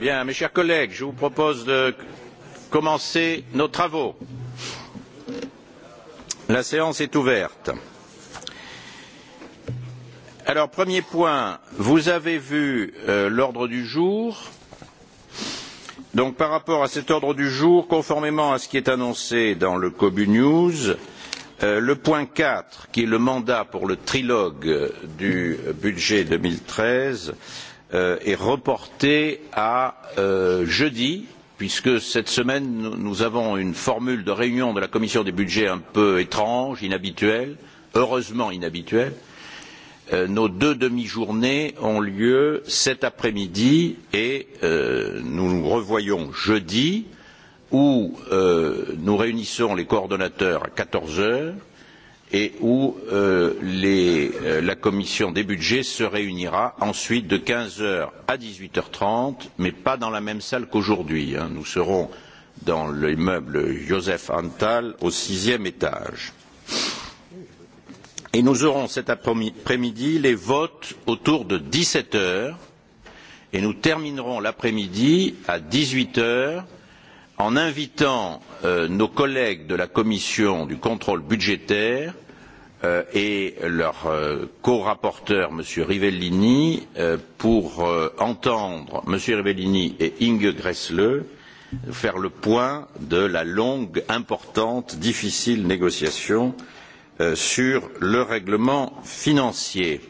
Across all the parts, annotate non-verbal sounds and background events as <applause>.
mes chers collègues, je vous propose de commencer nos travaux. La séance est ouverte. Alors, premier point, vous avez vu euh, l'ordre du jour. Donc, par rapport à cet ordre du jour, conformément à ce qui est annoncé dans le Cobu News, euh, le point quatre, qui est le mandat pour le trilogue du budget deux mille treize Euh, est reporté à euh, jeudi puisque cette semaine nous avons une formule de réunion de la commission des budgets un peu étrange, inhabituelle, heureusement inhabituelle. Euh, nos deux demi-journées ont lieu cet après-midi et nous nous revoyons jeudi où nous réunissons les coordonnateurs à quatorze heures et où euh, les, euh, la commission des budgets se réunira ensuite de quinze heures à dix huit heures trente, mais pas dans la même salle qu'aujourd'hui. Nous serons dans l'immeuble Joseph Antal au sixième étage. Et nous aurons cet après-midi les votes autour de dix sept heures et nous terminerons l'après-midi à dix huit heures en invitant euh, nos collègues de la commission du contrôle budgétaire Euh, et leur euh, corapporteur m. rivellini euh, pour entendre m. rivellini et inge grässle faire le point de la longue importante difficile négociation sur le règlement financier.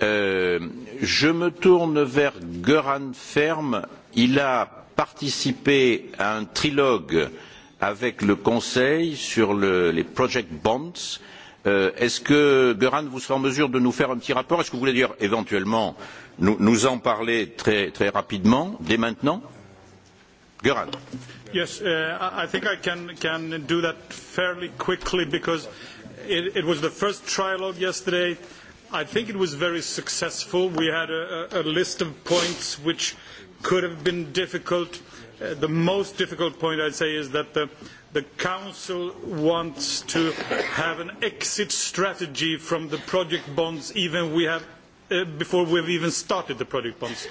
je me tourne vers göran Ferm, il a participé à un trilogue avec le conseil sur le, les project bonds Euh, est-ce que, Göran, vous serez en mesure de nous faire un petit rapport Est-ce que vous voulez dire éventuellement nous, nous en parler très, très rapidement, dès maintenant Göran. Yes, uh, I think I can, can do that fairly quickly because it, it was the first trialogue yesterday. I think it was very successful. We had a, a list of points which could have been difficult. Uh, the most difficult point I'd say is that the, the Council wants to have an exit strategy from the project bonds even we have, uh, before we have even started the project bonds.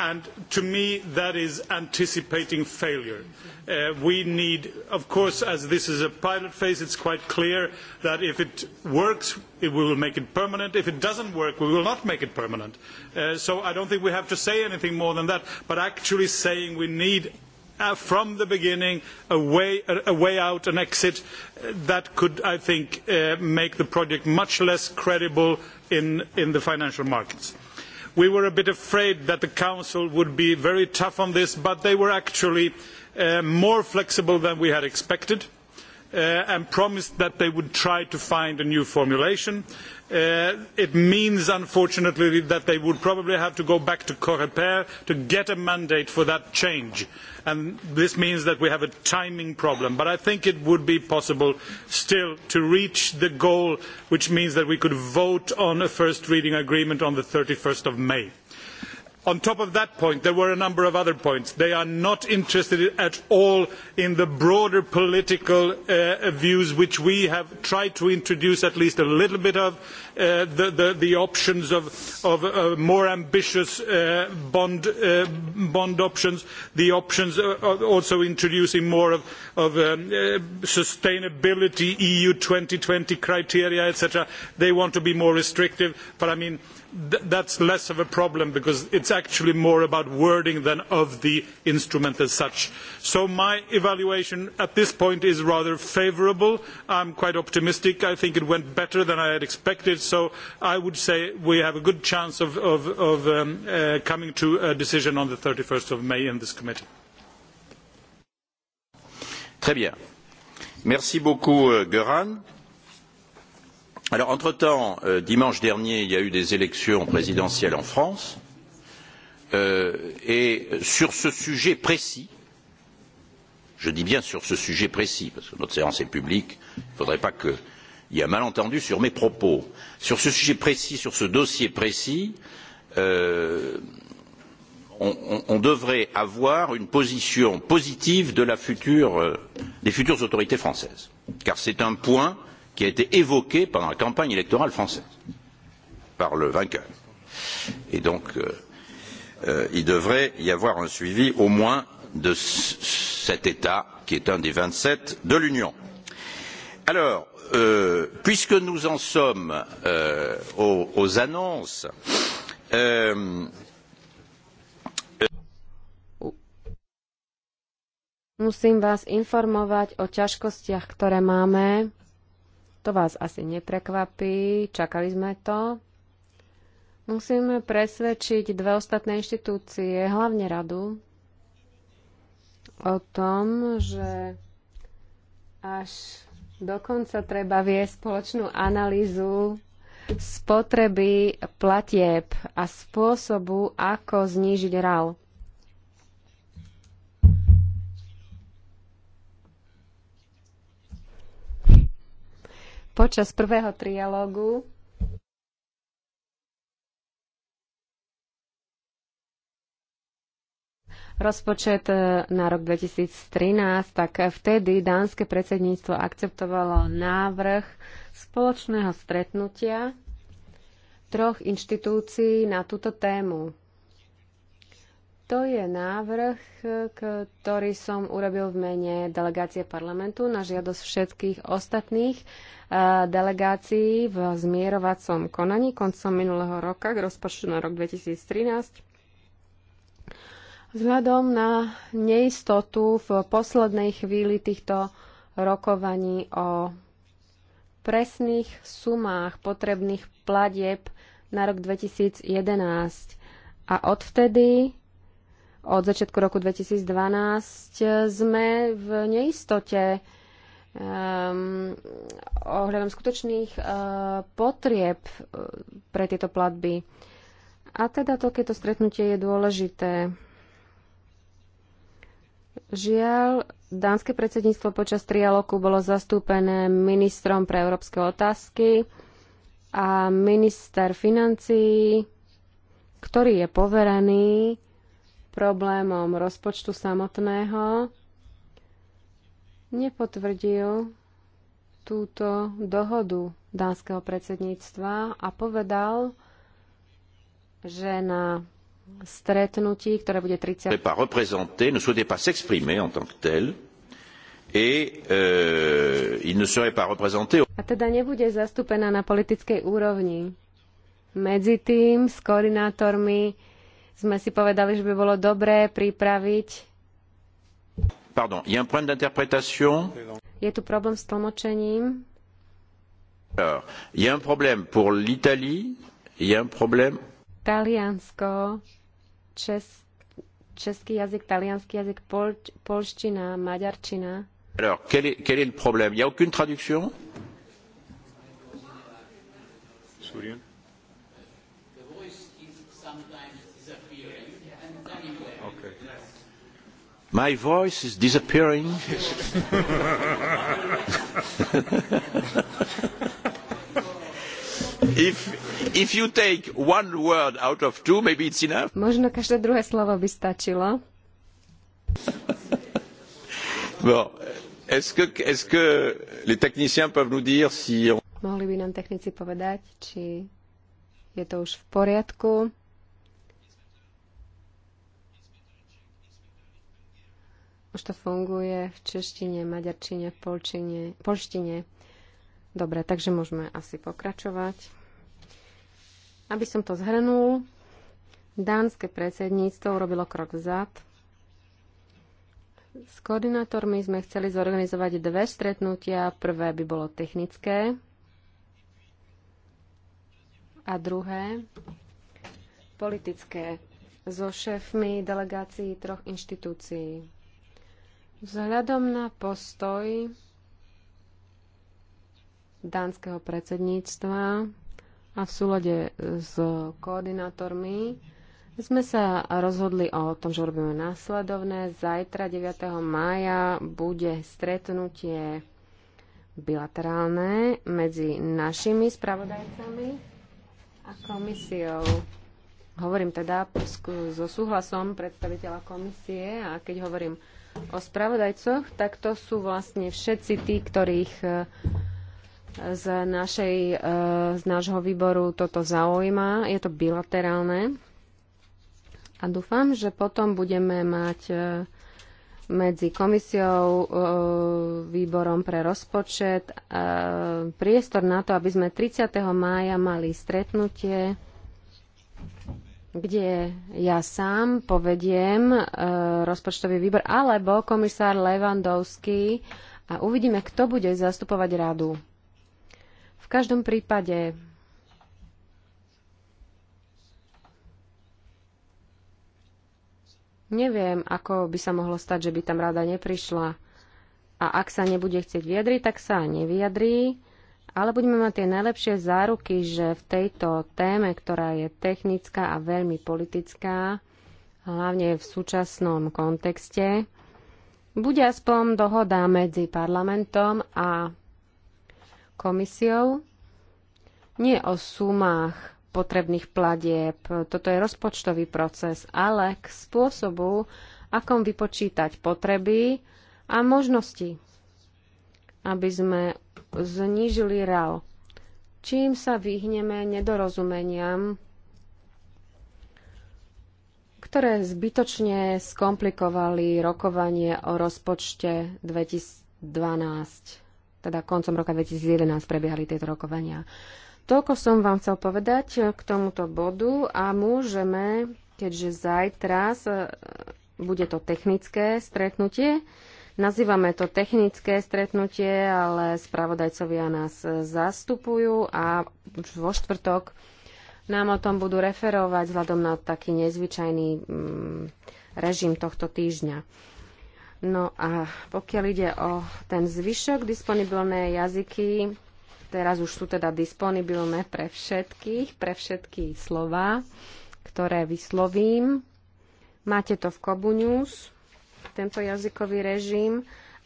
And to me, that is anticipating failure. Uh, we need, of course, as this is a pilot phase, it is quite clear that if it works, we will make it permanent. If it does not work, we will not make it permanent. Uh, so I do not think we have to say anything more than that. But actually saying we need from the beginning a way, a way out, an exit uh, that could, I think, uh, make the project much less credible in, in the financial markets we were a bit afraid that the council would be very tough on this but they were actually uh, more flexible than we had expected uh, and promised that they would try to find a new formulation. Uh, it means unfortunately that they would probably have to go back to coreper to get a mandate for that change and this means that we have a timing problem but i think it would be possible still to reach the goal which means that we could vote on a first reading agreement on thirty one may on top of that point there were a number of other points they are not interested at all in the broader political uh, views which we have tried to introduce at least a little bit of uh, the, options of, uh, more ambitious bond, options the options of also introducing more of, um, sustainability eu two thousand and twenty criteria etc. they want to be more restrictive but i mean That is less of a problem because it is actually more about wording than of the instrument as such. So my evaluation at this point is rather favourable. I am quite optimistic. I think it went better than I had expected. So I would say we have a good chance of, of, of um, uh, coming to a decision on the 31st of May in this committee. Très bien. Merci beaucoup, euh, entre temps, euh, dimanche dernier, il y a eu des élections présidentielles en France euh, et sur ce sujet précis je dis bien sur ce sujet précis parce que notre séance est publique, il ne faudrait pas qu'il y ait un malentendu sur mes propos sur ce sujet précis, sur ce dossier précis, euh, on, on, on, devrait avoir une position positive de la future, euh, des futures autorités françaises car c'est un point qui a été évoqué pendant la campagne électorale française par le vainqueur. Et donc, euh, euh il devrait y avoir un suivi au moins de cet État qui est un des vingt sept de l'Union. Alors, euh, puisque nous en sommes euh, aux, aux, annonces, euh, Musím vás informovať o ťažkostiach, ktoré máme to vás asi neprekvapí, čakali sme to. Musíme presvedčiť dve ostatné inštitúcie, hlavne radu, o tom, že až dokonca treba viesť spoločnú analýzu spotreby platieb a spôsobu, ako znížiť RAL. Počas prvého trialógu rozpočet e, na rok 2013, tak vtedy dánske predsedníctvo akceptovalo návrh spoločného stretnutia troch inštitúcií na túto tému. To je návrh, ktorý som urobil v mene delegácie parlamentu na žiadosť všetkých ostatných eh, delegácií v zmierovacom konaní koncom minulého roka k rozpočtu na rok 2013. Vzhľadom na neistotu v poslednej chvíli týchto rokovaní o presných sumách potrebných platieb na rok 2011 a odvtedy od začiatku roku 2012 sme v neistote um, ohľadom skutočných uh, potrieb eh, pre tieto platby. A teda takéto stretnutie je dôležité. Žiaľ, dánske predsedníctvo počas trialoku bolo zastúpené ministrom pre európske otázky a minister financií, ktorý je poverený problémom rozpočtu samotného, nepotvrdil túto dohodu dánskeho predsedníctva a povedal, že na stretnutí, ktoré bude 30. pas représenté, ne souhaitait pas s'exprimer en tant que tel et euh, il ne serait pas représenté. A teda nebude zastúpená na politickej úrovni. Medzi tým s koordinátormi sme si povedali, že by bolo dobré pripraviť. Pardon, il y a un problème d'interprétation. Je tu problém s tlmočením. Alors, il y a un problème pour l'Italie, il y a un problème... Taliansko, čes, český jazyk, talianský jazyk, pol, polština, maďarčina. Alors, quel est, quel est le problème Il n'y a aucune traduction Souriant. My voice is disappearing. if, if you take one word out of two, maybe it's enough. Možno každé druhé slovo by stačilo. bon. Est-ce que, est que les techniciens peuvent nous dire si... Mohli by nám technici povedať, či je to už v poriadku. Už to funguje v češtine, maďarčine, polčine, polštine. Dobre, takže môžeme asi pokračovať. Aby som to zhrnul, dánske predsedníctvo urobilo krok vzad. S koordinátormi sme chceli zorganizovať dve stretnutia. Prvé by bolo technické a druhé politické so šéfmi delegácií troch inštitúcií. Vzhľadom na postoj dánskeho predsedníctva a v súlade s koordinátormi sme sa rozhodli o tom, že robíme následovné. Zajtra 9. mája bude stretnutie bilaterálne medzi našimi spravodajcami a komisiou. Hovorím teda so súhlasom predstaviteľa komisie a keď hovorím o spravodajcoch, tak to sú vlastne všetci tí, ktorých e, z, našej, e, z nášho výboru toto zaujíma. Je to bilaterálne. A dúfam, že potom budeme mať e, medzi komisiou, výborom pre rozpočet priestor na to, aby sme 30. mája mali stretnutie kde ja sám povediem e, rozpočtový výbor, alebo komisár Levandovský a uvidíme, kto bude zastupovať radu. V každom prípade neviem, ako by sa mohlo stať, že by tam rada neprišla. A ak sa nebude chcieť vyjadriť, tak sa nevyjadrí ale budeme mať tie najlepšie záruky, že v tejto téme, ktorá je technická a veľmi politická, hlavne v súčasnom kontexte, bude aspoň dohoda medzi parlamentom a komisiou, nie o sumách potrebných platieb, toto je rozpočtový proces, ale k spôsobu, akom vypočítať potreby a možnosti, aby sme znížili RAL. Čím sa vyhneme nedorozumeniam, ktoré zbytočne skomplikovali rokovanie o rozpočte 2012, teda koncom roka 2011 prebiehali tieto rokovania. Toľko som vám chcel povedať k tomuto bodu a môžeme, keďže zajtra e, bude to technické stretnutie, Nazývame to technické stretnutie, ale spravodajcovia nás zastupujú a vo štvrtok nám o tom budú referovať vzhľadom na taký nezvyčajný mm, režim tohto týždňa. No a pokiaľ ide o ten zvyšok disponibilné jazyky, teraz už sú teda disponibilné pre všetkých, pre všetky slova, ktoré vyslovím. Máte to v Kobu News tento jazykový režim.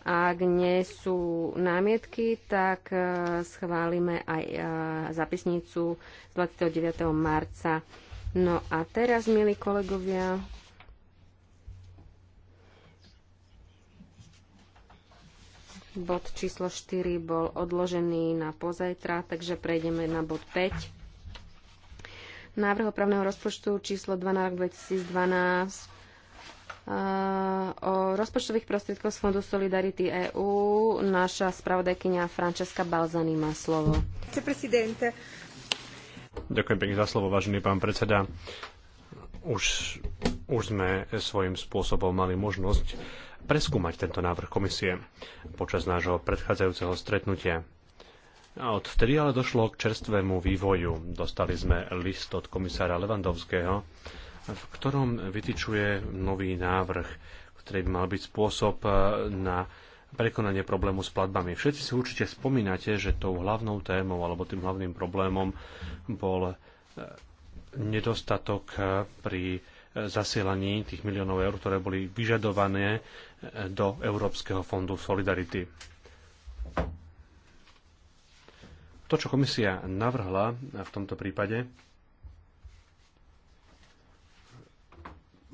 Ak nie sú námietky, tak e, schválime aj e, zapisnicu z 29. marca. No a teraz, milí kolegovia, bod číslo 4 bol odložený na pozajtra, takže prejdeme na bod 5. Návrh opravného rozpočtu číslo 2 na rok 2012 o rozpočtových prostriedkoch z Fondu Solidarity EÚ. Naša spravodajkynia Francesca Balzani má slovo. Ďakujem pekne za slovo, vážený pán predseda. Už, už sme svojím spôsobom mali možnosť preskúmať tento návrh komisie počas nášho predchádzajúceho stretnutia. Od vtedy ale došlo k čerstvému vývoju. Dostali sme list od komisára Levandovského, v ktorom vytyčuje nový návrh, ktorý by mal byť spôsob e, na prekonanie problému s platbami. Všetci si určite spomínate, že tou hlavnou témou alebo tým hlavným problémom bol e, nedostatok e, pri zasielaní tých miliónov eur, ktoré boli vyžadované do Európskeho fondu Solidarity. To, čo komisia navrhla v tomto prípade,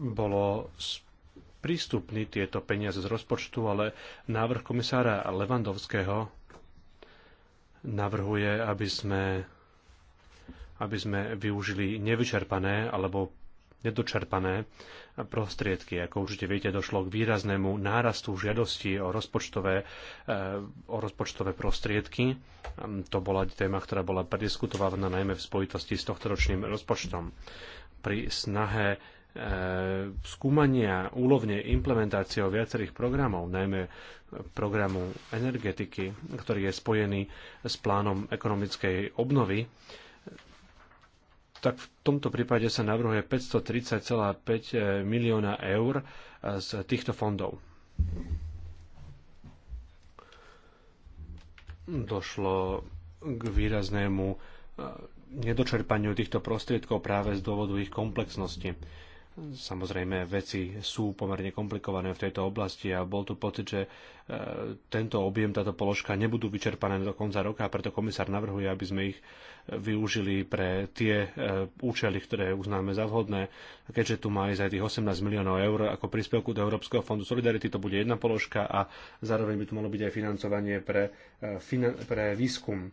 bolo prístupný tieto peniaze z rozpočtu, ale návrh komisára Levandovského navrhuje, aby sme, aby sme využili nevyčerpané alebo nedočerpané prostriedky. Ako určite viete, došlo k výraznému nárastu žiadosti o rozpočtové, eh, o rozpočtové prostriedky. To bola téma, ktorá bola prediskutovaná najmä v spojitosti s tohtoročným rozpočtom. Pri snahe E, skúmania úlovne implementáciou viacerých programov, najmä programu energetiky, ktorý je spojený s plánom ekonomickej obnovy, tak v tomto prípade sa navrhuje 530,5 milióna eur e, z týchto fondov. Došlo k výraznému e, nedočerpaniu týchto prostriedkov práve z dôvodu ich komplexnosti Samozrejme, veci sú pomerne komplikované v tejto oblasti a bol tu pocit, že e, tento objem, táto položka nebudú vyčerpané do konca roka a preto komisár navrhuje, aby sme ich využili pre tie e, účely, ktoré uznáme za vhodné. A keďže tu má aj aj tých 18 miliónov eur ako príspevku do Európskeho fondu Solidarity, to bude jedna položka a zároveň by tu malo byť aj financovanie pre, e, pre výskum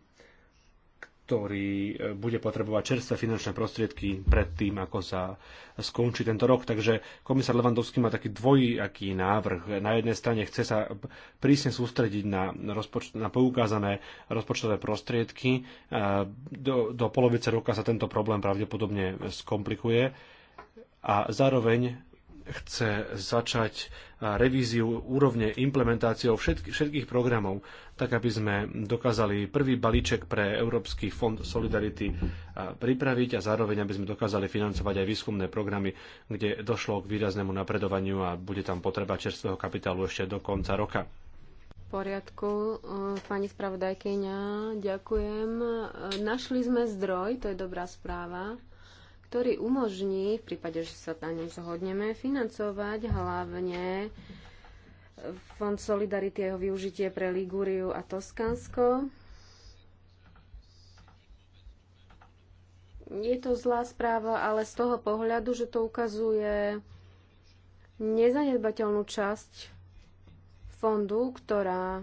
ktorý e, bude potrebovať čerstvé finančné prostriedky pred tým, ako sa skončí tento rok. Takže komisár Levandovský má taký dvojaký návrh. Na jednej strane chce sa prísne sústrediť na, rozpoč- na poukázané rozpočtové prostriedky. E, do, do polovice roka sa tento problém pravdepodobne skomplikuje a zároveň chce začať revíziu úrovne implementáciou všetkých, všetkých programov, tak aby sme dokázali prvý balíček pre Európsky fond Solidarity pripraviť a zároveň aby sme dokázali financovať aj výskumné programy, kde došlo k výraznému napredovaniu a bude tam potreba čerstvého kapitálu ešte do konca roka. V poriadku, e, pani spravodajkyňa, ďakujem. E, našli sme zdroj, to je dobrá správa ktorý umožní, v prípade, že sa na ňom zhodneme, financovať hlavne Fond Solidarity a jeho využitie pre Ligúriu a Toskansko. Je to zlá správa, ale z toho pohľadu, že to ukazuje nezanedbateľnú časť fondu, ktorá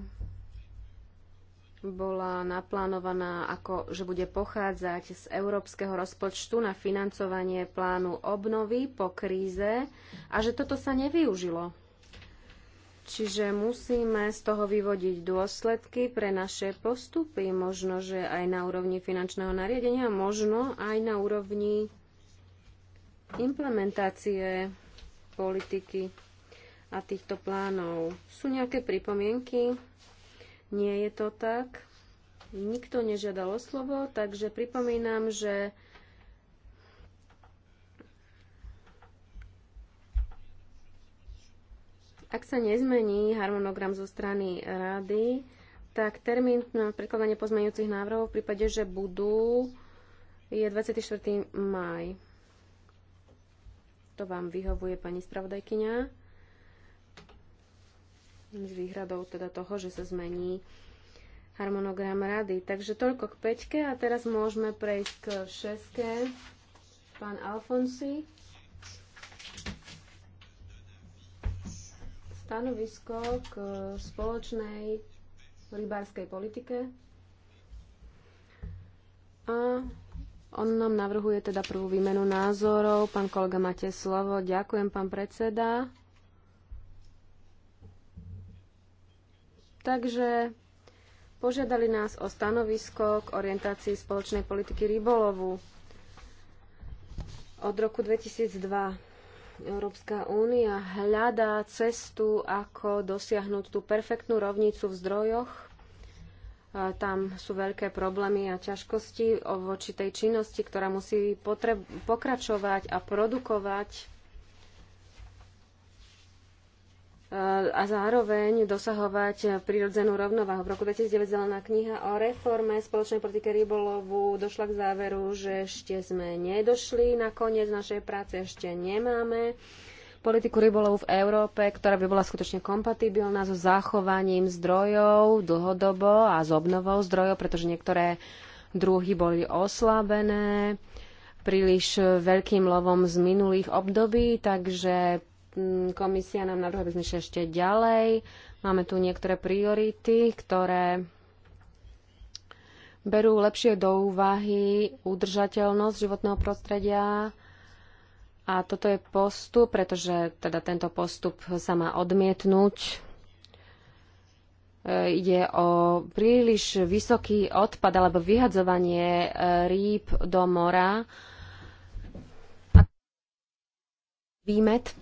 bola naplánovaná ako, že bude pochádzať z európskeho rozpočtu na financovanie plánu obnovy po kríze a že toto sa nevyužilo. Čiže musíme z toho vyvodiť dôsledky pre naše postupy, možno, že aj na úrovni finančného nariadenia, možno aj na úrovni implementácie politiky a týchto plánov. Sú nejaké pripomienky? Nie je to tak. Nikto nežiadal o slovo, takže pripomínam, že ak sa nezmení harmonogram zo strany rady, tak termín na prekladanie pozmeňujúcich návrhov v prípade, že budú, je 24. maj. To vám vyhovuje, pani spravodajkyňa s výhradou teda toho, že sa zmení harmonogram rady. Takže toľko k peťke a teraz môžeme prejsť k šeske. Pán Alfonsi. Stanovisko k spoločnej rybárskej politike. A on nám navrhuje teda prvú výmenu názorov. Pán kolega, máte slovo. Ďakujem, pán predseda. Takže požiadali nás o stanovisko k orientácii spoločnej politiky rybolovu. Od roku 2002 Európska únia hľadá cestu, ako dosiahnuť tú perfektnú rovnicu v zdrojoch. Tam sú veľké problémy a ťažkosti voči tej činnosti, ktorá musí pokračovať a produkovať a zároveň dosahovať prirodzenú rovnováhu. V roku 2009 zelená kniha o reforme spoločnej politiky rybolovu došla k záveru, že ešte sme nedošli na koniec našej práce, ešte nemáme politiku rybolovu v Európe, ktorá by bola skutočne kompatibilná so zachovaním zdrojov dlhodobo a s obnovou zdrojov, pretože niektoré druhy boli oslabené príliš veľkým lovom z minulých období, takže Mm, komisia nám navrhuje, aby sme šli ešte ďalej. Máme tu niektoré priority, ktoré berú lepšie do úvahy udržateľnosť životného prostredia. A toto je postup, pretože teda tento postup sa má odmietnúť. E, ide o príliš vysoký odpad alebo vyhadzovanie e, rýb do mora. výmet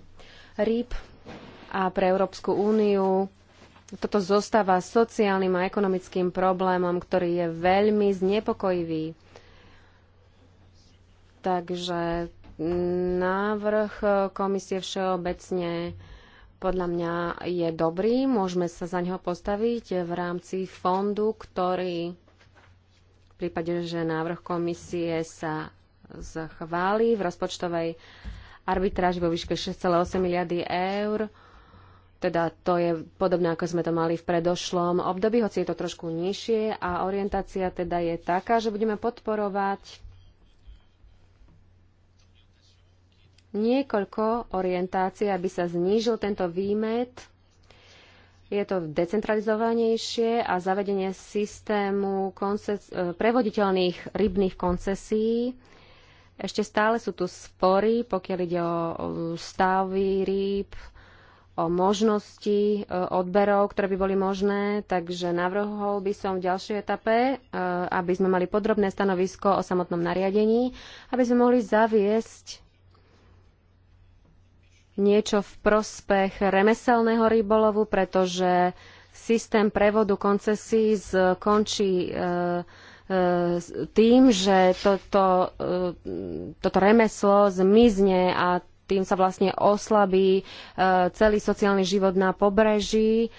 rýb a pre Európsku úniu. Toto zostáva sociálnym a ekonomickým problémom, ktorý je veľmi znepokojivý. Takže návrh komisie všeobecne podľa mňa je dobrý, môžeme sa za neho postaviť v rámci fondu, ktorý v prípade, že návrh komisie sa schváli v rozpočtovej arbitráž vo výške 6,8 miliardy eur. Teda to je podobné, ako sme to mali v predošlom období, hoci je to trošku nižšie a orientácia teda je taká, že budeme podporovať niekoľko orientácií, aby sa znížil tento výmet. Je to decentralizovanejšie a zavedenie systému eh, prevoditeľných rybných koncesí ešte stále sú tu spory, pokiaľ ide o stavy rýb, o možnosti e, odberov, ktoré by boli možné, takže navrhol by som v ďalšej etape, e, aby sme mali podrobné stanovisko o samotnom nariadení, aby sme mohli zaviesť niečo v prospech remeselného rybolovu, pretože systém prevodu koncesí skončí e, E, tým, že toto, e, toto remeslo zmizne a tým sa vlastne oslabí e, celý sociálny život na pobreží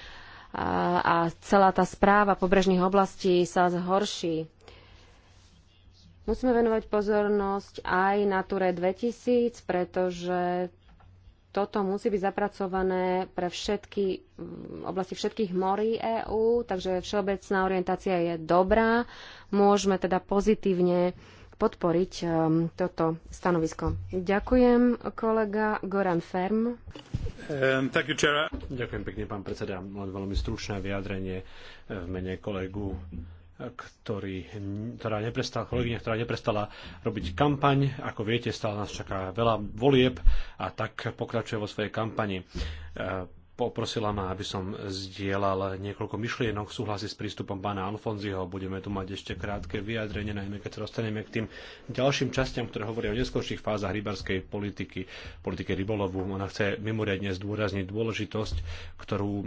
a celá tá správa pobrežných oblastí sa zhorší. Musíme venovať pozornosť aj Nature 2000, pretože toto musí byť zapracované pre všetky oblasti všetkých morí EÚ, takže všeobecná orientácia je dobrá. Môžeme teda pozitívne podporiť um, toto stanovisko. Ďakujem, kolega Goran Ferm. Um, you, Ďakujem pekne, pán predseda. Len veľmi stručné vyjadrenie eh, v mene kolegu ktorý, ktorá teda neprestala, kolegyňa, ktorá neprestala robiť kampaň. Ako viete, stále nás čaká veľa volieb a tak pokračuje vo svojej kampani. E, poprosila ma, aby som zdieľal niekoľko myšlienok v súhlasí s prístupom pána Alfonziho. Budeme tu mať ešte krátke vyjadrenie, najmä keď sa dostaneme k tým ďalším častiam, ktoré hovoria o neskôrších fázach rybarskej politiky, politike rybolovu. Ona chce mimoriadne zdôrazniť dôležitosť, ktorú e,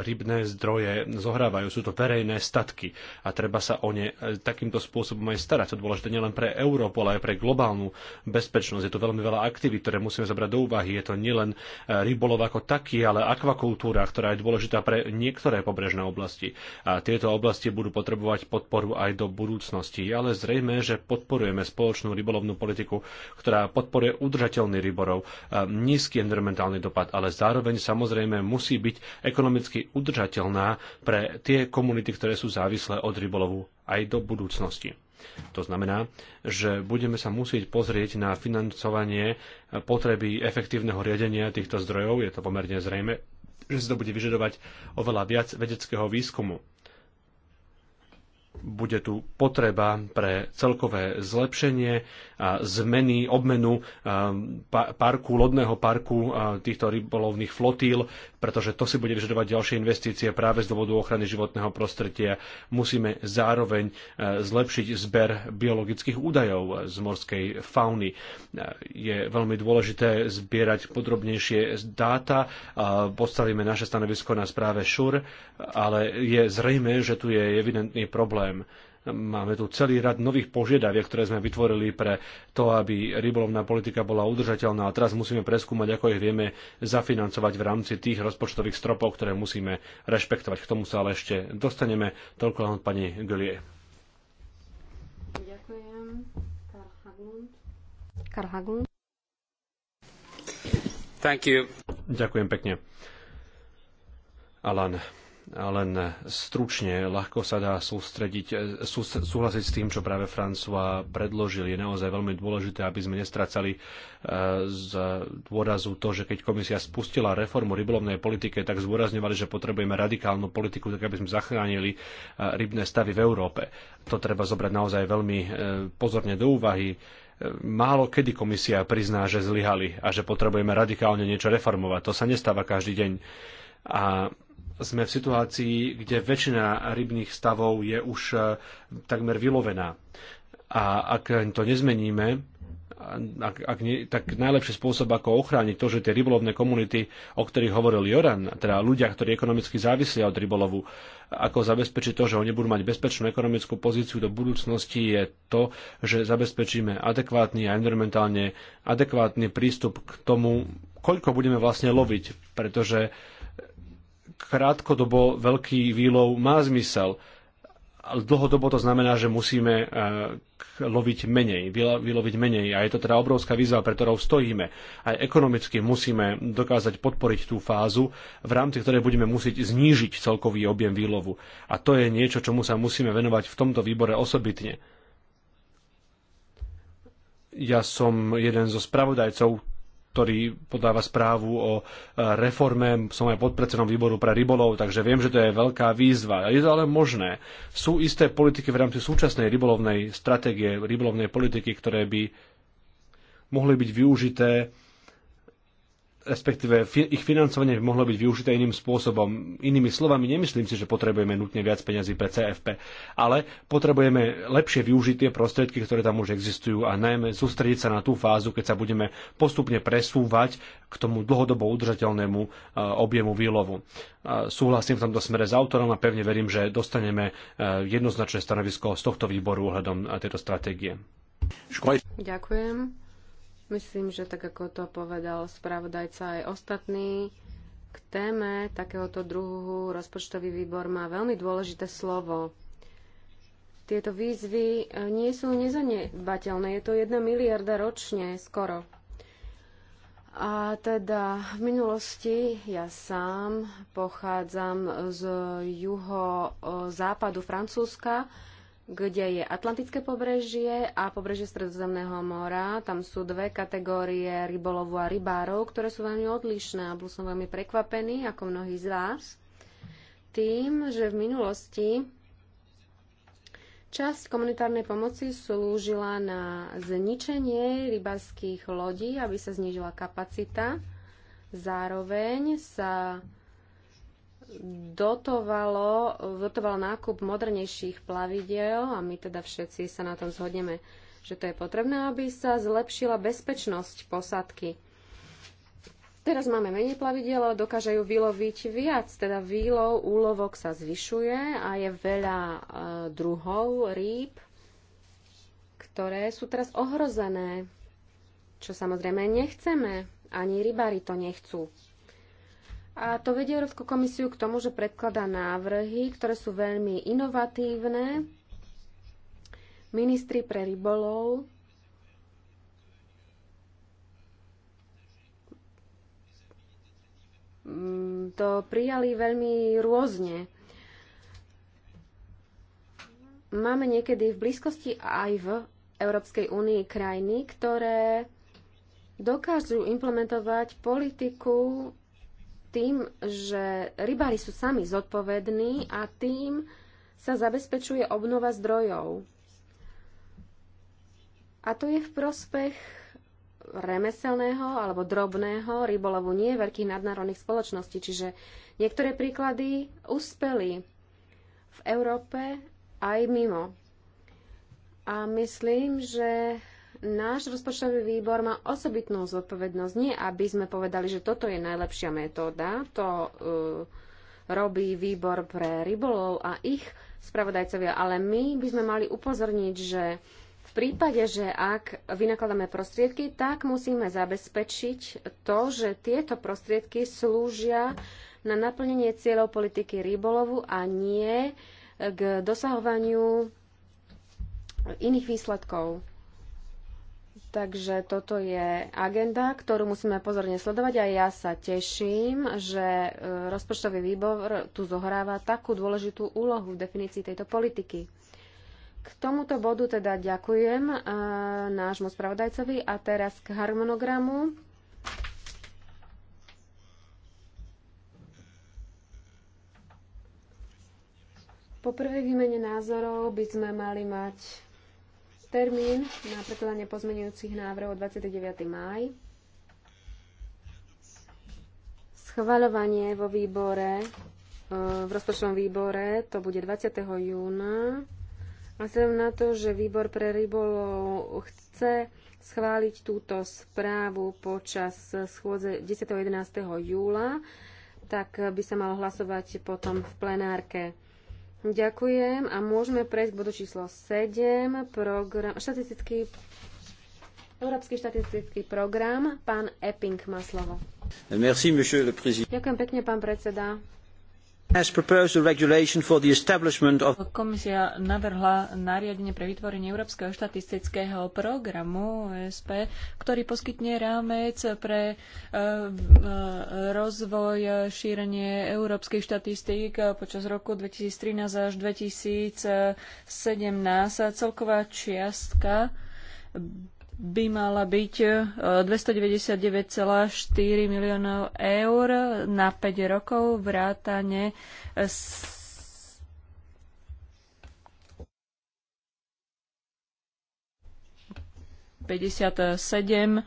rybné zdroje zohrávajú. Sú to verejné statky a treba sa o ne e, takýmto spôsobom aj starať. To dôležité nielen pre Európu, ale aj pre globálnu bezpečnosť. Je to veľmi veľa aktivít, ktoré musíme zobrať do úvahy. Je to nielen e, rybolov ako taký, ale ak akvakultúra, ktorá je dôležitá pre niektoré pobrežné oblasti. A tieto oblasti budú potrebovať podporu aj do budúcnosti. ale zrejme, že podporujeme spoločnú rybolovnú politiku, ktorá podporuje udržateľný ryborov, nízky environmentálny dopad, ale zároveň samozrejme musí byť ekonomicky udržateľná pre tie komunity, ktoré sú závislé od rybolovu aj do budúcnosti. To znamená, že budeme sa musieť pozrieť na financovanie potreby efektívneho riadenia týchto zdrojov, je to pomerne zrejme, že si to bude vyžadovať oveľa viac vedeckého výskumu bude tu potreba pre celkové zlepšenie a zmeny, obmenu um, parku, lodného parku uh, týchto rybolovných flotíl, pretože to si bude vyžadovať ďalšie investície práve z dôvodu ochrany životného prostredia. Musíme zároveň uh, zlepšiť zber biologických údajov z morskej fauny. Uh, je veľmi dôležité zbierať podrobnejšie dáta. Postavíme naše stanovisko na správe ŠUR, ale je zrejme, že tu je evidentný problém problém. Máme tu celý rad nových požiadaviek, ktoré sme vytvorili pre to, aby rybolovná politika bola udržateľná a teraz musíme preskúmať, ako ich vieme zafinancovať v rámci tých rozpočtových stropov, ktoré musíme rešpektovať. K tomu sa ale ešte dostaneme. Toľko len od pani Gulie. Ďakujem. Karl Haglund. Karl Haglund. Thank you. Ďakujem pekne. Alan, len stručne, ľahko sa dá sústrediť, e, sú, súhlasiť s tým, čo práve François predložil. Je naozaj veľmi dôležité, aby sme nestracali e, z dôrazu to, že keď komisia spustila reformu rybolovnej politike, tak zdôrazňovali, že potrebujeme radikálnu politiku, tak aby sme zachránili e, rybné stavy v Európe. To treba zobrať naozaj veľmi pozorne do úvahy málo kedy komisia prizná, že zlyhali a že potrebujeme radikálne niečo reformovať. To sa nestáva každý deň. A sme v situácii, kde väčšina rybných stavov je už e, takmer vylovená. A ak to nezmeníme, ak, ak nie, tak najlepší spôsob, ako ochrániť to, že tie rybolovné komunity, o ktorých hovoril Joran, teda ľudia, ktorí ekonomicky závislia od rybolovu, ako zabezpečiť to, že oni budú mať bezpečnú ekonomickú pozíciu do budúcnosti, je to, že zabezpečíme adekvátny a environmentálne adekvátny prístup k tomu, koľko budeme vlastne loviť, pretože krátkodobo veľký výlov má zmysel, ale dlhodobo to znamená, že musíme e, loviť menej, vyloviť menej. A je to teda obrovská výzva, pre ktorou stojíme. Aj ekonomicky musíme dokázať podporiť tú fázu, v rámci ktorej budeme musieť znížiť celkový objem výlovu. A to je niečo, čomu sa musíme venovať v tomto výbore osobitne. Ja som jeden zo spravodajcov ktorý podáva správu o e, reforme. Som aj podpredsedom výboru pre rybolov, takže viem, že to je veľká výzva. Je to ale možné. Sú isté politiky v rámci súčasnej rybolovnej stratégie, rybolovnej politiky, ktoré by mohli byť využité respektíve ich financovanie by mohlo byť využité iným spôsobom. Inými slovami, nemyslím si, že potrebujeme nutne viac peňazí pre CFP, ale potrebujeme lepšie využiť tie prostriedky, ktoré tam už existujú a najmä sústrediť sa na tú fázu, keď sa budeme postupne presúvať k tomu dlhodobo udržateľnému e, objemu výlovu. E, súhlasím v tomto smere s autorom a pevne verím, že dostaneme e, jednoznačné stanovisko z tohto výboru ohľadom tejto stratégie. Ďakujem. Myslím, že tak ako to povedal spravodajca aj ostatný k téme takéhoto druhu rozpočtový výbor má veľmi dôležité slovo. Tieto výzvy e, nie sú nezanebateľné, Je to jedna miliarda ročne skoro. A teda v minulosti ja sám pochádzam z juho e, západu Francúzska kde je Atlantické pobrežie a pobrežie Stredozemného mora. Tam sú dve kategórie rybolovu a rybárov, ktoré sú veľmi odlišné a bol som veľmi prekvapený, ako mnohí z vás, tým, že v minulosti časť komunitárnej pomoci slúžila na zničenie rybarských lodí, aby sa znížila kapacita. Zároveň sa dotovalo, dotoval nákup modernejších plavidiel a my teda všetci sa na tom zhodneme, že to je potrebné, aby sa zlepšila bezpečnosť posádky. Teraz máme menej plavidel, dokážajú vyloviť viac. Teda výlov, úlovok sa zvyšuje a je veľa e, druhov rýb, ktoré sú teraz ohrozené, čo samozrejme nechceme. Ani rybári to nechcú. A to vedie Európsku komisiu k tomu, že predkladá návrhy, ktoré sú veľmi inovatívne. Ministri pre rybolov mm, to prijali veľmi rôzne. Máme niekedy v blízkosti aj v Európskej únii krajiny, ktoré dokážu implementovať politiku tým, že rybári sú sami zodpovední a tým sa zabezpečuje obnova zdrojov. A to je v prospech remeselného alebo drobného rybolovu, nie veľkých nadnárodných spoločností. Čiže niektoré príklady uspeli v Európe aj mimo. A myslím, že náš rozpočtový výbor má osobitnú zodpovednosť. Nie, aby sme povedali, že toto je najlepšia metóda, to uh, robí výbor pre rybolov a ich spravodajcovia, ale my by sme mali upozorniť, že v prípade, že ak vynakladáme prostriedky, tak musíme zabezpečiť to, že tieto prostriedky slúžia na naplnenie cieľov politiky rybolovu a nie k dosahovaniu iných výsledkov. Takže toto je agenda, ktorú musíme pozorne sledovať a ja sa teším, že e, rozpočtový výbor tu zohráva takú dôležitú úlohu v definícii tejto politiky. K tomuto bodu teda ďakujem e, nášmu spravodajcovi a teraz k harmonogramu. Po prvej výmene názorov by sme mali mať Termín na predkladanie pozmenujúcich návrhov 29. máj. Schvaľovanie vo výbore, e, v rozpočtovom výbore, to bude 20. júna. A vzhľadom na to, že výbor pre rybolov chce schváliť túto správu počas schôdze 10. 11. júla, tak by sa malo hlasovať potom v plenárke. Ďakujem a môžeme prejsť k bodu číslo 7, program, štatistický, Európsky štatistický program. Pán Epping má slovo. Merci, Ďakujem pekne, pán predseda. Komisia navrhla nariadenie pre vytvorenie Európskeho štatistického programu ESP, ktorý poskytne rámec pre e, e, rozvoj, e, šírenie európskych štatistík počas roku 2013 až 2017. Celková čiastka by mala byť 299,4 e, miliónov eur na 5 rokov vrátane s sedem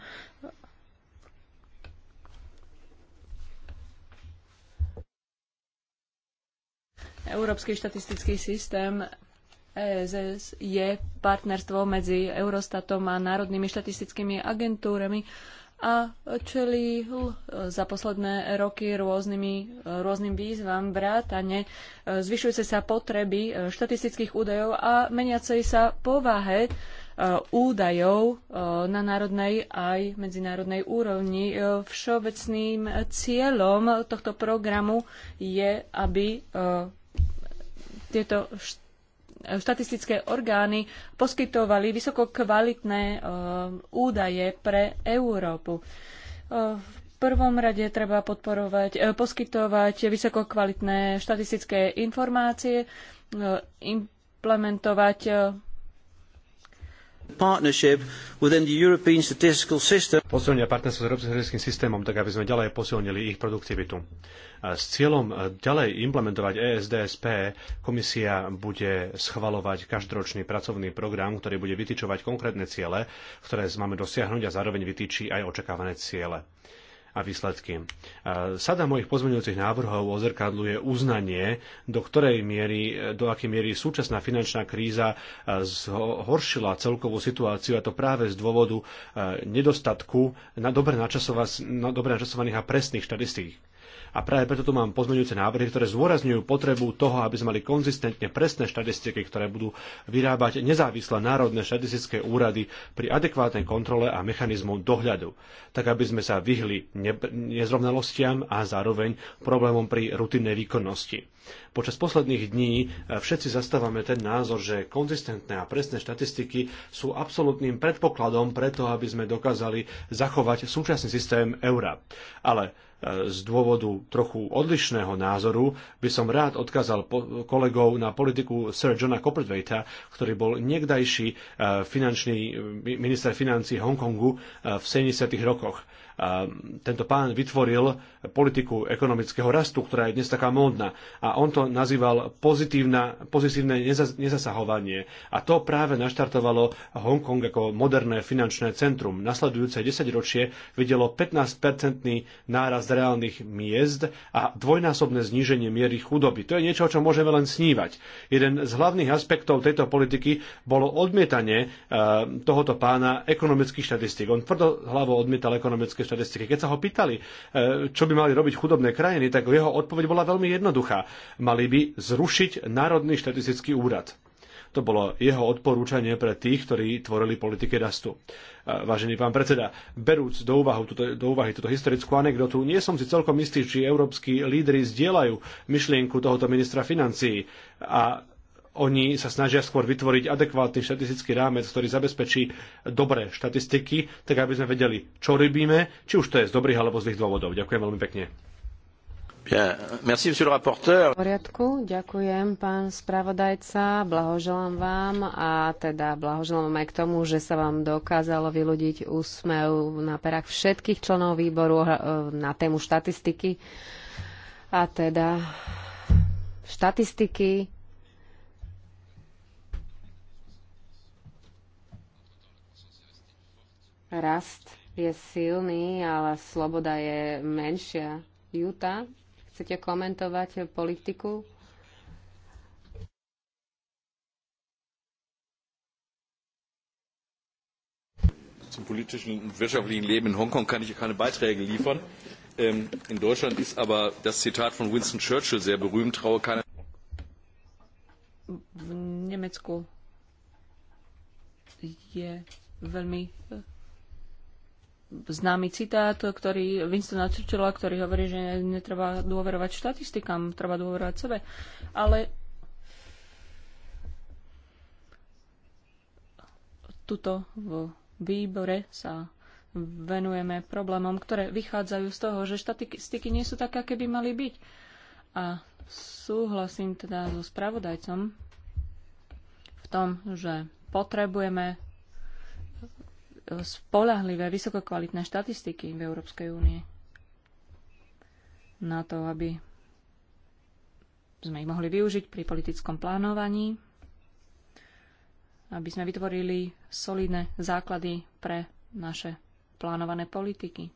Európsky štatistický systém ESS je partnerstvo medzi Eurostatom a národnými štatistickými agentúrami a čeli za posledné roky rôznymi, rôznym výzvam vrátane e, zvyšujúce sa potreby e, štatistických údajov a meniacej sa povahe e, údajov na národnej aj medzinárodnej úrovni. Všeobecným cieľom tohto programu je, aby tieto št- štatistické orgány poskytovali vysokokvalitné eh, údaje pre Európu. Eh, v prvom rade treba podporovať, eh, poskytovať vysokokvalitné štatistické informácie, implementovať partnership within the European statistical system. Posilnenie partnerstva s európskym statistickým systémom, tak aby sme ďalej posilnili ich produktivitu. S cieľom e, ďalej implementovať ESDSP komisia bude schvalovať každoročný pracovný program, ktorý bude vytýčovať konkrétne ciele, ktoré máme dosiahnuť a zároveň vytýči aj očakávané ciele a výsledky. Sada mojich pozmeňujúcich návrhov ozrkadluje uznanie, do ktorej miery, do akej miery súčasná finančná kríza e, zhoršila celkovú situáciu a to práve z dôvodu e, nedostatku na dobre, načasovaných a presných štatistík a práve preto tu mám pozmeňujúce návrhy, ktoré zdôrazňujú potrebu toho, aby sme mali konzistentne presné štatistiky, ktoré budú vyrábať nezávislé národné štatistické úrady pri adekvátnej kontrole a mechanizmu dohľadu, tak aby sme sa vyhli nezrovnalostiam a zároveň problémom pri rutinnej výkonnosti. Počas posledných dní e, všetci zastávame ten názor, že konzistentné a presné štatistiky sú absolútnym predpokladom preto, aby sme dokázali zachovať súčasný systém eura. Ale z dôvodu trochu odlišného názoru by som rád odkázal kolegov na politiku Sir Johna Copperthwaita, ktorý bol niekdajší eh, finančný eh, minister financí Hongkongu eh, v 70. rokoch tento pán vytvoril politiku ekonomického rastu, ktorá je dnes taká módna. A on to nazýval pozitívne nezasahovanie. A to práve naštartovalo Hongkong ako moderné finančné centrum. Nasledujúce 10 ročie videlo 15-percentný nárast reálnych miest a dvojnásobné zníženie miery chudoby. To je niečo, o čom môžeme len snívať. Jeden z hlavných aspektov tejto politiky bolo odmietanie eh, tohoto pána ekonomických štatistík. On tvrdo hlavo odmietal ekonomické európske štatistiky. Keď sa ho pýtali, e, čo by mali robiť chudobné krajiny, tak jeho odpoveď bola veľmi jednoduchá. Mali by zrušiť Národný štatistický úrad. To bolo jeho odporúčanie pre tých, ktorí tvorili politiky rastu. E, vážený pán predseda, berúc do, úvahu, tuto, do úvahy túto historickú anekdotu, nie som si celkom istý, či európsky lídry zdieľajú myšlienku tohoto ministra financií a oni sa snažia skôr vytvoriť adekvátny štatistický rámec, ktorý zabezpečí dobré štatistiky, tak aby sme vedeli, čo robíme, či už to je z dobrých alebo zlých dôvodov. Ďakujem veľmi pekne. Bien. Merci, monsieur le rapporteur. V poriadku, ďakujem, pán spravodajca, blahoželám vám a teda blahoželám aj k tomu, že sa vám dokázalo vyľudiť úsmev na perách všetkých členov výboru eh, na tému štatistiky. A teda štatistiky rast je silný, ale sloboda je menšia. Juta, chcete komentovať politiku? Zum politischen und wirtschaftlichen Leben in Hongkong kann ich keine Beiträge liefern. Ähm, in Deutschland ist aber das Zitat von Winston Churchill sehr berühmt, traue keine... V Nemecku je známy citát, ktorý Winston Churchilla, ktorý hovorí, že netreba dôverovať štatistikám, treba dôverovať sebe. Ale tuto v výbore sa venujeme problémom, ktoré vychádzajú z toho, že štatistiky nie sú také, aké by mali byť. A súhlasím teda so spravodajcom v tom, že potrebujeme spolahlivé, vysokokvalitné štatistiky v Európskej únie na to, aby sme ich mohli využiť pri politickom plánovaní, aby sme vytvorili solidné základy pre naše plánované politiky.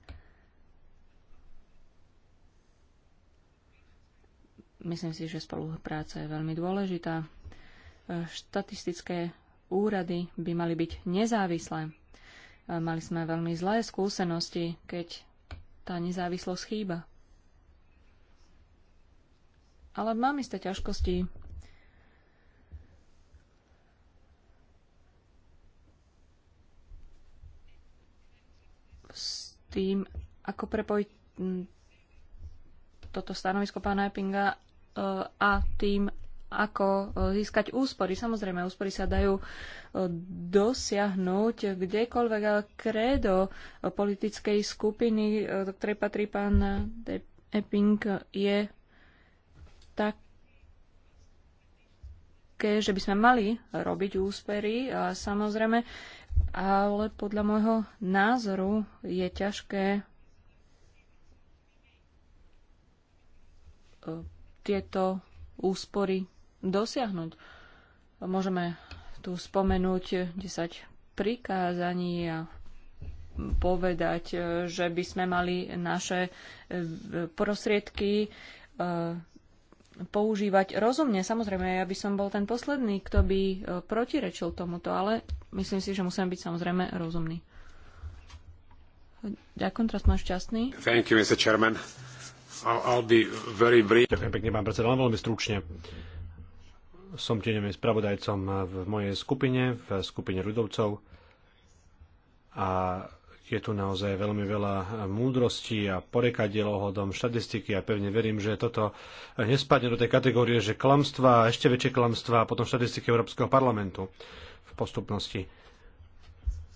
Myslím si, že spolupráca je veľmi dôležitá. Štatistické úrady by mali byť nezávislé. Mali sme veľmi zlé skúsenosti, keď tá nezávislosť chýba. Ale mám isté ťažkosti. S tým, ako prepojiť mm, toto stanovisko pána Eppinga e, a tým, ako e, získať úspory. Samozrejme, úspory sa dajú e, dosiahnuť kdekoľvek, ale kredo politickej skupiny, e, do ktorej patrí pán Epping, je také, že by sme mali robiť úspery a samozrejme, ale podľa môjho názoru je ťažké tieto úspory dosiahnuť. Môžeme tu spomenúť 10 prikázaní a povedať, že by sme mali naše e, prostriedky e, používať rozumne. Samozrejme, ja by som bol ten posledný, kto by e, protirečil tomuto, ale myslím si, že musím byť samozrejme rozumný. Ďakujem, teraz máš šťastný. Thank you, Mr. Chairman. I'll, I'll be very brief. Ďakujem pekne, pán predseda, len veľmi stručne. Uh, som tieňovým spravodajcom v mojej skupine, v skupine ľudovcov a je tu naozaj veľmi veľa múdrosti a porekadiel ohľadom štatistiky a pevne verím, že toto nespadne do tej kategórie, že klamstva, ešte väčšie klamstva a potom štatistiky Európskeho parlamentu v postupnosti.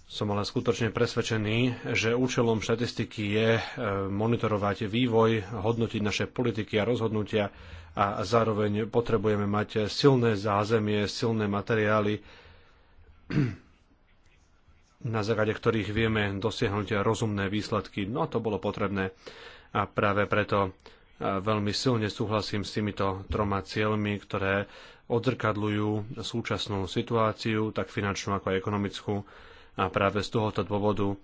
Som ale skutočne presvedčený, že účelom štatistiky je eh, monitorovať vývoj, hodnotiť naše politiky a rozhodnutia a zároveň potrebujeme mať silné zázemie, silné materiály, <clears throat> na základe ktorých vieme dosiahnuť rozumné výsledky. No to bolo potrebné a práve preto veľmi silne súhlasím s týmito troma cieľmi, ktoré odzrkadľujú súčasnú situáciu, tak finančnú ako aj ekonomickú. A práve z tohoto dôvodu e,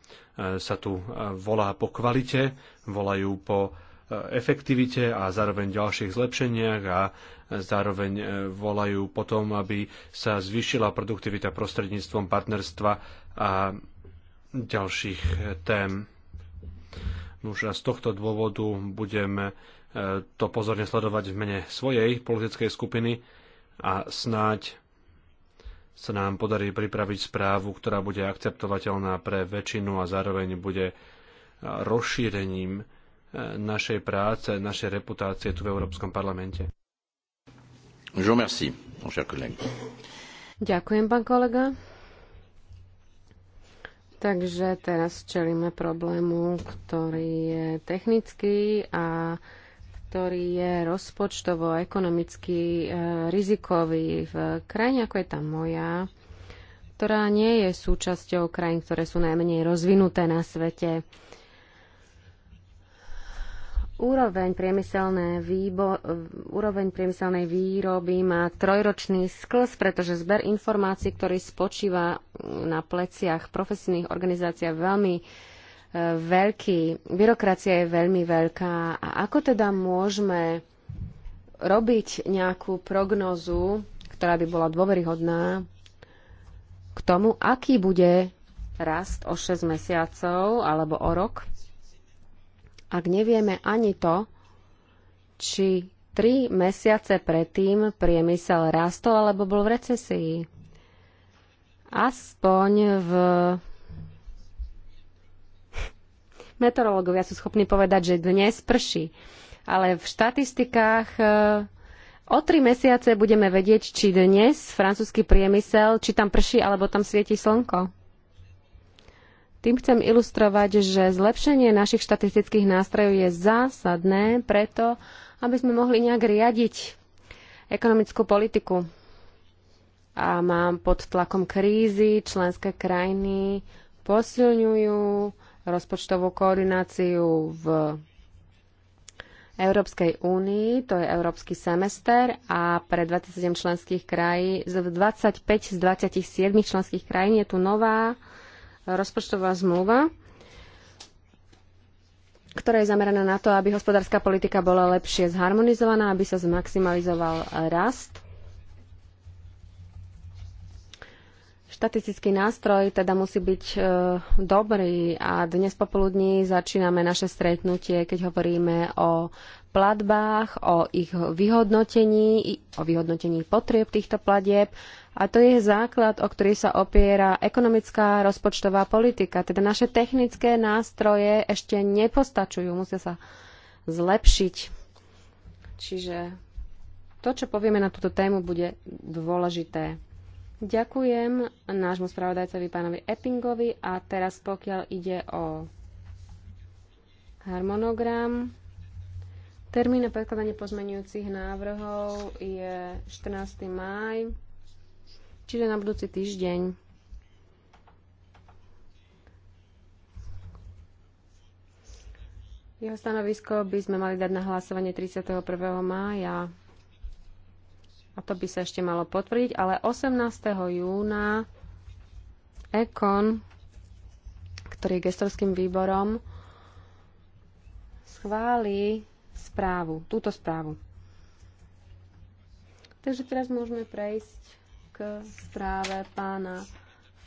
sa tu e, volá po kvalite, volajú po efektivite a zároveň ďalších zlepšeniach a zároveň e, volajú potom, aby sa zvýšila produktivita prostredníctvom partnerstva a ďalších e, tém. Už z tohto dôvodu budem e, to pozorne sledovať v mene svojej politickej skupiny a snáď sa nám podarí pripraviť správu, ktorá bude akceptovateľná pre väčšinu a zároveň bude rozšírením našej práce, našej reputácie tu v Európskom parlamente. Ďakujem, pán kolega. Takže teraz čelíme problému, ktorý je technický a ktorý je rozpočtovo ekonomicky e, rizikový v krajine, ako je tá moja, ktorá nie je súčasťou krajín, ktoré sú najmenej rozvinuté na svete. Úroveň priemyselnej, výbo- úroveň priemyselnej výroby má trojročný sklz, pretože zber informácií, ktorý spočíva na pleciach profesijných organizácií, je veľmi e, veľký. Byrokracia je veľmi veľká. A ako teda môžeme robiť nejakú prognozu, ktorá by bola dôveryhodná k tomu, aký bude rast o 6 mesiacov alebo o rok ak nevieme ani to, či tri mesiace predtým priemysel rastol alebo bol v recesii. Aspoň v meteorológovia sú schopní povedať, že dnes prší. Ale v štatistikách e, o tri mesiace budeme vedieť, či dnes francúzsky priemysel, či tam prší alebo tam svieti slnko. Tým chcem ilustrovať, že zlepšenie našich štatistických nástrojov je zásadné preto, aby sme mohli nejak riadiť ekonomickú politiku. A mám pod tlakom krízy členské krajiny posilňujú rozpočtovú koordináciu v Európskej únii, to je európsky semester a pre 27 členských krajín, 25 z 27 členských krajín je tu nová rozpočtová zmluva, ktorá je zameraná na to, aby hospodárska politika bola lepšie zharmonizovaná, aby sa zmaximalizoval rast. Štatistický nástroj teda musí byť e, dobrý a dnes popoludní začíname naše stretnutie, keď hovoríme o platbách, o ich vyhodnotení, o vyhodnotení potrieb týchto platieb a to je základ, o ktorý sa opiera ekonomická rozpočtová politika. Teda naše technické nástroje ešte nepostačujú, musia sa zlepšiť. Čiže to, čo povieme na túto tému, bude dôležité. Ďakujem nášmu spravodajcovi pánovi Eppingovi a teraz pokiaľ ide o harmonogram, termín na predkladanie pozmenujúcich návrhov je 14. máj Čiže na budúci týždeň Jeho stanovisko by sme mali dať na hlasovanie 31. mája a to by sa ešte malo potvrdiť, ale 18. júna Ekon, ktorý je gestorským výborom, schváli správu, túto správu. Takže teraz môžeme prejsť správe pána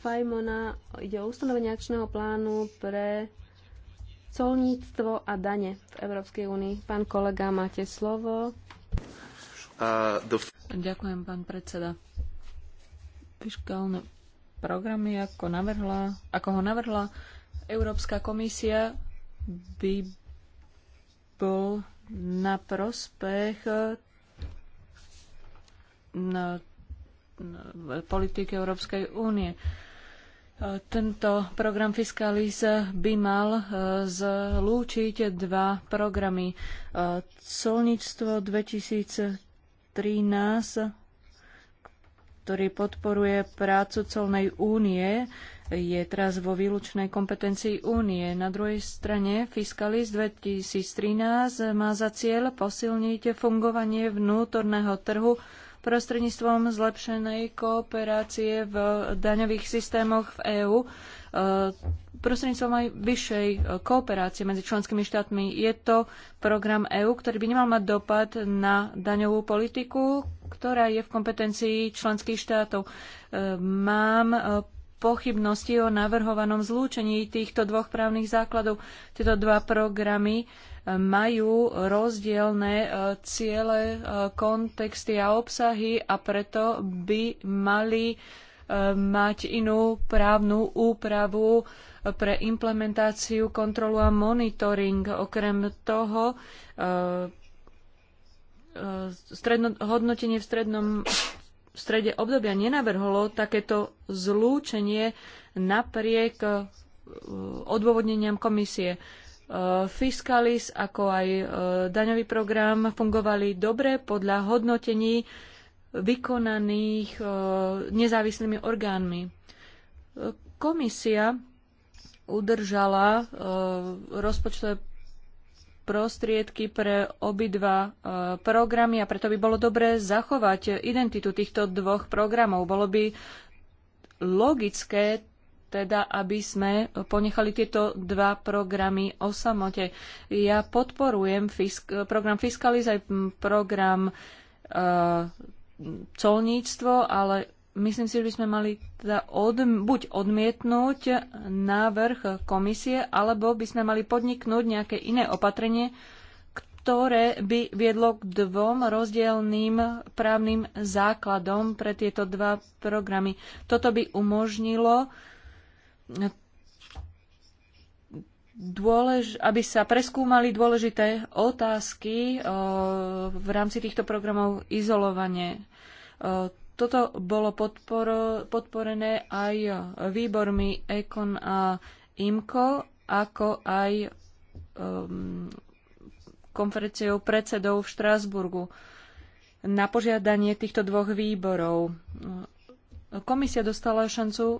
Fajmona. Ide o ustanovenie akčného plánu pre colníctvo a dane v Európskej únii. Pán kolega, máte slovo. Ďakujem, pán predseda. Fiskálne programy, ako, navrhla, ako ho navrhla Európska komisia, by bol na prospech na politik Európskej únie. E, tento program Fiscalis by mal e, zlúčiť dva programy. Colníctvo e, 2013, ktorý podporuje prácu colnej únie, je teraz vo výlučnej kompetencii únie. Na druhej strane Fiscalis 2013 má za cieľ posilniť fungovanie vnútorného trhu prostredníctvom zlepšenej kooperácie v daňových systémoch v EÚ, e, prostredníctvom aj vyššej e, kooperácie medzi členskými štátmi. Je to program EÚ, ktorý by nemal mať dopad na daňovú politiku, ktorá je v kompetencii členských štátov. E, mám pochybnosti o navrhovanom zlúčení týchto dvoch právnych základov. Tieto dva programy majú rozdielne e, ciele, e, kontexty a obsahy a preto by mali e, mať inú právnu úpravu pre implementáciu, kontrolu a monitoring. Okrem toho, stredno, hodnotenie v strednom v strede obdobia nenavrhlo takéto zlúčenie napriek odôvodneniam komisie. Fiscalis, ako aj e, daňový program fungovali dobre podľa hodnotení vykonaných e, nezávislými orgánmi. E, komisia udržala rozpočtové prostriedky pre obidva programy a preto by bolo dobré zachovať identitu týchto dvoch programov. Bolo by logické teda, aby sme ponechali tieto dva programy o samote. Ja podporujem fisk- program Fiskalis aj program e, colníctvo, ale myslím si, že by sme mali teda od, buď odmietnúť návrh komisie, alebo by sme mali podniknúť nejaké iné opatrenie, ktoré by viedlo k dvom rozdielným právnym základom pre tieto dva programy. Toto by umožnilo uh, dôlež, aby sa preskúmali dôležité otázky o, eh, v rámci týchto programov izolovanie. O, eh, toto bolo podporo, podporené aj výbormi Econ a IMCO, ako aj um, konferenciou predsedov v Štrásburgu na požiadanie týchto dvoch výborov. Komisia dostala šancu uh,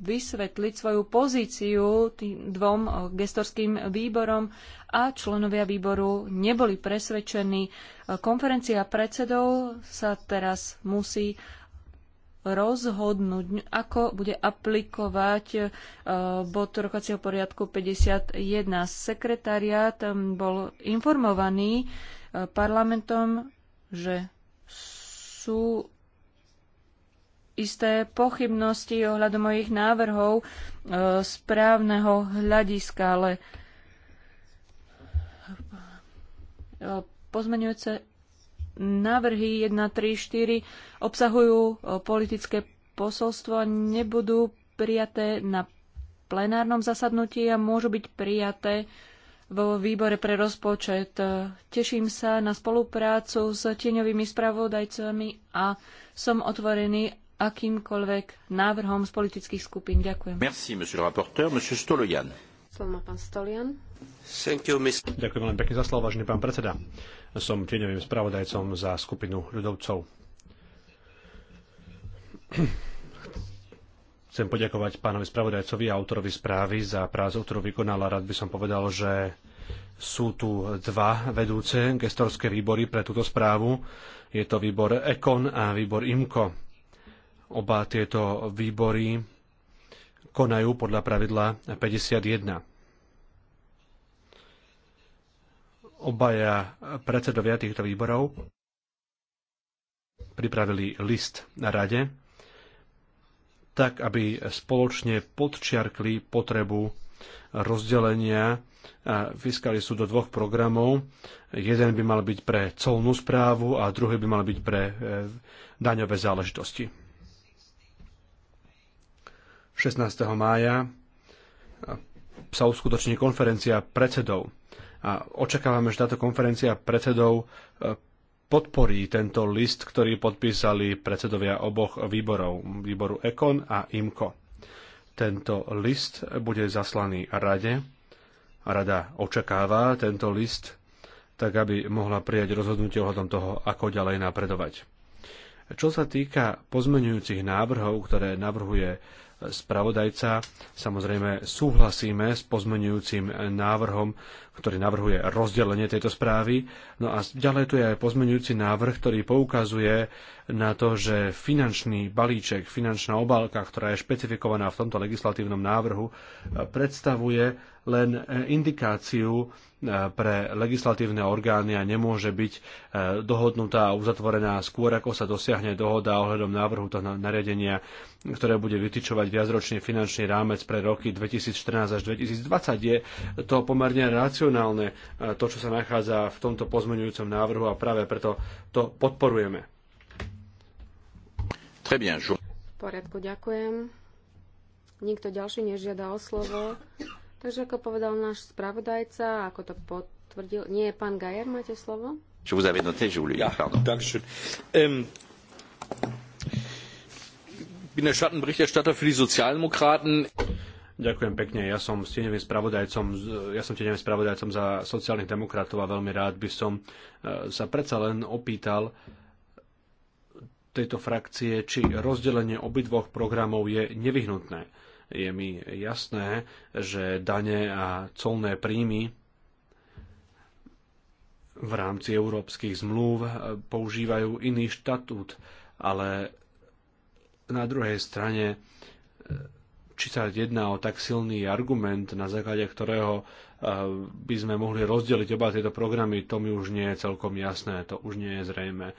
vysvetliť svoju pozíciu tým dvom eh, gestorským výborom a členovia výboru neboli presvedčení. Eh, konferencia predsedov sa teraz musí rozhodnúť, ako bude aplikovať eh, bod rokovacieho poriadku 51. Sekretariat bol informovaný parlamentom, že sú isté pochybnosti ohľadom mojich návrhov e, správneho hľadiska, ale e, pozmeňujúce návrhy 1, 3, 4 obsahujú e, politické posolstvo a nebudú prijaté na plenárnom zasadnutí a môžu byť prijaté vo výbore pre rozpočet. Teším sa na spoluprácu s tieňovými spravodajcami a som otvorený akýmkoľvek návrhom z politických skupín. Ďakujem. Merci, monsieur le rapporteur. Monsieur Stolojan. Slovo má pán Stolian. You, Ďakujem veľmi pekne za slovo, vážený pán predseda. Som tieňovým spravodajcom za skupinu ľudovcov. Chcem poďakovať pánovi spravodajcovi a autorovi správy za prácu, ktorú vykonala. Rád by som povedal, že sú tu dva vedúce gestorské výbory pre túto správu. Je to výbor EKON a výbor IMKO Oba tieto výbory konajú podľa pravidla 51. Obaja predsedovia týchto výborov pripravili list na rade, tak aby spoločne podčiarkli potrebu rozdelenia sú do dvoch programov. Jeden by mal byť pre colnú správu a druhý by mal byť pre e, daňové záležitosti. 16. mája sa uskutoční konferencia predsedov. A očakávame, že táto konferencia predsedov e, podporí tento list, ktorý podpísali predsedovia oboch výborov, výboru EKON a IMKO. Tento list bude zaslaný rade. Rada očakáva tento list, tak aby mohla prijať rozhodnutie ohľadom toho, ako ďalej napredovať. Čo sa týka pozmenujúcich návrhov, ktoré navrhuje spravodajca. Samozrejme súhlasíme s pozmenujúcim návrhom, ktorý navrhuje rozdelenie tejto správy. No a ďalej tu je aj pozmenujúci návrh, ktorý poukazuje na to, že finančný balíček, finančná obálka, ktorá je špecifikovaná v tomto legislatívnom návrhu, predstavuje len indikáciu E, pre legislatívne orgány a nemôže byť e, dohodnutá a uzatvorená skôr, ako sa dosiahne dohoda ohľadom návrhu toho nariadenia, ktoré bude vytyčovať viacročný finančný rámec pre roky 2014 až 2020. Je to pomerne racionálne, e, to, čo sa nachádza v tomto pozmeňujúcom návrhu a práve preto to podporujeme. poriadku, ďakujem. Nikto ďalší nežiada o slovo. Takže ako povedal náš spravodajca, ako to potvrdil... Nie, je pán Gajer, máte slovo? Je vous avais noté, je Ja, Dankeschön. Ähm, bin der Schattenberichterstatter für die Sozialdemokraten. Ďakujem pekne. Ja som stieňovým spravodajcom, ja som stieňovým spravodajcom za sociálnych demokratov a veľmi rád by som e, sa predsa len opýtal tejto frakcie, či rozdelenie obidvoch programov je nevyhnutné je mi jasné, že dane a colné príjmy v rámci európskych zmluv používajú iný štatút, ale na druhej strane e, či sa jedná o tak silný argument, na základe ktorého e, by sme mohli rozdeliť oba tieto programy, to mi už nie je celkom jasné, to už nie je zrejme.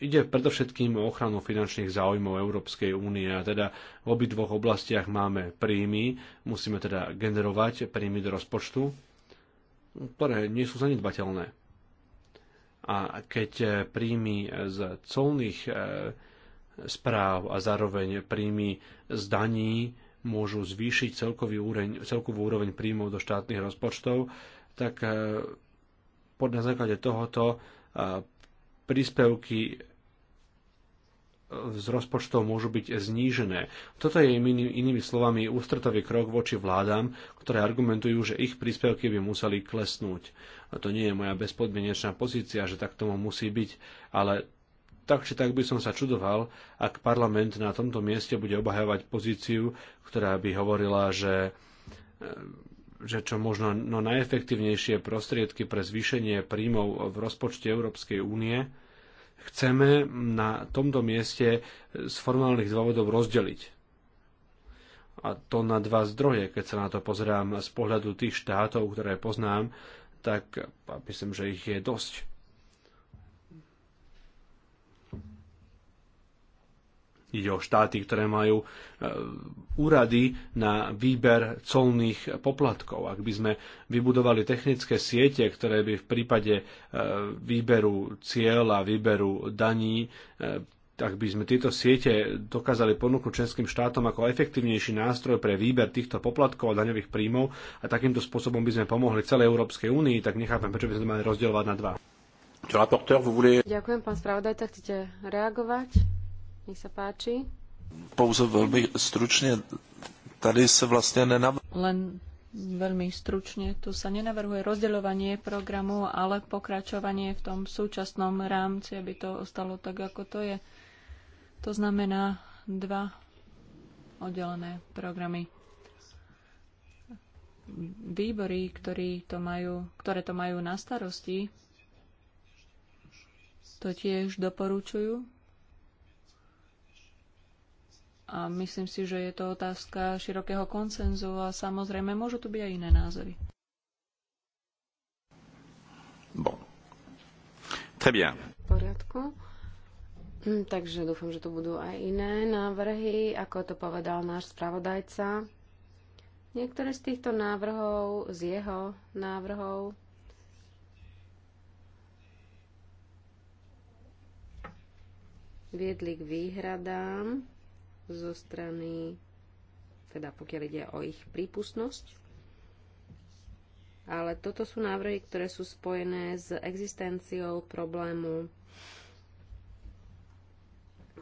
Ide predovšetkým o ochranu finančných záujmov Európskej únie a teda v obidvoch oblastiach máme príjmy, musíme teda generovať príjmy do rozpočtu, ktoré nie sú zanedbateľné. A keď e, príjmy z colných e, správ a zároveň príjmy z daní môžu zvýšiť celkový úreň, celkovú úroveň príjmov do štátnych rozpočtov, tak e, podľa na základe tohoto príspevky z rozpočtov môžu byť znížené. Toto je inými slovami ústretový krok voči vládám, ktoré argumentujú, že ich príspevky by museli klesnúť. A to nie je moja bezpodmienečná pozícia, že tak tomu musí byť, ale tak či tak by som sa čudoval, ak parlament na tomto mieste bude obhajovať pozíciu, ktorá by hovorila, že že čo možno no najefektívnejšie prostriedky pre zvýšenie príjmov v rozpočte Európskej únie chceme na tomto mieste z formálnych dôvodov rozdeliť. A to na dva zdroje, keď sa na to pozerám z pohľadu tých štátov, ktoré poznám, tak myslím, že ich je dosť Ide o štáty, ktoré majú e, úrady na výber colných poplatkov. Ak by sme vybudovali technické siete, ktoré by v prípade e, výberu cieľ a výberu daní e, ak by sme tieto siete dokázali ponúknuť členským štátom ako efektívnejší nástroj pre výber týchto poplatkov a daňových príjmov a takýmto spôsobom by sme pomohli celej Európskej únii, tak nechápem, prečo by sme to mali rozdielovať na dva. Ďakujem, pán spravodajca, chcete reagovať? Nech sa páči. Pouze veľmi stručne, tady sa vlastne nenavrhuje. Len veľmi stručne, tu sa nenavrhuje rozdeľovanie programu, ale pokračovanie v tom súčasnom rámci, aby to ostalo tak, ako to je. To znamená dva oddelené programy. Výbory, ktorí to majú, ktoré to majú na starosti, to tiež doporučujú a myslím si, že je to otázka širokého koncenzu a samozrejme môžu tu byť aj iné názory. Bon. Très bien. V poriadku. Hm, takže dúfam, že tu budú aj iné návrhy, ako to povedal náš spravodajca. Niektoré z týchto návrhov, z jeho návrhov, viedli k výhradám zo strany, teda pokiaľ ide o ich prípustnosť. Ale toto sú návrhy, ktoré sú spojené s existenciou problému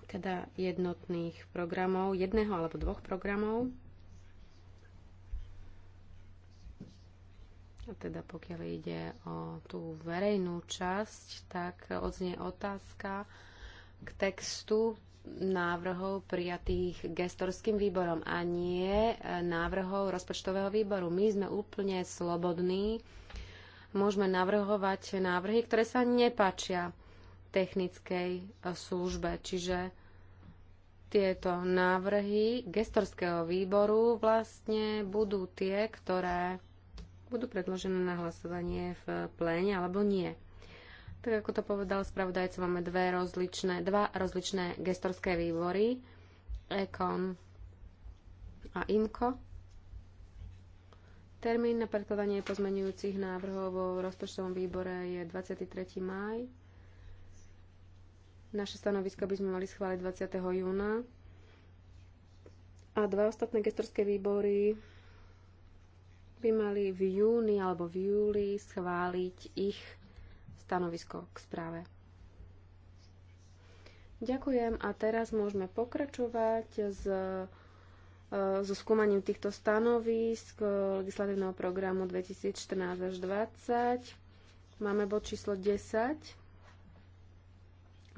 teda jednotných programov, jedného alebo dvoch programov. A teda pokiaľ ide o tú verejnú časť, tak odznie otázka k textu návrhov prijatých gestorským výborom a nie e, návrhov rozpočtového výboru. My sme úplne slobodní, môžeme navrhovať návrhy, ktoré sa nepačia technickej e, službe. Čiže tieto návrhy gestorského výboru vlastne budú tie, ktoré budú predložené na hlasovanie v pléne alebo nie. Tak ako to povedal spravodajca, máme dve rozličné, dva rozličné gestorské výbory, Ekon a Inko. Termín na predkladanie pozmenujúcich návrhov vo rozpočtovom výbore je 23. maj. Naše stanovisko by sme mali schváliť 20. júna. A dva ostatné gestorské výbory by mali v júni alebo v júli schváliť ich stanovisko k správe. Ďakujem a teraz môžeme pokračovať s e, so skúmaním týchto stanovisk e, legislatívneho programu 2014 až 2020. Máme bod číslo 10.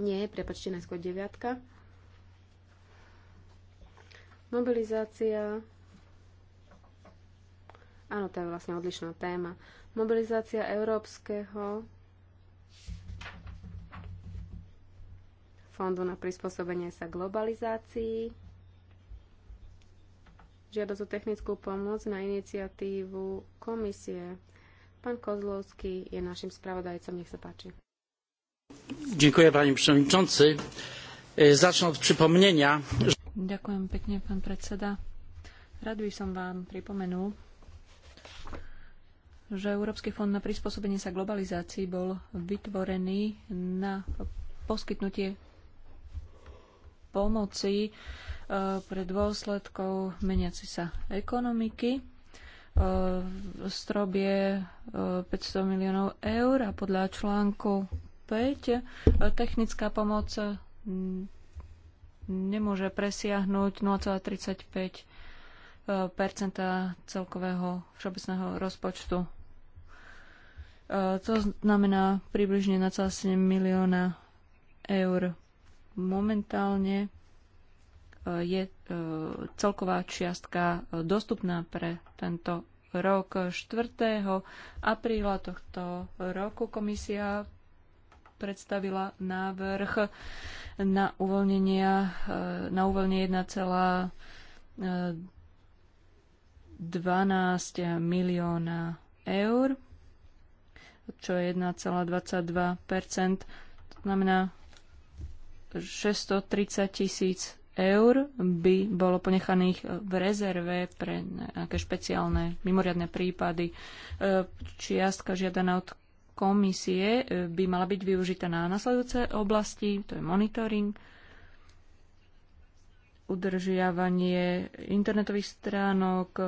Nie, prepačte, najskôr 9. Mobilizácia. Áno, to je vlastne odlišná téma. Mobilizácia európskeho Fondu na prispôsobenie sa globalizácii. Žiadosť o technickú pomoc na iniciatívu komisie. Pán Kozlovský je našim spravodajcom. Nech sa páči. Ďakujem pani predsedajúci. Zacznę od pripomnenia. Ďakujem pekne, pán predseda. Rád by som vám pripomenul, že Európsky fond na prispôsobenie sa globalizácii bol vytvorený na poskytnutie pomoci e, pre dôsledkov meniaci sa ekonomiky. E, strop je 500 e, miliónov eur a podľa článku 5 technická pomoc nemôže presiahnuť 0,35 celkového všeobecného rozpočtu. To znamená približne na 7 milióna eur momentálne e, je e, celková čiastka e, dostupná pre tento rok 4. apríla tohto roku komisia predstavila návrh na uvoľnenia na uvoľnenie 1,12 milióna eur, čo je 1,22 To znamená 630 tisíc eur by bolo ponechaných v rezerve pre nejaké špeciálne mimoriadne prípady. E, čiastka žiadaná od komisie e, by mala byť využitá na nasledujúce oblasti, to je monitoring, udržiavanie internetových stránok, e,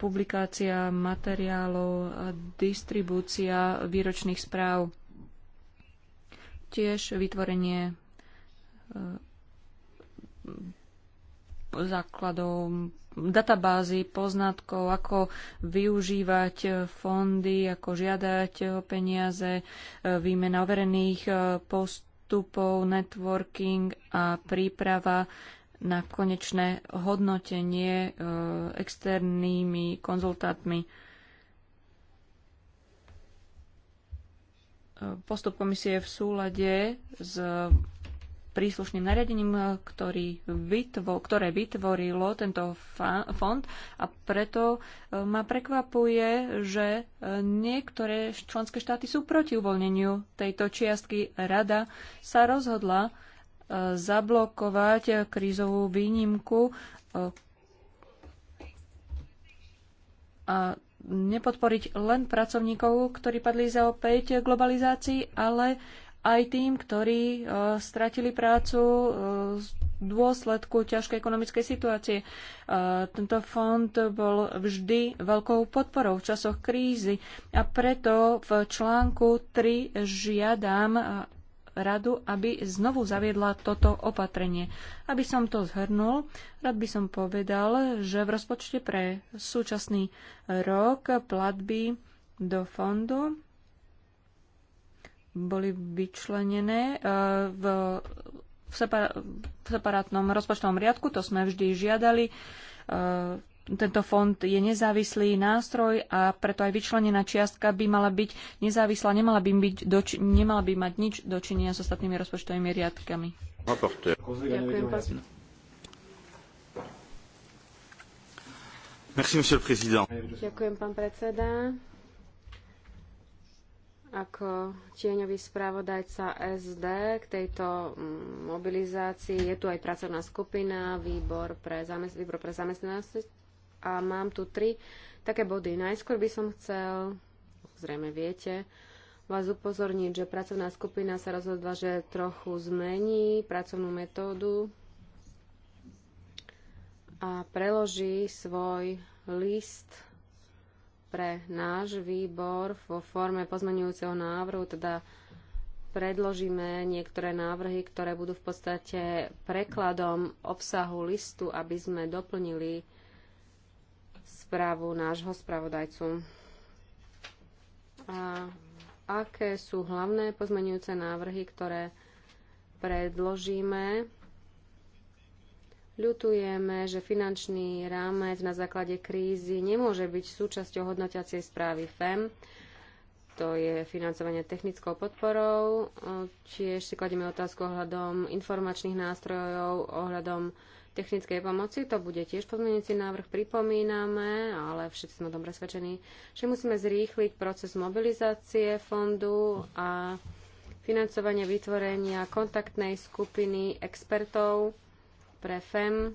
publikácia materiálov a distribúcia výročných správ, tiež vytvorenie E, základov databázy poznatkov, ako využívať e, fondy, ako žiadať o peniaze, e, výmena overených postupov, networking a príprava na konečné hodnotenie externými konzultátmi. Postup komisie je v súlade s príslušným nariadením, eh, ktorý vytvo, ktoré vytvorilo tento fond a preto eh, ma prekvapuje, že eh, niektoré členské štáty sú proti uvoľneniu tejto čiastky. Rada sa rozhodla zablokovať krízovú výnimku a nepodporiť len pracovníkov, ktorí padli za opäť globalizácii, ale aj tým, ktorí e, stratili prácu e, z dôsledku ťažkej ekonomickej situácie. E, tento fond bol vždy veľkou podporou v časoch krízy a preto v článku 3 žiadam radu, aby znovu zaviedla toto opatrenie. Aby som to zhrnul, rád by som povedal, že v rozpočte pre súčasný rok platby do fondu boli vyčlenené e, v, v, separa, v separátnom rozpočtovom riadku, to sme vždy žiadali. E, tento fond je nezávislý nástroj a preto aj vyčlenená čiastka by mala byť nezávislá, nemala by, byť doči- nemala by mať nič dočinenia s so ostatnými rozpočtovými riadkami. Ďakujem, Merci, Ďakujem, pán predseda ako tieňový správodajca SD k tejto mm, mobilizácii. Je tu aj pracovná skupina, výbor pre, zamest- výbor pre zamestnanosť a mám tu tri také body. Najskôr by som chcel, zrejme viete, vás upozorniť, že pracovná skupina sa rozhodla, že trochu zmení pracovnú metódu a preloží svoj list pre náš výbor vo forme pozmenujúceho návrhu, teda predložíme niektoré návrhy, ktoré budú v podstate prekladom obsahu listu, aby sme doplnili správu nášho spravodajcu. A aké sú hlavné pozmenujúce návrhy, ktoré predložíme? Ľutujeme, že finančný rámec na základe krízy nemôže byť súčasťou hodnotiacej správy FEM. To je financovanie technickou podporou. Tiež si kladieme otázku ohľadom informačných nástrojov, ohľadom technickej pomoci. To bude tiež pozmeňujúci návrh, pripomíname, ale všetci sme o tom presvedčení, že musíme zrýchliť proces mobilizácie fondu a financovanie vytvorenia kontaktnej skupiny expertov pre FEM,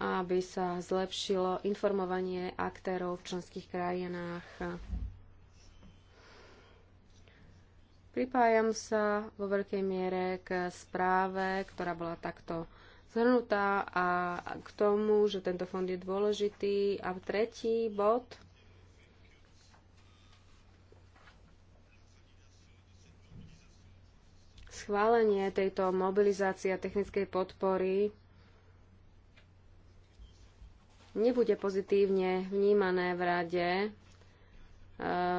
aby sa zlepšilo informovanie aktérov v členských krajinách. Pripájam sa vo veľkej miere k správe, ktorá bola takto zhrnutá a k tomu, že tento fond je dôležitý. A tretí bod – schválenie tejto mobilizácie a technickej podpory nebude pozitívne vnímané v rade eh,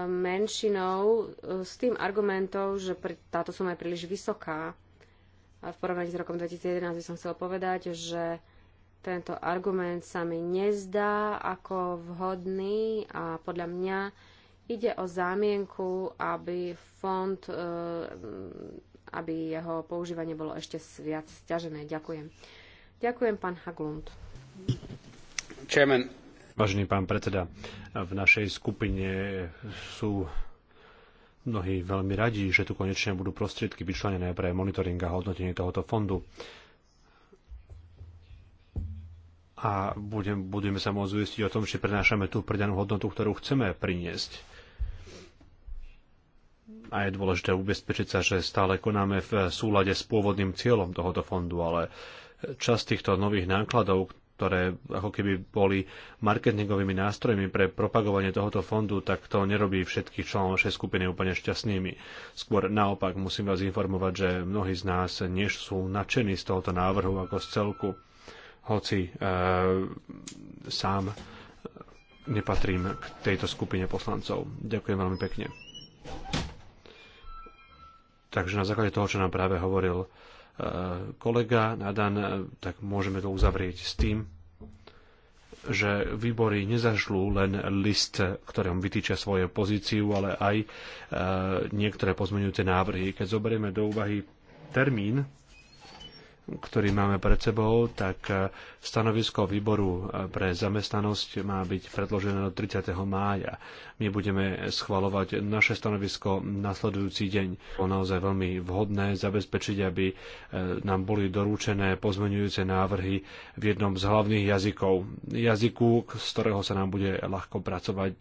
menšinou eh, s tým argumentom, že táto suma je príliš vysoká. A v porovnaní s rokom 2011 by som chcel povedať, že tento argument sa mi nezdá ako vhodný a podľa mňa ide o zámienku, aby fond eh, aby jeho používanie bolo ešte viac stiažené. Ďakujem. Ďakujem, pán Haglund. Chairman. Vážený pán predseda, v našej skupine sú mnohí veľmi radi, že tu konečne budú prostriedky vyčlenené pre monitoring a hodnotenie tohoto fondu a budem, budeme sa môcť uistiť o tom, či prenášame tú pridanú hodnotu, ktorú chceme priniesť a je dôležité ubezpečiť sa, že stále konáme v súlade s pôvodným cieľom tohoto fondu, ale časť týchto nových nákladov, ktoré ako keby boli marketingovými nástrojmi pre propagovanie tohoto fondu, tak to nerobí všetkých členov našej skupiny úplne šťastnými. Skôr naopak musím vás informovať, že mnohí z nás nie sú nadšení z tohoto návrhu ako z celku, hoci e, sám nepatrím k tejto skupine poslancov. Ďakujem veľmi pekne. Takže na základe toho, čo nám práve hovoril e, kolega Nadan, e, tak môžeme to uzavrieť s tým, že výbory nezašlú len list, ktorom vytýčia svoju pozíciu, ale aj e, niektoré pozmenujúce návrhy. Keď zoberieme do úvahy termín ktorý máme pred sebou, tak e, stanovisko výboru e, pre zamestnanosť má byť predložené do 30. mája. My budeme schvalovať naše stanovisko nasledujúci deň. Bolo naozaj veľmi vhodné zabezpečiť, aby e, nám boli dorúčené pozmenujúce návrhy v jednom z hlavných jazykov. Jazyku, z ktorého sa nám bude ľahko pracovať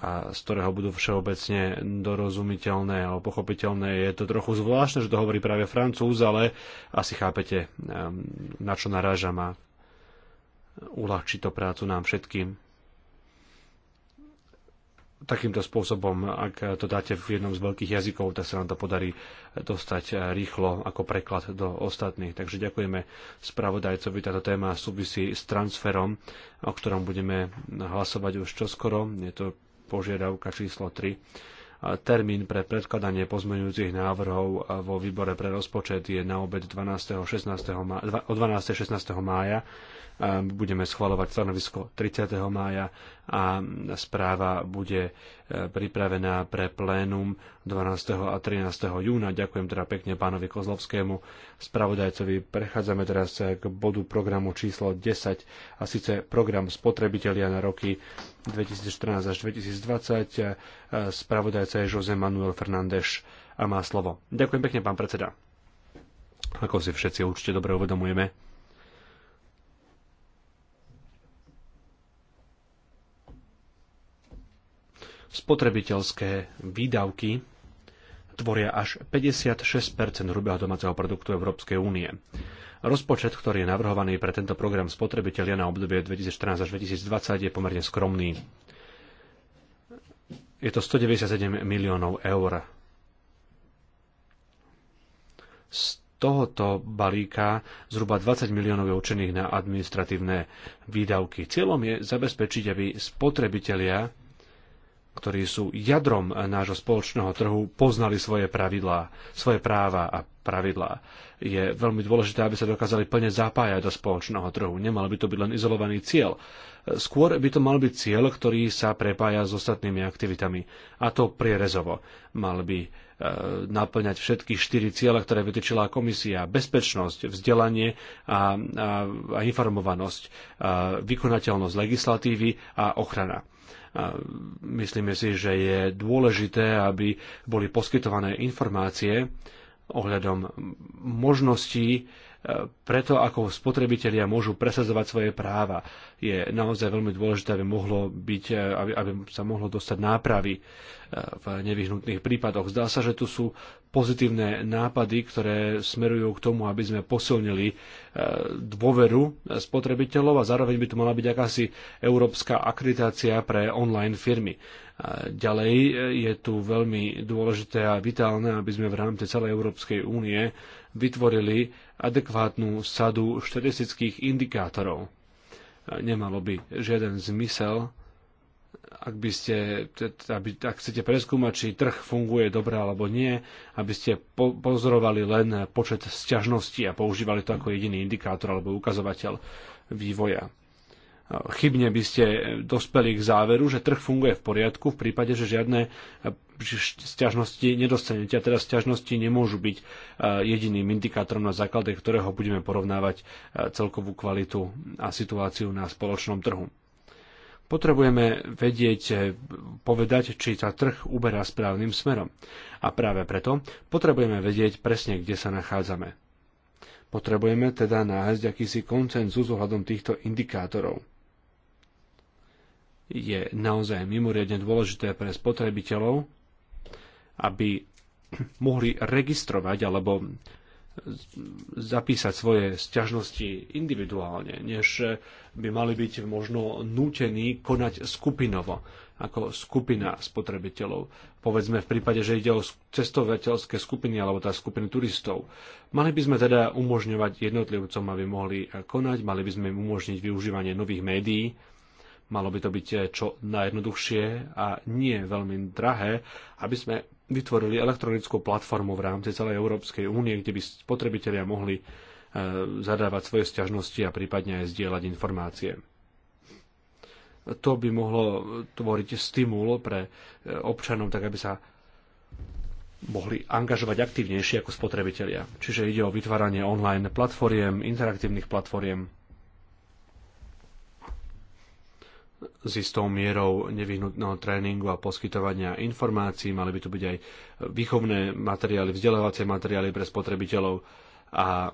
a z ktorého budú všeobecne dorozumiteľné alebo pochopiteľné. Je to trochu zvláštne, že to hovorí práve francúz, ale asi chápete, ehm, na čo narážam a uľahčí to prácu nám všetkým. Takýmto spôsobom, ak to dáte v jednom z veľkých jazykov, tak sa nám to podarí dostať rýchlo ako preklad do ostatných. Takže ďakujeme spravodajcovi. Táto téma súvisí s transferom, o ktorom budeme hlasovať už čoskoro. Je to požiadavka číslo 3. Termín pre predkladanie pozmeňujúcich návrhov vo výbore pre rozpočet je na obed 12. 16. Má, o 12. 16. mája Budeme schvalovať stanovisko 30. mája a správa bude e, pripravená pre plénum 12. a 13. júna. Ďakujem teda pekne pánovi Kozlovskému, spravodajcovi. Prechádzame teraz k bodu programu číslo 10 a síce program spotrebitelia na roky 2014 až 2020. E, spravodajca je Jose Manuel Fernández a má slovo. Ďakujem pekne, pán predseda. Ako si všetci určite dobre uvedomujeme, Spotrebiteľské výdavky tvoria až 56 hrubého domáceho produktu Európskej únie. Rozpočet, ktorý je navrhovaný pre tento program spotrebitelia na obdobie 2014 až 2020 je pomerne skromný. Je to 197 miliónov eur. Z tohoto balíka zhruba 20 miliónov je určených na administratívne výdavky. Cieľom je zabezpečiť, aby spotrebitelia ktorí sú jadrom nášho spoločného trhu, poznali svoje pravidlá, svoje práva a pravidlá. Je veľmi dôležité, aby sa dokázali plne zapájať do spoločného trhu. Nemal by to byť len izolovaný cieľ. Skôr by to mal byť cieľ, ktorý sa prepája s ostatnými aktivitami. A to prierezovo. Mal by e, naplňať všetky štyri ciele, ktoré vytýčila komisia. Bezpečnosť, vzdelanie a, a, a informovanosť, a vykonateľnosť legislatívy a ochrana. Myslíme si, že je dôležité, aby boli poskytované informácie ohľadom možností, preto, ako spotrebitelia môžu presadzovať svoje práva. Je naozaj veľmi dôležité, aby, mohlo byť, e, aby, aby sa mohlo dostať nápravy e, v nevyhnutných prípadoch. Zdá sa, že tu sú pozitívne nápady, ktoré smerujú k tomu, aby sme posilnili e, dôveru spotrebiteľov a zároveň by tu mala byť akási európska akreditácia pre online firmy. Ďalej je tu veľmi dôležité a vitálne, aby sme v rámci celej Európskej únie vytvorili adekvátnu sadu štatistických indikátorov. Nemalo by žiaden zmysel, ak, by ste, aby, ak chcete preskúmať, či trh funguje dobre alebo nie, aby ste po- pozorovali len počet sťažností a používali to ako jediný indikátor alebo ukazovateľ vývoja chybne by ste dospeli k záveru, že trh funguje v poriadku v prípade, že žiadne sťažnosti nedostanete a teda sťažnosti nemôžu byť e, jediným indikátorom, na základe ktorého budeme porovnávať e, celkovú kvalitu a situáciu na spoločnom trhu. Potrebujeme vedieť, e, povedať, či sa trh uberá správnym smerom. A práve preto potrebujeme vedieť presne, kde sa nachádzame. Potrebujeme teda nájsť akýsi koncenzus ohľadom týchto indikátorov je naozaj mimoriadne dôležité pre spotrebiteľov, aby <clears throat> mohli registrovať alebo zapísať svoje sťažnosti individuálne, než by mali byť možno nútení konať skupinovo, ako skupina spotrebiteľov. Povedzme v prípade, že ide o cestovateľské skupiny alebo tá skupiny turistov. Mali by sme teda umožňovať jednotlivcom, aby mohli konať, mali by sme im umožniť využívanie nových médií, Malo by to byť eh, čo najjednoduchšie a nie veľmi drahé, aby sme vytvorili elektronickú platformu v rámci celej Európskej únie, kde by spotrebitelia mohli eh, zadávať svoje sťažnosti a prípadne aj zdieľať informácie. To by mohlo tvoriť stimul pre eh, občanov, tak aby sa mohli angažovať aktívnejšie ako spotrebitelia. Čiže ide o vytváranie online platformiem, interaktívnych platformiem, s istou mierou nevyhnutného tréningu a poskytovania informácií. Mali by tu byť aj výchovné materiály, vzdelávacie materiály pre spotrebiteľov a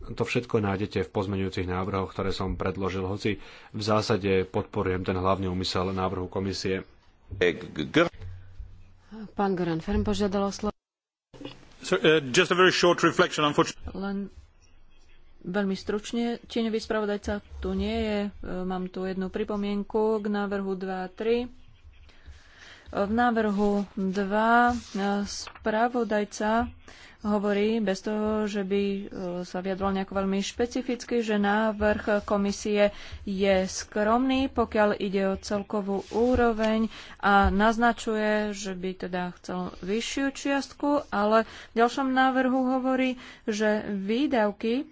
to všetko nájdete v pozmeňujúcich návrhoch, ktoré som predložil, hoci v zásade podporujem ten hlavný úmysel návrhu komisie. Pán Goran Ferm požiadal o slovo. Uh, Len Veľmi stručne, tieňový spravodajca tu nie je. E, mám tu jednu pripomienku k návrhu 2 a 3. V návrhu 2 e, spravodajca hovorí, bez toho, že by e, sa vyjadroval nejako veľmi špecificky, že návrh komisie je skromný, pokiaľ ide o celkovú úroveň a naznačuje, že by teda chcel vyššiu čiastku, ale v ďalšom návrhu hovorí, že výdavky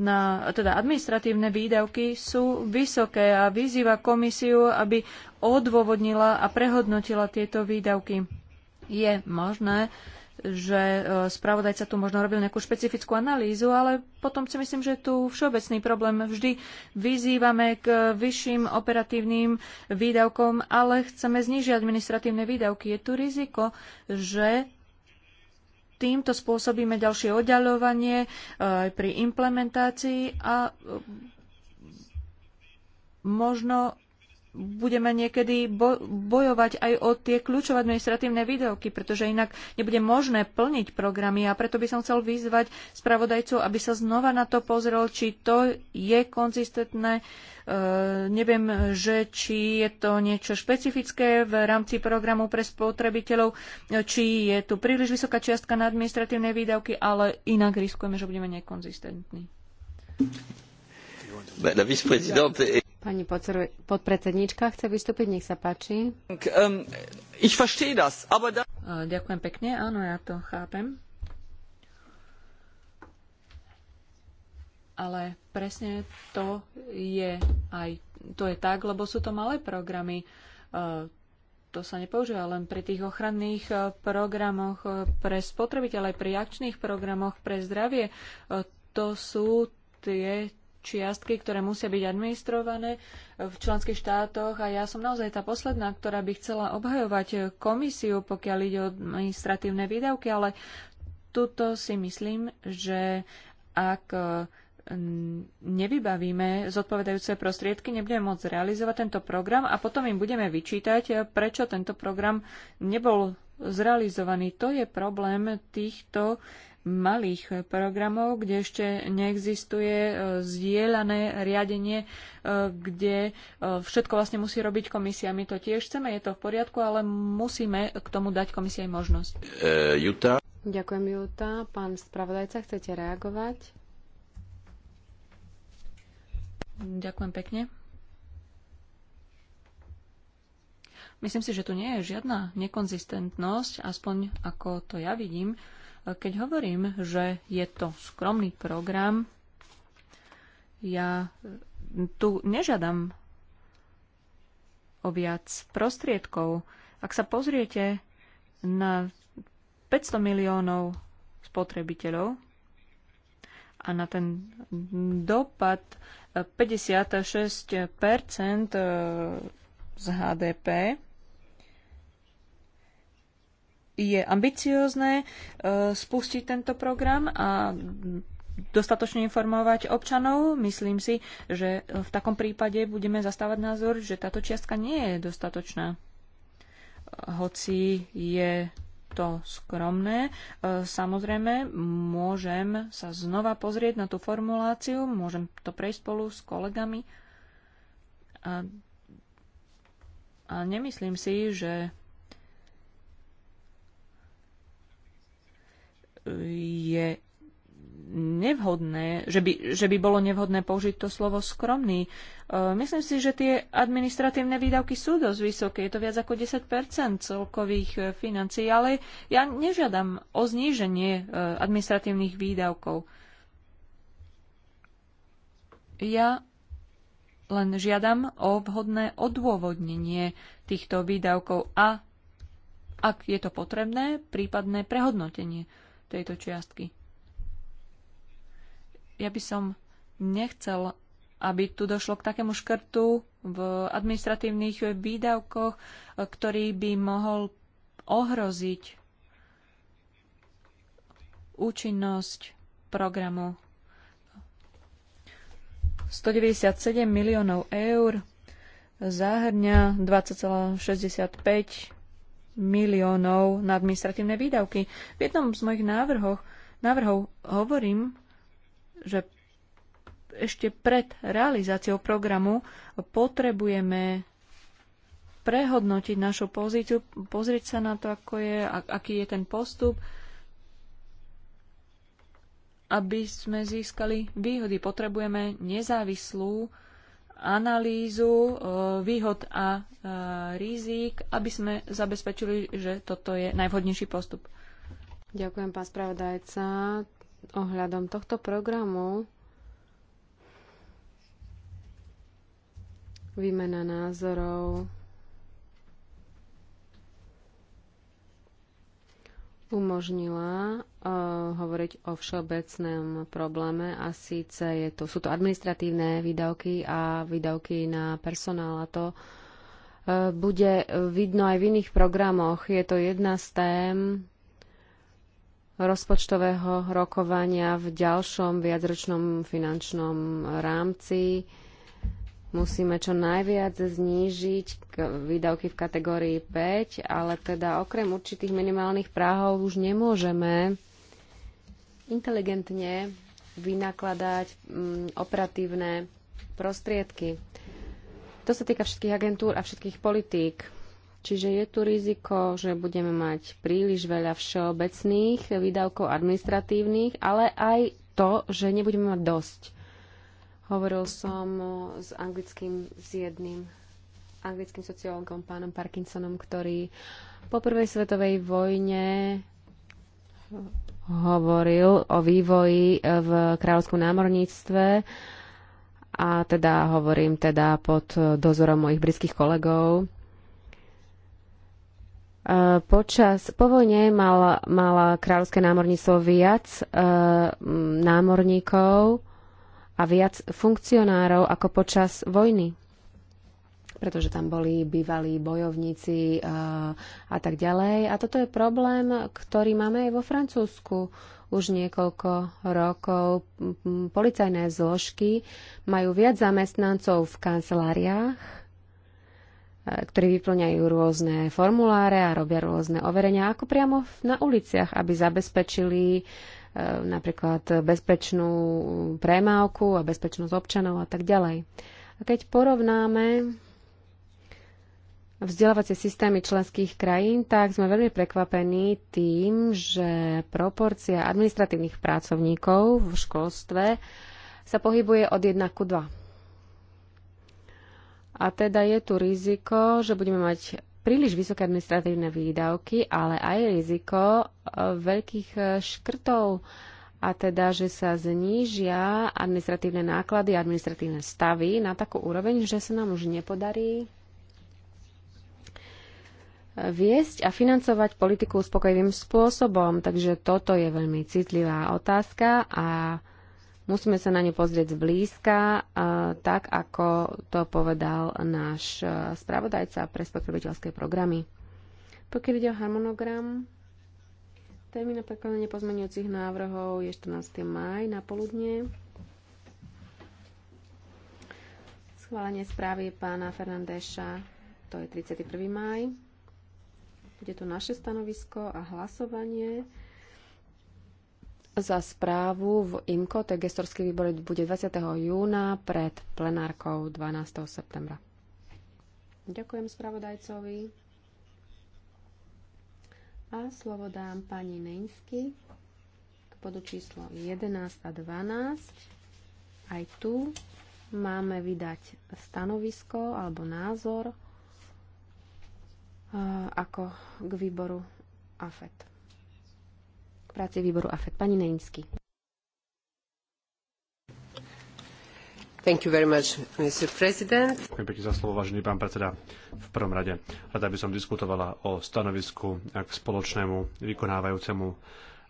na, teda administratívne výdavky sú vysoké a vyzýva komisiu, aby odôvodnila a prehodnotila tieto výdavky. Je možné, že e, spravodajca tu možno robil nejakú špecifickú analýzu, ale potom si myslím, že tu všeobecný problém vždy vyzývame k vyšším operatívnym výdavkom, ale chceme znižiť administratívne výdavky. Je tu riziko, že týmto spôsobíme ďalšie oddaľovanie e, aj pri implementácii a e, možno budeme niekedy bojovať aj o tie kľúčové administratívne výdavky, pretože inak nebude možné plniť programy a preto by som chcel vyzvať spravodajcov, aby sa znova na to pozrel, či to je konzistentné. E, neviem, že či je to niečo špecifické v rámci programu pre spotrebiteľov, e, či je tu príliš vysoká čiastka na administratívne výdavky, ale inak riskujeme, že budeme nekonzistentní. Madame la vice-présidente Pani podpredsednička chce vystúpiť, nech sa páči. Ähm, ich verstehe das, aber da... Ďakujem pekne, áno, ja to chápem. Ale presne to je aj, to je tak, lebo sú to malé programy. To sa nepoužíva len pri tých ochranných programoch pre spotrebiteľ, aj pri akčných programoch pre zdravie. To sú tie čiastky, ktoré musia byť administrované v členských štátoch a ja som naozaj tá posledná, ktorá by chcela obhajovať komisiu, pokiaľ ide o administratívne výdavky, ale tuto si myslím, že ak e, nevybavíme zodpovedajúce prostriedky, nebudeme môcť realizovať tento program a potom im budeme vyčítať, e, prečo tento program nebol zrealizovaný. To je problém týchto malých programov, kde ešte neexistuje e, zdieľané riadenie, e, kde e, všetko vlastne musí robiť komisia. My to tiež chceme, je to v poriadku, ale musíme k tomu dať komisii možnosť. E, Juta. Ďakujem, Juta. Pán spravodajca, chcete reagovať? Ďakujem pekne. Myslím si, že tu nie je žiadna nekonzistentnosť, aspoň ako to ja vidím. Keď hovorím, že je to skromný program, ja tu nežiadam o viac prostriedkov. Ak sa pozriete na 500 miliónov spotrebiteľov a na ten dopad 56 eh, eh, z HDP, je ambiciózne e, spustiť tento program a dostatočne informovať občanov. Myslím si, že v takom prípade budeme zastávať názor, že táto čiastka nie je dostatočná. Hoci je to skromné. E, samozrejme, môžem sa znova pozrieť na tú formuláciu, môžem to prejsť spolu s kolegami. A, a nemyslím si, že je nevhodné, že by, že by bolo nevhodné použiť to slovo skromný. E, myslím si, že tie administratívne výdavky sú dosť vysoké, je to viac ako 10 celkových e, financií, ale ja nežiadam o zníženie e, administratívnych výdavkov. Ja len žiadam o vhodné odôvodnenie týchto výdavkov a, ak je to potrebné, prípadné prehodnotenie tejto čiastky. Ja by som nechcel, aby tu došlo k takému škrtu v administratívnych výdavkoch, ktorý by mohol ohroziť účinnosť programu. 197 miliónov eur zahrňa 20,65 miliónov na administratívne výdavky. V jednom z mojich návrhov, návrhov hovorím, že ešte pred realizáciou programu potrebujeme prehodnotiť našu pozíciu, pozrieť sa na to, ako je, aký je ten postup, aby sme získali výhody. Potrebujeme nezávislú analýzu e, výhod a e, rizík, aby sme zabezpečili, že toto je najvhodnejší postup. Ďakujem, pán spravodajca. Ohľadom tohto programu výmena názorov umožnila uh, hovoriť o všeobecnom probléme a síce je to, sú to administratívne výdavky a výdavky na personál a to uh, bude vidno aj v iných programoch. Je to jedna z tém rozpočtového rokovania v ďalšom viacročnom finančnom rámci. Uh, musíme čo najviac znížiť výdavky v kategórii 5, ale teda okrem určitých minimálnych práhov už nemôžeme inteligentne vynakladať mm, operatívne prostriedky. To sa týka všetkých agentúr a všetkých politík. Čiže je tu riziko, že budeme mať príliš veľa všeobecných výdavkov administratívnych, ale aj to, že nebudeme mať dosť Hovoril som eh, s anglickým, s jedným anglickým sociológom, pánom Parkinsonom, ktorý po prvej svetovej vojne eh, hovoril o vývoji eh, v kráľovskom námorníctve a teda hovorím teda pod dozorom mojich britských kolegov. Počas, po vojne mal, mala kráľovské námorníctvo viac námorníkov, a viac funkcionárov ako počas vojny pretože tam boli bývalí bojovníci a, eh, a tak ďalej. A toto je problém, ktorý máme aj vo Francúzsku už niekoľko rokov. Policajné zložky majú viac zamestnancov v kanceláriách, eh, ktorí vyplňajú rôzne formuláre a robia rôzne overenia, ako priamo na uliciach, aby zabezpečili uh, E, napríklad bezpečnú premávku a bezpečnosť občanov a tak ďalej. A keď porovnáme vzdelávacie systémy členských krajín, tak sme veľmi prekvapení tým, že proporcia administratívnych pracovníkov v školstve sa pohybuje od 1 ku 2. A teda je tu riziko, že budeme mať príliš vysoké administratívne výdavky, ale aj riziko e, veľkých e, škrtov a teda, že sa znížia administratívne náklady, administratívne stavy na takú úroveň, že sa nám už nepodarí e, viesť a financovať politiku spokojným spôsobom. Takže toto je veľmi citlivá otázka a Musíme sa na ňu pozrieť zblízka, e, tak ako to povedal náš e, spravodajca pre spotrebiteľské programy. Pokiaľ ide o harmonogram, Termín na prekladanie pozmeňujúcich návrhov je 14. maj na poludne. Schválenie správy pána Fernandéša, to je 31. maj. Bude to naše stanovisko a hlasovanie za správu v IMCO, to je gestorský výbor, bude 20. júna pred plenárkou 12. septembra. Ďakujem spravodajcovi. A slovo dám pani Nejsky. k bodu číslo 11 a 12. Aj tu máme vydať stanovisko alebo názor eh, ako k výboru AFET práci výboru AFED. Pani Neinsky. Thank you very much, Mr. President. Ďakujem pekne za slovo, vážený pán predseda. V prvom rade rada by som diskutovala o stanovisku k spoločnému vykonávajúcemu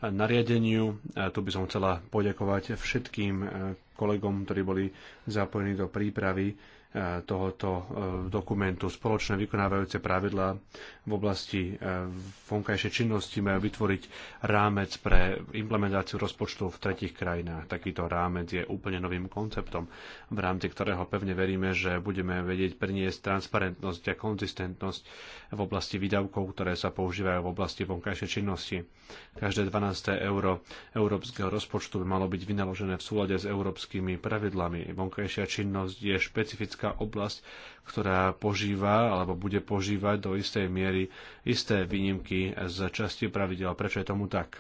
nariadeniu. Tu by som chcela poďakovať všetkým kolegom, ktorí boli zapojení do prípravy tohoto eh, dokumentu. Spoločné vykonávajúce pravidlá v oblasti eh, vonkajšej činnosti majú vytvoriť rámec pre implementáciu rozpočtu v tretich krajinách. Takýto rámec je úplne novým konceptom, v rámci ktorého pevne veríme, že budeme vedieť priniesť transparentnosť a konzistentnosť v oblasti výdavkov, ktoré sa používajú v oblasti vonkajšej činnosti. Každé 12. euro európskeho rozpočtu by malo byť vynaložené v súlade s európskymi pravidlami. Vonkajšia činnosť je špecifická Európska oblasť, ktorá požíva alebo bude požívať do istej miery isté výnimky z časti pravidel. Prečo je tomu tak?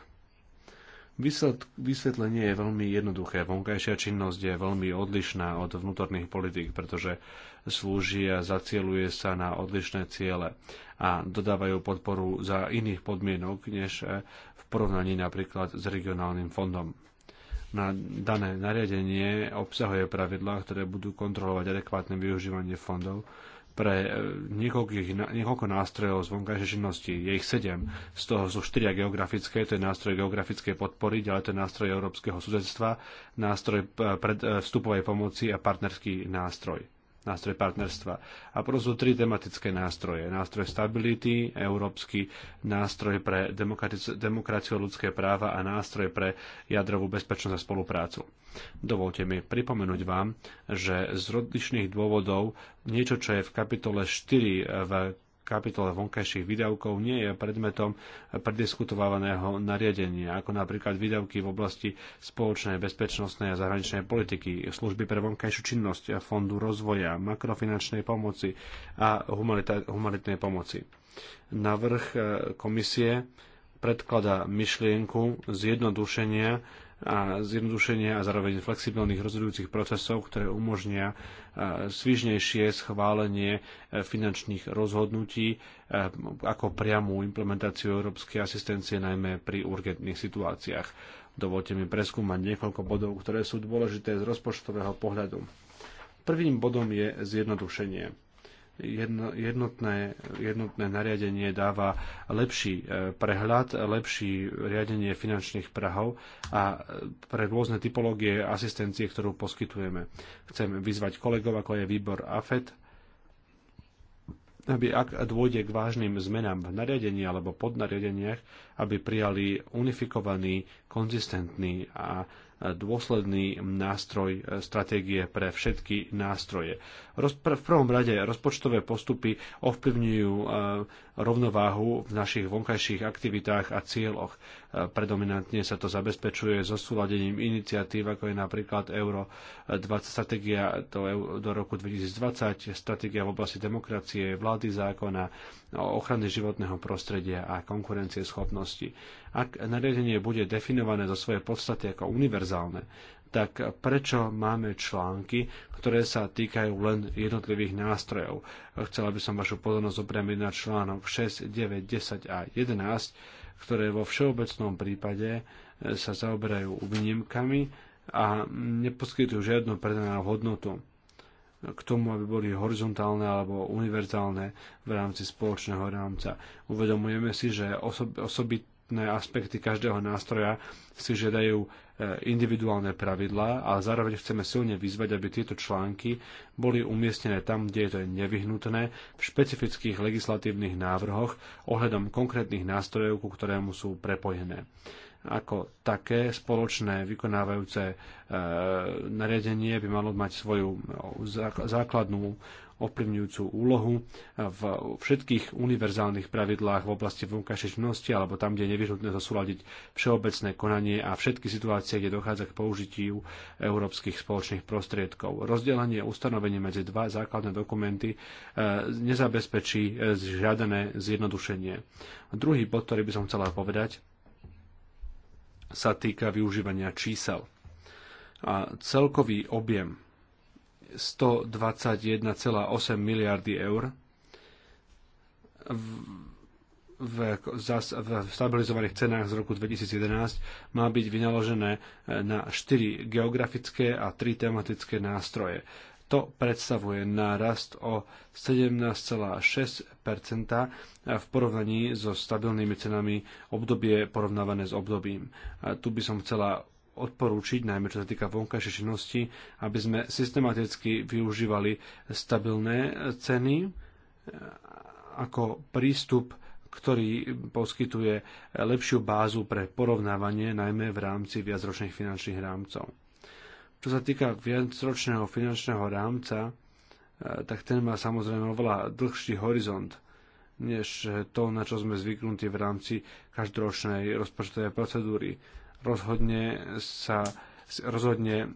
Vysvetlenie je veľmi jednoduché. Vonkajšia činnosť je veľmi odlišná od vnútorných politík, pretože slúži a zacieluje sa na odlišné ciele a dodávajú podporu za iných podmienok, než v porovnaní napríklad s regionálnym fondom na dané nariadenie obsahuje pravidlá, ktoré budú kontrolovať adekvátne využívanie fondov pre e, niekoľko nástrojov z vonkajšej činnosti. Je ich sedem. Z toho sú štyria geografické, to je nástroj geografickej podpory, ďalej to je nástroj európskeho susedstva, nástroj e, e, vstupovej pomoci a partnerský nástroj nástroj partnerstva. A potom sú tri tematické nástroje. Nástroj stability, európsky nástroj pre demokraciu a ľudské práva a nástroj pre jadrovú bezpečnosť a spoluprácu. Dovolte mi pripomenúť vám, že z rodičných dôvodov niečo, čo je v kapitole 4 v kapitola vonkajších výdavkov nie je predmetom prediskutovaného nariadenia, ako napríklad výdavky v oblasti spoločnej bezpečnostnej a zahraničnej politiky, služby pre vonkajšiu činnosť, fondu rozvoja, makrofinančnej pomoci a humanitnej pomoci. Navrh eh, komisie predklada myšlienku zjednodušenia a zjednodušenie a zároveň flexibilných rozhodujúcich procesov, ktoré umožnia e, svižnejšie schválenie e, finančných rozhodnutí e, ako priamú implementáciu európskej asistencie najmä pri urgentných situáciách. Dovolte mi preskúmať niekoľko bodov, ktoré sú dôležité z rozpočtového pohľadu. Prvým bodom je zjednodušenie jedno, jednotné, jednotné nariadenie dáva lepší e, prehľad, lepší riadenie finančných prahov a e, pre rôzne typológie asistencie, ktorú poskytujeme. Chcem vyzvať kolegov, ako je výbor AFET, aby ak dôjde k vážnym zmenám v nariadení alebo podnariadeniach, aby prijali unifikovaný, konzistentný a e, dôsledný nástroj stratégie pre všetky nástroje v prvom rade rozpočtové postupy ovplyvňujú e, rovnováhu v našich vonkajších aktivitách a cieľoch. E, predominantne sa to zabezpečuje so súladením iniciatív, ako je napríklad Euro 20 e, strategia do, do roku 2020, strategia v oblasti demokracie, vlády zákona, ochrany životného prostredia a konkurencie schopnosti. Ak nariadenie bude definované zo svojej podstate ako univerzálne, tak prečo máme články, ktoré sa týkajú len jednotlivých nástrojov? Chcela by som vašu pozornosť opriamiť na článok 6, 9, 10 a 11, ktoré vo všeobecnom prípade e, sa zaoberajú výnimkami a neposkytujú žiadnu predanú hodnotu k tomu, aby boli horizontálne alebo univerzálne v rámci spoločného rámca. Uvedomujeme si, že osobitné aspekty každého nástroja si žiadajú individuálne pravidlá a zároveň chceme silne vyzvať, aby tieto články boli umiestnené tam, kde je to nevyhnutné, v špecifických legislatívnych návrhoch ohľadom konkrétnych nástrojov, ku ktorému sú prepojené ako také spoločné vykonávajúce e, nariadenie by malo mať svoju eh, základnú ovplyvňujúcu úlohu v všetkých univerzálnych pravidlách v oblasti vonkajšej činnosti alebo tam, kde je nevyhnutné zosúľadiť všeobecné konanie a všetky situácie, kde dochádza k použitiu európskych spoločných prostriedkov. Rozdelenie ustanovení medzi dva základné dokumenty e, nezabezpečí e, žiadané zjednodušenie. Druhý bod, ktorý by som chcela povedať, sa týka využívania čísel. A celkový objem 121,8 miliardy eur v, v, v stabilizovaných cenách z roku 2011 má byť vynaložené e, na 4 geografické a 3 tematické nástroje. To predstavuje nárast o 17,6 e, v porovnaní so stabilnými cenami obdobie porovnávané s obdobím. A tu by som chcela odporúčiť, najmä čo sa týka vonkajšej činnosti, aby sme systematicky využívali stabilné ceny e, ako prístup, ktorý poskytuje lepšiu bázu pre porovnávanie, najmä v rámci viacročných finančných rámcov. Čo sa týka viacročného finančného rámca, e, tak ten má samozrejme oveľa dlhší horizont než to, na čo sme zvyknutí v rámci každoročnej rozpočtovej procedúry rozhodne sa rozhodne um,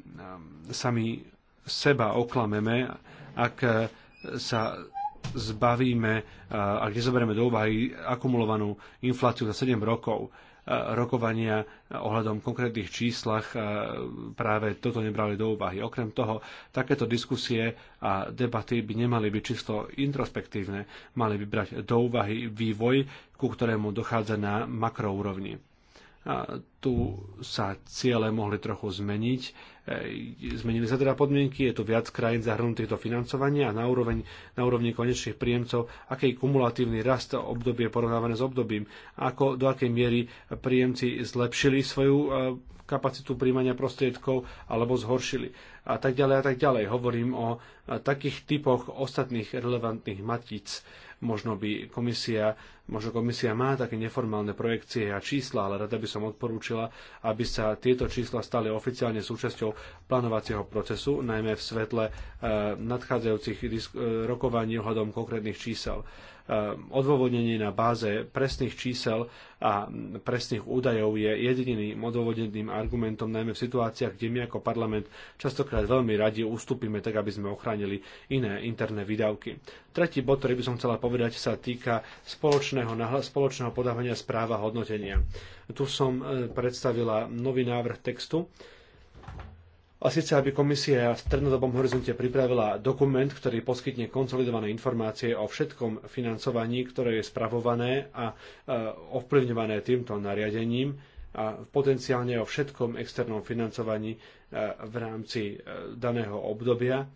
sami seba oklameme, ak sa zbavíme, ak nezoberieme do úvahy akumulovanú infláciu za 7 rokov, rokovania ohľadom konkrétnych číslach práve toto nebrali do úvahy. Okrem toho, takéto diskusie a debaty by nemali byť čisto introspektívne, mali by brať do úvahy vývoj, ku ktorému dochádza na makroúrovni. Tu sa ciele mohli trochu zmeniť. E, zmenili sa teda podmienky, je tu viac krajín zahrnutých do financovania a na, úroveň, na úrovni konečných príjemcov, aký kumulatívny rast obdobie porovnávané s obdobím, ako do akej miery príjemci zlepšili svoju e, kapacitu príjmania prostriedkov alebo zhoršili a tak ďalej a tak ďalej. Hovorím o takých typoch ostatných relevantných matíc Možno by komisia, možno komisia má také neformálne projekcie a čísla, ale rada by som odporúčila, aby sa tieto čísla stali oficiálne súčasťou plánovacieho procesu, najmä v svetle eh, nadchádzajúcich eh, rokovaní ohľadom konkrétnych čísel. Ehm, odôvodnenie na báze presných čísel a presných údajov je jediným odôvodneným argumentom, najmä v situáciách, kde my ako parlament častokrát veľmi radi ustúpime, tak aby sme ochránili iné interné výdavky. Tretí bod, ktorý by som chcela povedať, sa týka spoločného, spoločného podávania správa hodnotenia. Tu som e, predstavila nový návrh textu, a síce, aby komisia v strednodobom horizonte pripravila dokument, ktorý poskytne konsolidované informácie o všetkom financovaní, ktoré je spravované a e, ovplyvňované týmto nariadením a potenciálne o všetkom externom financovaní e, v rámci e, daného obdobia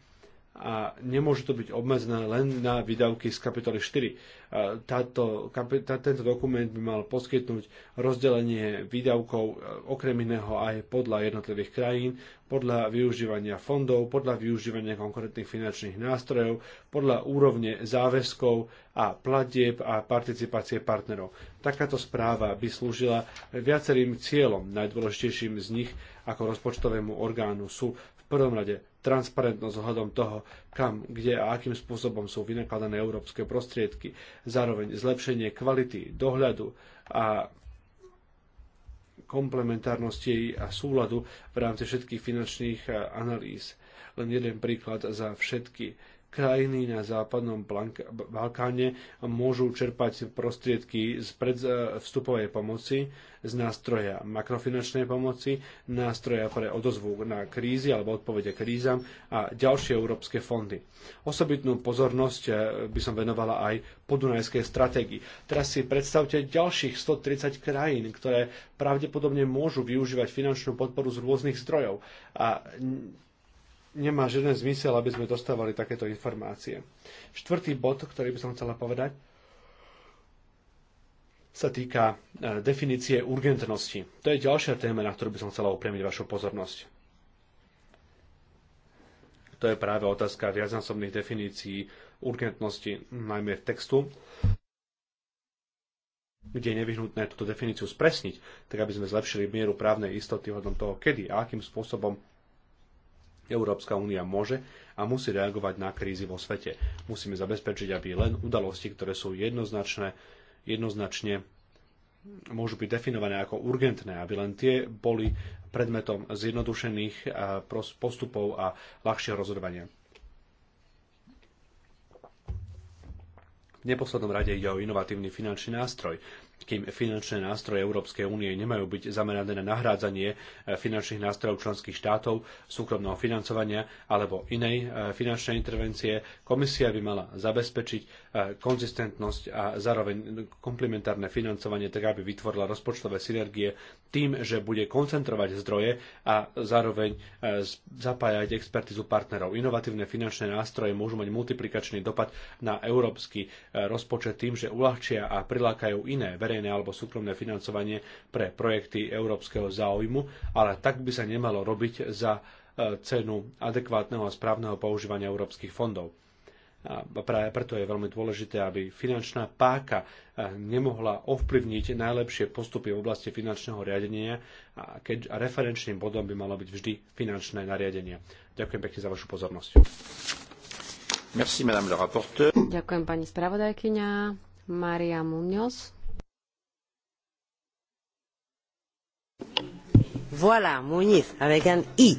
a nemôže to byť obmedzené len na výdavky z kapitoly 4. Táto, tá, tento dokument by mal poskytnúť rozdelenie výdavkov e, okrem iného aj podľa jednotlivých krajín, podľa využívania fondov, podľa využívania konkrétnych finančných nástrojov, podľa úrovne záväzkov a platieb a participácie partnerov. Takáto správa by slúžila viacerým cieľom. Najdôležitejším z nich ako rozpočtovému orgánu sú prvom rade transparentnosť ohľadom toho, kam, kde a akým spôsobom sú vynakladané európske prostriedky, zároveň zlepšenie kvality, dohľadu a komplementárnosti a súladu v rámci všetkých finančných eh, analýz. Len jeden príklad za všetky krajiny na západnom Balkáne môžu čerpať prostriedky z predvstupovej e, pomoci, z nástroja makrofinančnej pomoci, nástroja pre odozvu na krízy alebo odpovede krízam a ďalšie európske fondy. Osobitnú pozornosť e, by som venovala aj podunajskej stratégii. Teraz si predstavte ďalších 130 krajín, ktoré pravdepodobne môžu využívať finančnú podporu z rôznych zdrojov. A nemá žiadny zmysel, aby sme dostávali takéto informácie. Štvrtý bod, ktorý by som chcela povedať, sa týka e, definície urgentnosti. To je ďalšia téma, na ktorú by som chcela upriamiť vašu pozornosť. To je práve otázka viacnásobných definícií urgentnosti, najmä v textu, kde je nevyhnutné túto definíciu spresniť, tak aby sme zlepšili mieru právnej istoty hodnom toho, kedy a akým spôsobom Európska únia môže a musí reagovať na krízy vo svete. Musíme zabezpečiť, aby len udalosti, ktoré sú jednoznačné, jednoznačne môžu byť definované ako urgentné, aby len tie boli predmetom zjednodušených postupov a ľahšieho rozhodovania. V neposlednom rade ide o inovatívny finančný nástroj kým finančné nástroje Európskej únie nemajú byť zamerané na nahrádzanie e, finančných nástrojov členských štátov, súkromného financovania alebo inej e, finančnej intervencie, komisia by mala zabezpečiť e, konzistentnosť a zároveň komplementárne financovanie, tak aby vytvorila rozpočtové synergie tým, že bude koncentrovať zdroje a zároveň zapájať expertizu partnerov. Inovatívne finančné nástroje môžu mať multiplikačný dopad na európsky rozpočet tým, že uľahčia a prilákajú iné verejné verejné alebo súkromné financovanie pre projekty európskeho záujmu, ale tak by sa nemalo robiť za e, cenu adekvátneho a správneho používania európskych fondov. A práve preto je veľmi dôležité, aby finančná páka e, nemohla ovplyvniť najlepšie postupy v oblasti finančného riadenia a keď referenčným bodom by malo byť vždy finančné nariadenie. Ďakujem pekne za vašu pozornosť. Merci, madame la rapporteur. Ďakujem pani spravodajkyňa Maria Muñoz. Voilà, Muniz, avec un I.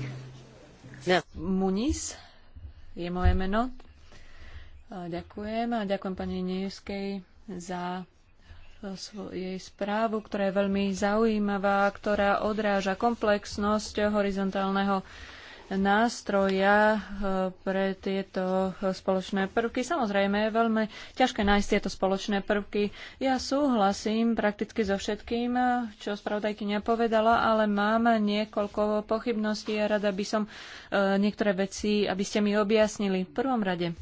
Muniz je moje meno. Ďakujem a ďakujem pani Nejevskej za jej správu, ktorá je veľmi zaujímavá, ktorá odráža komplexnosť horizontálneho nástroja eh, pre tieto spoločné prvky. Samozrejme, je veľmi ťažké nájsť tieto spoločné prvky. Ja súhlasím prakticky so všetkým, eh, čo spravodajky nepovedala, ale mám niekoľko pochybností a rada by som eh, niektoré veci, aby ste mi objasnili. V prvom rade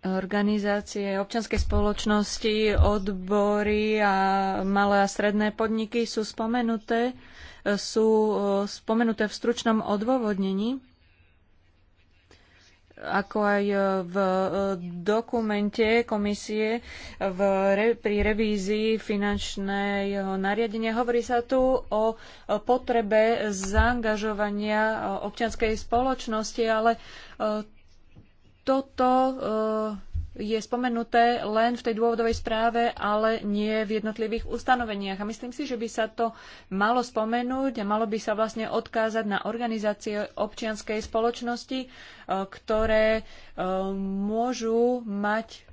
Organizácie občianskej spoločnosti, odbory a malé a stredné podniky sú spomenuté, sú eh, spomenuté v stručnom odôvodnení, ako aj eh, v eh, dokumente komisie v, pri revízii finančného nariadenia. Hovorí sa tu o potrebe zaangažovania občianskej spoločnosti, ale toto eh, je spomenuté len v tej dôvodovej správe, ale nie v jednotlivých ustanoveniach. A myslím si, že by sa to malo spomenúť a malo by sa vlastne odkázať na organizácie občianskej spoločnosti, eh, ktoré eh, môžu mať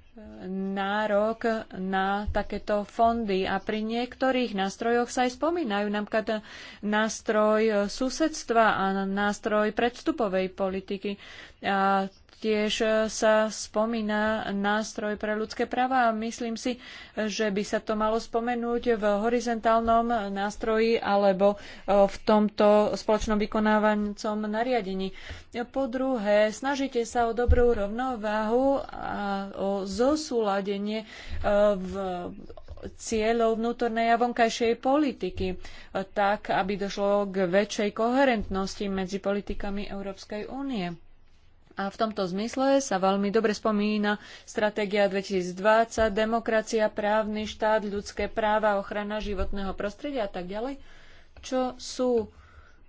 nárok na takéto fondy a pri niektorých nástrojoch sa aj spomínajú, napríklad nástroj susedstva a nástroj predstupovej politiky. A Taktiež e, sa spomína nástroj pre ľudské práva a myslím si, že by sa to malo spomenúť v horizontálnom nástroji alebo e, v tomto spoločnom vykonávancom nariadení. E, po druhé, snažite sa o dobrú rovnováhu a o zosúladenie v cieľov vnútornej a vonkajšej politiky, tak aby došlo k väčšej koherentnosti medzi politikami Európskej únie. A v tomto zmysle sa veľmi dobre spomína Stratégia 2020, demokracia, právny štát, ľudské práva, ochrana životného prostredia a tak ďalej, čo sú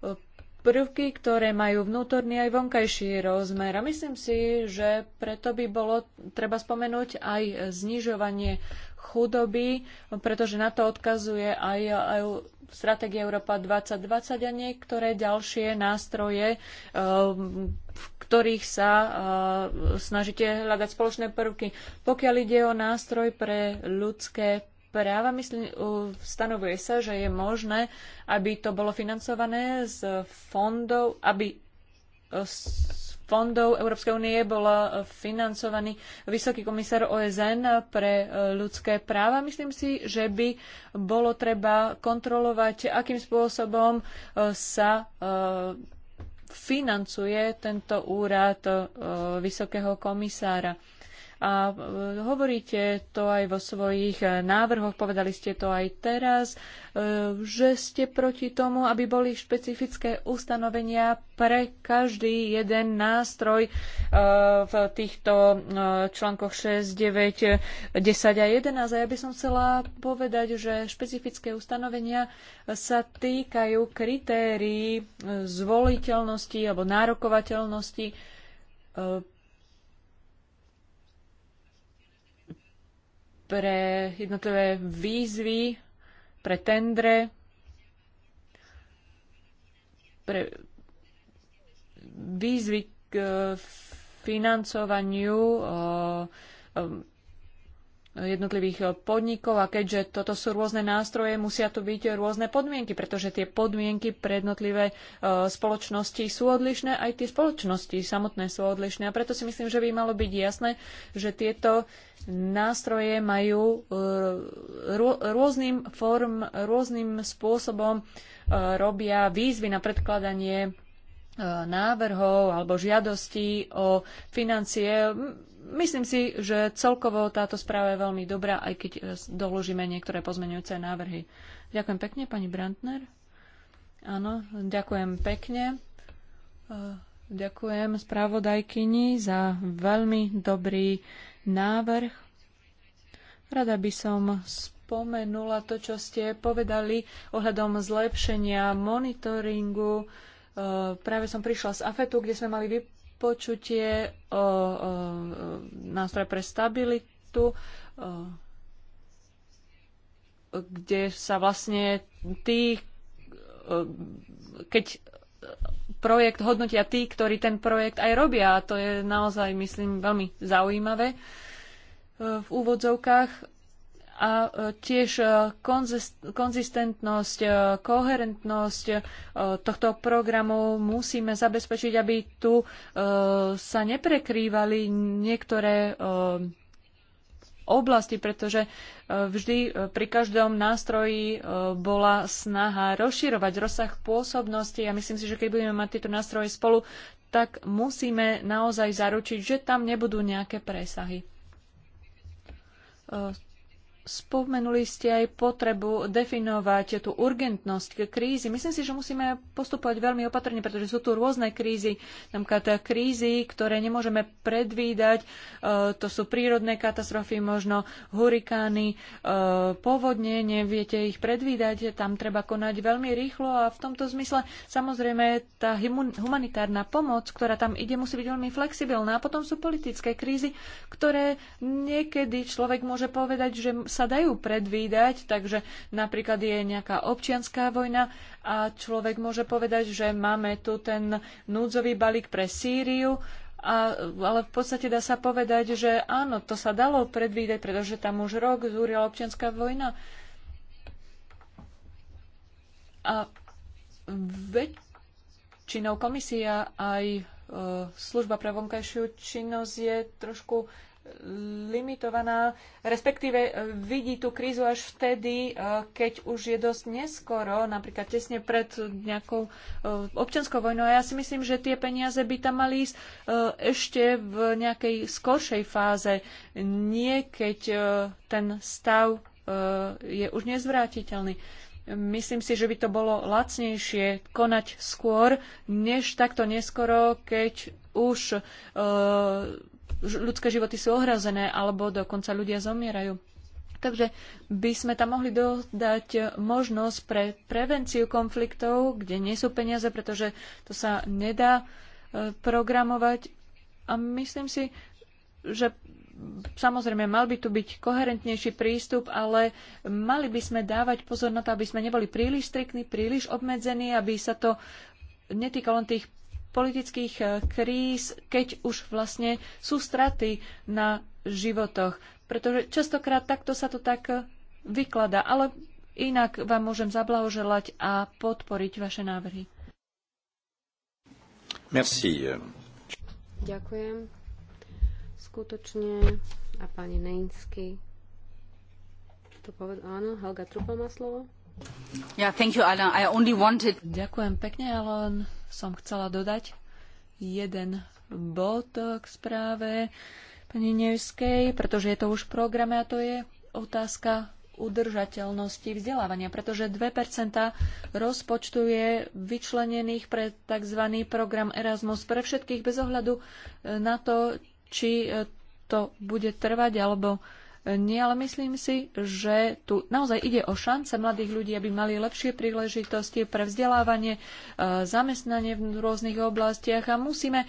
e, prvky, ktoré majú vnútorný aj vonkajší rozmer. A myslím si, že preto by bolo treba spomenúť aj znižovanie chudoby, pretože na to odkazuje aj, aj stratégia Európa 2020 a niektoré ďalšie nástroje, eh, v ktorých sa eh, snažíte hľadať spoločné prvky. Pokiaľ ide o nástroj pre ľudské práva, myslím, stanovuje sa, že je možné, aby to bolo financované z fondov, aby z fondov Európskej únie bol eh, financovaný vysoký komisár OSN pre eh, ľudské práva. Myslím si, že by bolo treba kontrolovať, akým spôsobom eh, sa financuje tento úrad vysokého komisára a e, hovoríte to aj vo svojich e, návrhoch, povedali ste to aj teraz, e, že ste proti tomu, aby boli špecifické ustanovenia pre každý jeden nástroj v týchto článkoch 6, 9, 10 a 11. A ja by som chcela povedať, že špecifické ustanovenia sa týkajú kritérií zvoliteľnosti alebo nárokovateľnosti pre jednotlivé výzvy, pre tendre, pre výzvy k financovaniu jednotlivých podnikov a keďže toto sú rôzne nástroje, musia tu byť rôzne podmienky, pretože tie podmienky pre jednotlivé e, spoločnosti sú odlišné, aj tie spoločnosti samotné sú odlišné a preto si myslím, že by malo byť jasné, že tieto nástroje majú e, rôznym, form, rôznym spôsobom e, robia výzvy na predkladanie návrhov alebo žiadostí o financie Myslím si, že celkovo táto správa je veľmi dobrá, aj keď e, doložíme niektoré pozmeňujúce návrhy. Ďakujem pekne, pani Brantner. Áno, ďakujem pekne. E, ďakujem správodajkyni za veľmi dobrý návrh. Rada by som spomenula to, čo ste povedali ohľadom zlepšenia monitoringu. E, práve som prišla z AFETu, kde sme mali vyp- počutie o, o nástroj pre stabilitu, o, kde sa vlastne tí, keď projekt hodnotia tí, ktorí ten projekt aj robia. A to je naozaj, myslím, veľmi zaujímavé e, v úvodzovkách a e, tiež e, konzistentnosť, e, koherentnosť tohto programu musíme zabezpečiť, aby tu sa neprekrývali niektoré oblasti, pretože vždy pri každom nástroji bola snaha rozširovať rozsah pôsobnosti a myslím si, že keď budeme mať tieto nástroje spolu, tak musíme naozaj zaručiť, že tam nebudú nejaké presahy Spomenuli ste aj potrebu definovať tú urgentnosť krízy. Myslím si, že musíme postupovať veľmi opatrne, pretože sú tu rôzne krízy, napríklad krízy, ktoré nemôžeme predvídať. E, to sú prírodné katastrofy, možno hurikány, e, povodne, neviete ich predvídať. Tam treba konať veľmi rýchlo a v tomto zmysle samozrejme tá humanitárna pomoc, ktorá tam ide, musí byť veľmi flexibilná. A potom sú politické krízy, ktoré niekedy človek môže povedať, že sa dajú predvídať, takže napríklad je nejaká občianská vojna a človek môže povedať, že máme tu ten núdzový balík pre Sýriu, a, ale v podstate dá sa povedať, že áno, to sa dalo predvídať, pretože tam už rok zúrila občianská vojna. A väčšinou komisia aj e, služba pre vonkajšiu činnosť je trošku limitovaná, respektíve e, vidí tú krízu až vtedy, e, keď už je dosť neskoro, napríklad tesne pred nejakou e, občianskou vojnou. A ja si myslím, že tie peniaze by tam mali ísť ešte v nejakej skoršej fáze, nie keď ten stav je už nezvrátiteľný. Myslím si, že by to bolo lacnejšie konať skôr, než takto neskoro, keď už ľudské životy sú ohrazené alebo dokonca ľudia zomierajú. Takže by sme tam mohli dodať možnosť pre prevenciu konfliktov, kde nie sú peniaze, pretože to sa nedá e, programovať. A myslím si, že samozrejme mal by tu byť koherentnejší prístup, ale mali by sme dávať pozor na to, aby sme neboli príliš striktní, príliš obmedzení, aby sa to netýkalo len tých politických eh, kríz, keď už vlastne sú straty na životoch. Pretože častokrát takto sa to tak eh, vyklada, ale inak vám môžem zablahoželať a podporiť vaše návrhy. Merci. Ďakujem. Skutočne. A pani Neinsky to povedal, Áno, Helga Trupa má slovo. Ďakujem pekne, ale len som chcela dodať jeden bod k správe pani Nevskej, pretože je to už v programe a to je otázka udržateľnosti vzdelávania, pretože 2% rozpočtu je vyčlenených pre tzv. program Erasmus pre všetkých bez ohľadu na to, či to bude trvať alebo nie, ale myslím si, že tu naozaj ide o šance mladých ľudí, aby mali lepšie príležitosti pre vzdelávanie, e, zamestnanie v rôznych oblastiach a musíme e,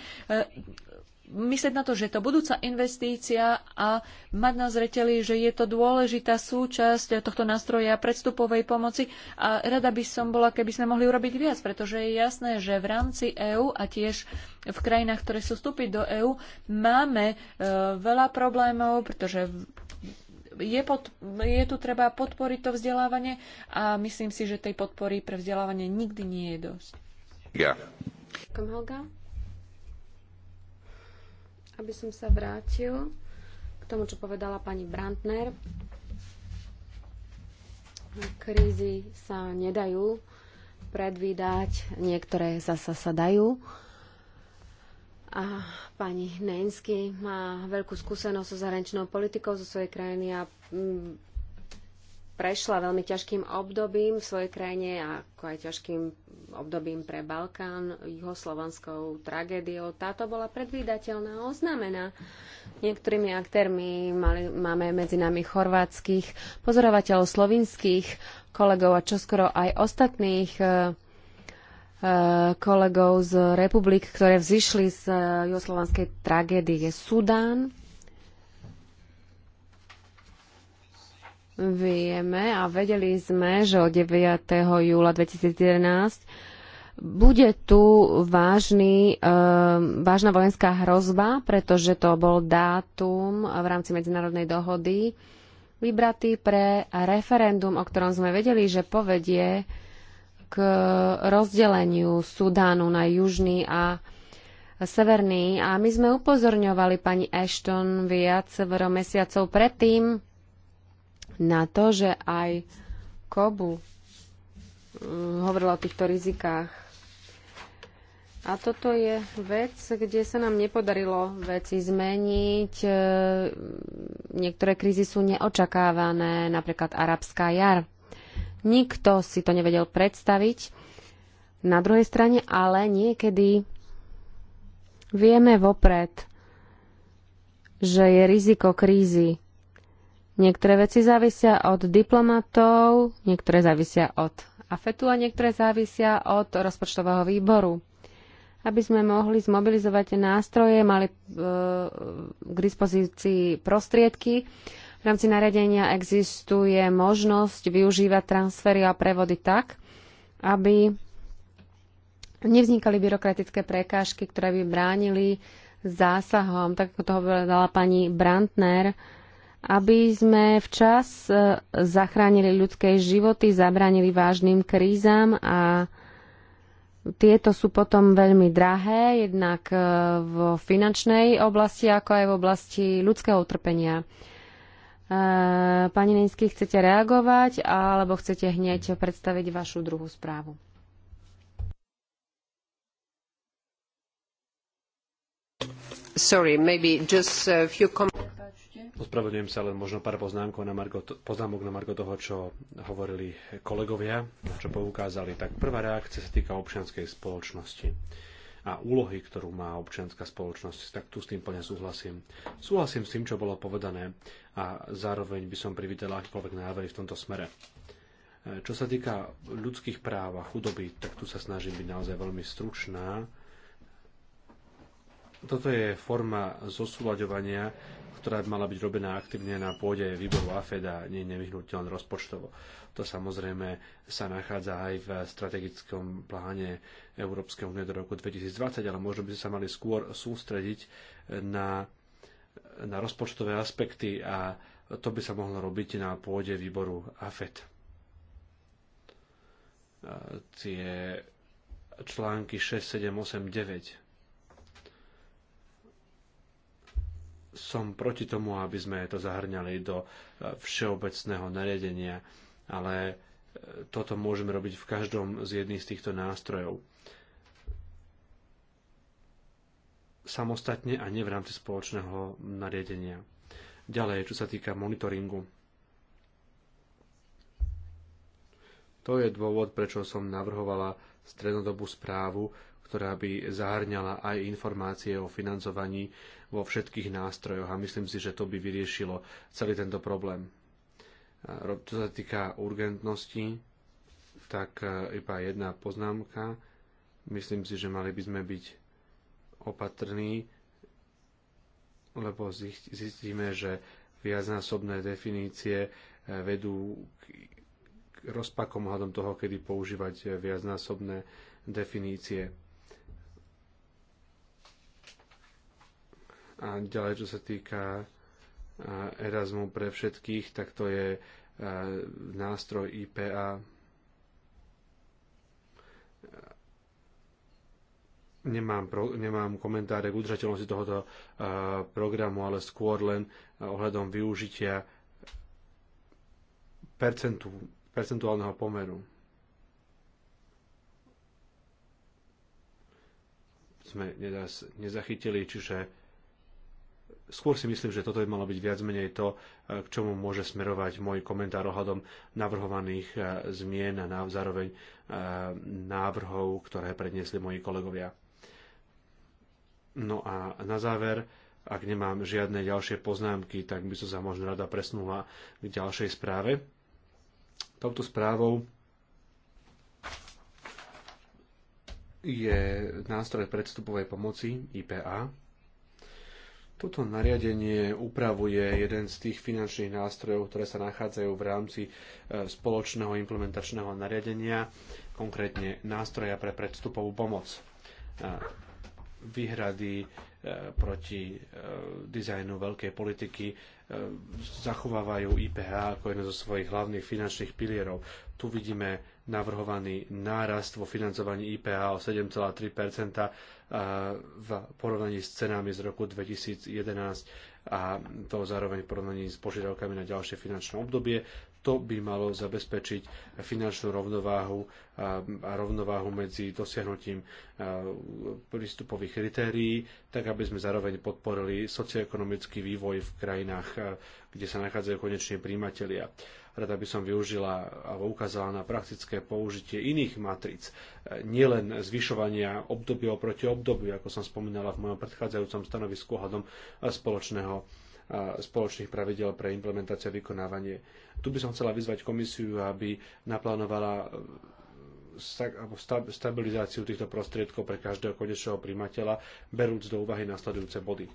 myslieť na to, že je to budúca investícia a mať na zreteli, že je to dôležitá súčasť tohto nástroja predstupovej pomoci a rada by som bola, keby sme mohli urobiť viac, pretože je jasné, že v rámci EÚ a tiež v krajinách, ktoré sú vstúpiť do EÚ, máme e, veľa problémov, pretože je, pod, je tu treba podporiť to vzdelávanie a myslím si, že tej podpory pre vzdelávanie nikdy nie je dosť. Ja. Helga? aby som sa vrátil k tomu, čo povedala pani Brantner. Krízy sa nedajú predvídať, niektoré zasa sa dajú. A pani Nensky má veľkú skúsenosť so zahraničnou politikou zo svojej krajiny a mm, prešla veľmi ťažkým obdobím v svojej krajine, ako aj ťažkým obdobím pre Balkán, juhoslovanskou tragédiou. Táto bola predvídateľná a oznámená. Niektorými aktérmi mali, máme medzi nami chorvátskych pozorovateľov, slovinských kolegov a čoskoro aj ostatných eh, eh, kolegov z republik, ktoré vzýšli z eh, juhoslovanskej tragédie. Sudán, Vieme a vedeli sme, že od 9. júla 2011 bude tu vážny, e, vážna vojenská hrozba, pretože to bol dátum v rámci medzinárodnej dohody vybratý pre referendum, o ktorom sme vedeli, že povedie k rozdeleniu Sudánu na južný a severný. A my sme upozorňovali pani Ashton viac mesiacov predtým, na to, že aj Kobu uh, hovorila o týchto rizikách. A toto je vec, kde sa nám nepodarilo veci zmeniť. Uh, niektoré krízy sú neočakávané, napríklad arabská jar. Nikto si to nevedel predstaviť. Na druhej strane ale niekedy vieme vopred, že je riziko krízy Niektoré veci závisia od diplomatov, niektoré závisia od AFETu a niektoré závisia od rozpočtového výboru. Aby sme mohli zmobilizovať nástroje, mali e, k dispozícii prostriedky. V rámci nariadenia existuje možnosť využívať transfery a prevody tak, aby nevznikali byrokratické prekážky, ktoré by bránili zásahom, tak ako to povedala pani Brantner, aby sme včas e, zachránili ľudské životy, zabránili vážnym krízam a tieto sú potom veľmi drahé, jednak e, v finančnej oblasti, ako aj v oblasti ľudského utrpenia. E, pani Nensky, chcete reagovať alebo chcete hneď predstaviť vašu druhú správu? Sorry, maybe just a few comments. Ospravedlňujem sa len možno pár poznámkov na Margo, poznámok na Margo toho, čo hovorili kolegovia, čo poukázali. Tak prvá reakcia sa týka občianskej spoločnosti a úlohy, ktorú má občianská spoločnosť, tak tu s tým plne súhlasím. Súhlasím s tým, čo bolo povedané a zároveň by som privítala akýkoľvek návrhy v tomto smere. E, čo sa týka ľudských práv a chudoby, tak tu sa snažím byť naozaj veľmi stručná. Toto je forma zosúľaďovania ktorá by mala byť robená aktívne na pôde výboru AFED a nie nevyhnutne len rozpočtovo. To samozrejme sa nachádza aj v strategickom pláne Európskej únie do roku 2020, ale možno by sme sa mali skôr sústrediť na, na rozpočtové aspekty a to by sa mohlo robiť na pôde výboru AFED. Tie články 6, 7, 8, 9 som proti tomu, aby sme to zahrňali do e, všeobecného nariadenia, ale e, toto môžeme robiť v každom z jedných z týchto nástrojov. Samostatne a nie v rámci spoločného nariadenia. Ďalej, čo sa týka monitoringu. To je dôvod, prečo som navrhovala strednodobú správu, ktorá by zahrňala aj informácie o financovaní vo všetkých nástrojoch a myslím si, že to by vyriešilo celý tento problém. Čo sa týka urgentnosti, tak e, iba jedna poznámka. Myslím si, že mali by sme byť opatrní, lebo zistíme, že viacnásobné definície e, vedú k rozpakom hľadom toho, kedy používať viacnásobné definície. A ďalej, čo sa týka Erasmu pre všetkých, tak to je nástroj IPA. Nemám, pro, nemám komentáre k udržateľnosti tohoto programu, ale skôr len ohľadom využitia percentu, percentuálneho pomeru. Sme nezachytili, čiže skôr si myslím, že toto by malo byť viac menej to, k čomu môže smerovať môj komentár ohľadom navrhovaných e, zmien a zároveň e, návrhov, ktoré predniesli moji kolegovia. No a na záver, ak nemám žiadne ďalšie poznámky, tak by som sa možno rada presnula k ďalšej správe. Touto správou je nástroj predstupovej pomoci IPA, toto nariadenie upravuje jeden z tých finančných nástrojov, ktoré sa nachádzajú v rámci e, spoločného implementačného nariadenia, konkrétne nástroja pre predstupovú pomoc. E, výhrady e, proti dizajnu veľkej politiky zachovávajú IPH ako jeden zo svojich hlavných finančných pilierov. Tu vidíme navrhovaný nárast vo financovaní IPA o 7,3 eh, v porovnaní s cenami z roku 2011 a to zároveň v porovnaní s požiadavkami na ďalšie finančné obdobie. To by malo zabezpečiť finančnú rovnováhu eh, a rovnováhu medzi dosiahnutím eh, prístupových kritérií, tak aby sme zároveň podporili socioekonomický vývoj v krajinách, kde sa nachádzajú koneční príjmatelia preto by som využila alebo ukázala na praktické použitie iných matric, e, nielen zvyšovania obdobia oproti obdobiu, ako som spomínala v mojom predchádzajúcom stanovisku hľadom e, spoločného e, spoločných pravidel pre implementáciu a vykonávanie. Tu by som chcela vyzvať komisiu, aby naplánovala stabilizáciu týchto prostriedkov pre každého konečného príjmateľa, berúc do úvahy nasledujúce body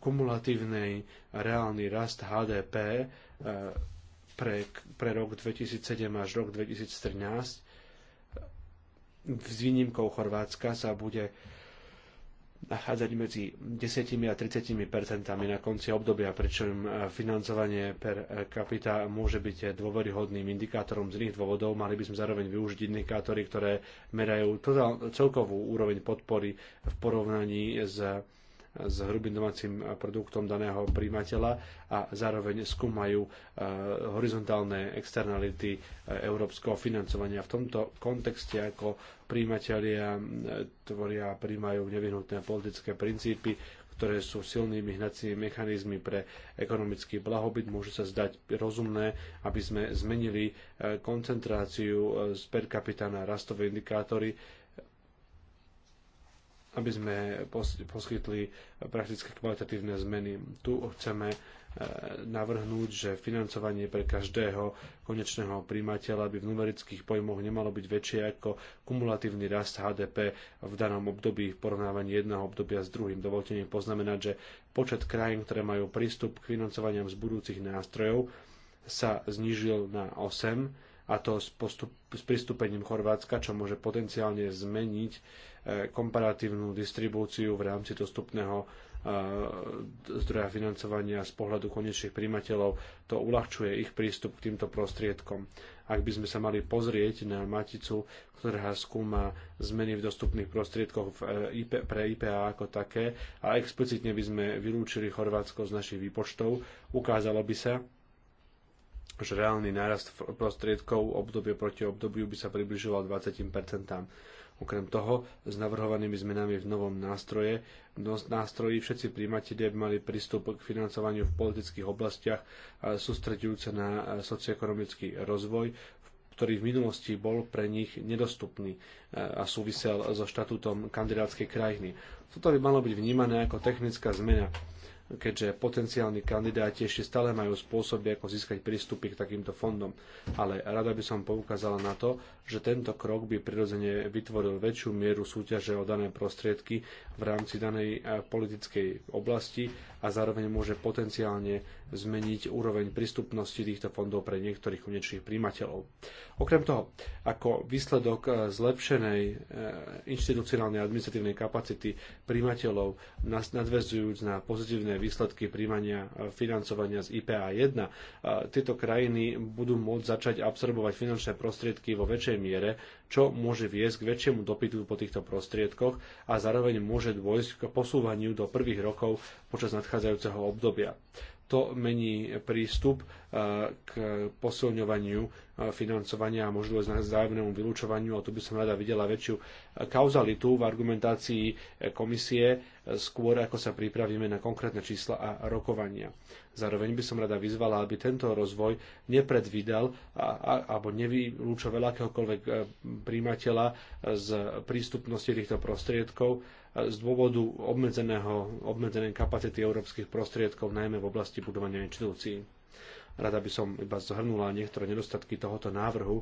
kumulatívny reálny rast HDP e, pre, pre rok 2007 až rok 2013 s výnimkou Chorvátska sa bude nachádzať medzi 10 a 30 percentami na konci obdobia, pričom e, financovanie per e, capita môže byť dôveryhodným indikátorom z iných dôvodov. Mali by sme zároveň využiť indikátory, ktoré merajú celkovú úroveň podpory v porovnaní s s hrubým domácim produktom daného príjmateľa a zároveň skúmajú eh, horizontálne externality eh, európskeho financovania. V tomto kontexte ako príjmateľia eh, tvoria, a príjmajú nevyhnutné politické princípy, ktoré sú silnými hnacími mechanizmy pre ekonomický blahobyt, môžu sa zdať rozumné, aby sme zmenili koncentráciu z per capita na rastové indikátory, aby sme poskytli praktické kvalitatívne zmeny. Tu chceme e, navrhnúť, že financovanie pre každého konečného príjmateľa by v numerických pojmoch nemalo byť väčšie ako kumulatívny rast HDP v danom období v porovnávaní jedného obdobia s druhým. Dovolte mi poznamenať, že počet krajín, ktoré majú prístup k financovaniam z budúcich nástrojov, sa znížil na 8 a to s, postup, s pristúpením Chorvátska, čo môže potenciálne zmeniť e, komparatívnu distribúciu v rámci dostupného e, zdroja financovania z pohľadu konečných príjmateľov, to uľahčuje ich prístup k týmto prostriedkom. Ak by sme sa mali pozrieť na maticu, ktorá skúma zmeny v dostupných prostriedkoch v e, IP, pre IPA ako také a explicitne by sme vylúčili Chorvátsko z našich výpočtov, ukázalo by sa, že reálny nárast prostriedkov obdobie proti obdobiu by sa približoval 20%. Okrem toho, s navrhovanými zmenami v novom nástroje, no, nástroji všetci príjmatelia by mali prístup k financovaniu v politických oblastiach sústredujúce na socioekonomický rozvoj, ktorý v minulosti bol pre nich nedostupný a súvisel so štatútom kandidátskej krajiny. Toto by malo byť vnímané ako technická zmena keďže potenciálni kandidáti ešte stále majú spôsoby, ako získať prístupy k takýmto fondom. Ale rada by som poukázala na to, že tento krok by prirodzene vytvoril väčšiu mieru súťaže o dané prostriedky v rámci danej eh, politickej oblasti a zároveň môže potenciálne zmeniť úroveň prístupnosti týchto fondov pre niektorých konečných príjimateľov. Okrem toho, ako výsledok e, zlepšenej e, inštitucionálnej administratívnej kapacity príjimateľov nadvezujúc na pozitívne výsledky príjmania e, financovania z IPA 1, tieto krajiny budú môcť začať absorbovať finančné prostriedky vo väčšej miere čo môže viesť k väčšiemu dopytu po týchto prostriedkoch a zároveň môže dôjsť k posúvaniu do prvých rokov počas nadchádzajúceho obdobia to mení prístup e, k posilňovaniu e, financovania a možno aj vzájomnému vylúčovaniu. A tu by som rada videla väčšiu kauzalitu v argumentácii e, komisie skôr, ako sa pripravíme na konkrétne čísla a rokovania. Zároveň by som rada vyzvala, aby tento rozvoj nepredvídal alebo nevylúčoval akéhokoľvek príjmateľa z prístupnosti týchto prostriedkov z dôvodu obmedzeného, obmedzenej kapacity európskych prostriedkov, najmä v oblasti budovania inštitúcií. Rada by som iba zhrnula niektoré nedostatky tohoto návrhu,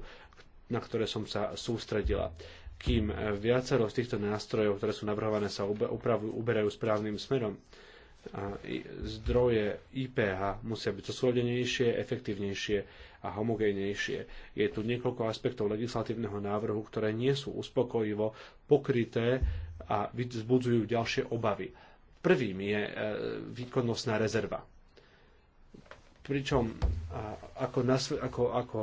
na ktoré som sa sústredila kým viacero z týchto nástrojov, ktoré sú navrhované, sa upravujú, uberajú správnym smerom. zdroje IPH musia byť zosúladenejšie, efektívnejšie a homogénejšie. Je tu niekoľko aspektov legislatívneho návrhu, ktoré nie sú uspokojivo pokryté a vzbudzujú ďalšie obavy. Prvým je e, výkonnostná rezerva. Pričom, ako, ako, ako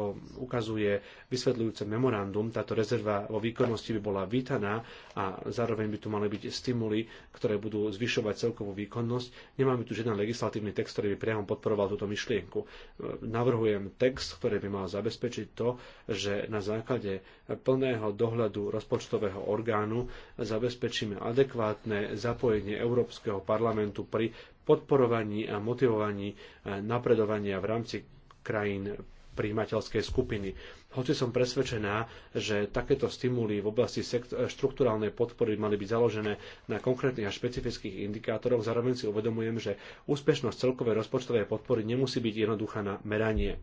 ukazuje vysvetľujúce memorandum, táto rezerva vo výkonnosti by bola vítaná a zároveň by tu mali byť stimuly, ktoré budú zvyšovať celkovú výkonnosť. Nemáme tu žiaden legislatívny text, ktorý by priamo podporoval túto myšlienku. E, navrhujem text, ktorý by mal zabezpečiť to, že na základe plného dohľadu rozpočtového orgánu zabezpečíme adekvátne zapojenie Európskeho parlamentu pri podporovaní a motivovaní e, napredovania v rámci krajín príjimateľskej skupiny. Hoci som presvedčená, že takéto stimuly v oblasti štruktúralnej podpory mali byť založené na konkrétnych a špecifických indikátoroch, zároveň si uvedomujem, že úspešnosť celkovej rozpočtovej podpory nemusí byť jednoduchá na meranie.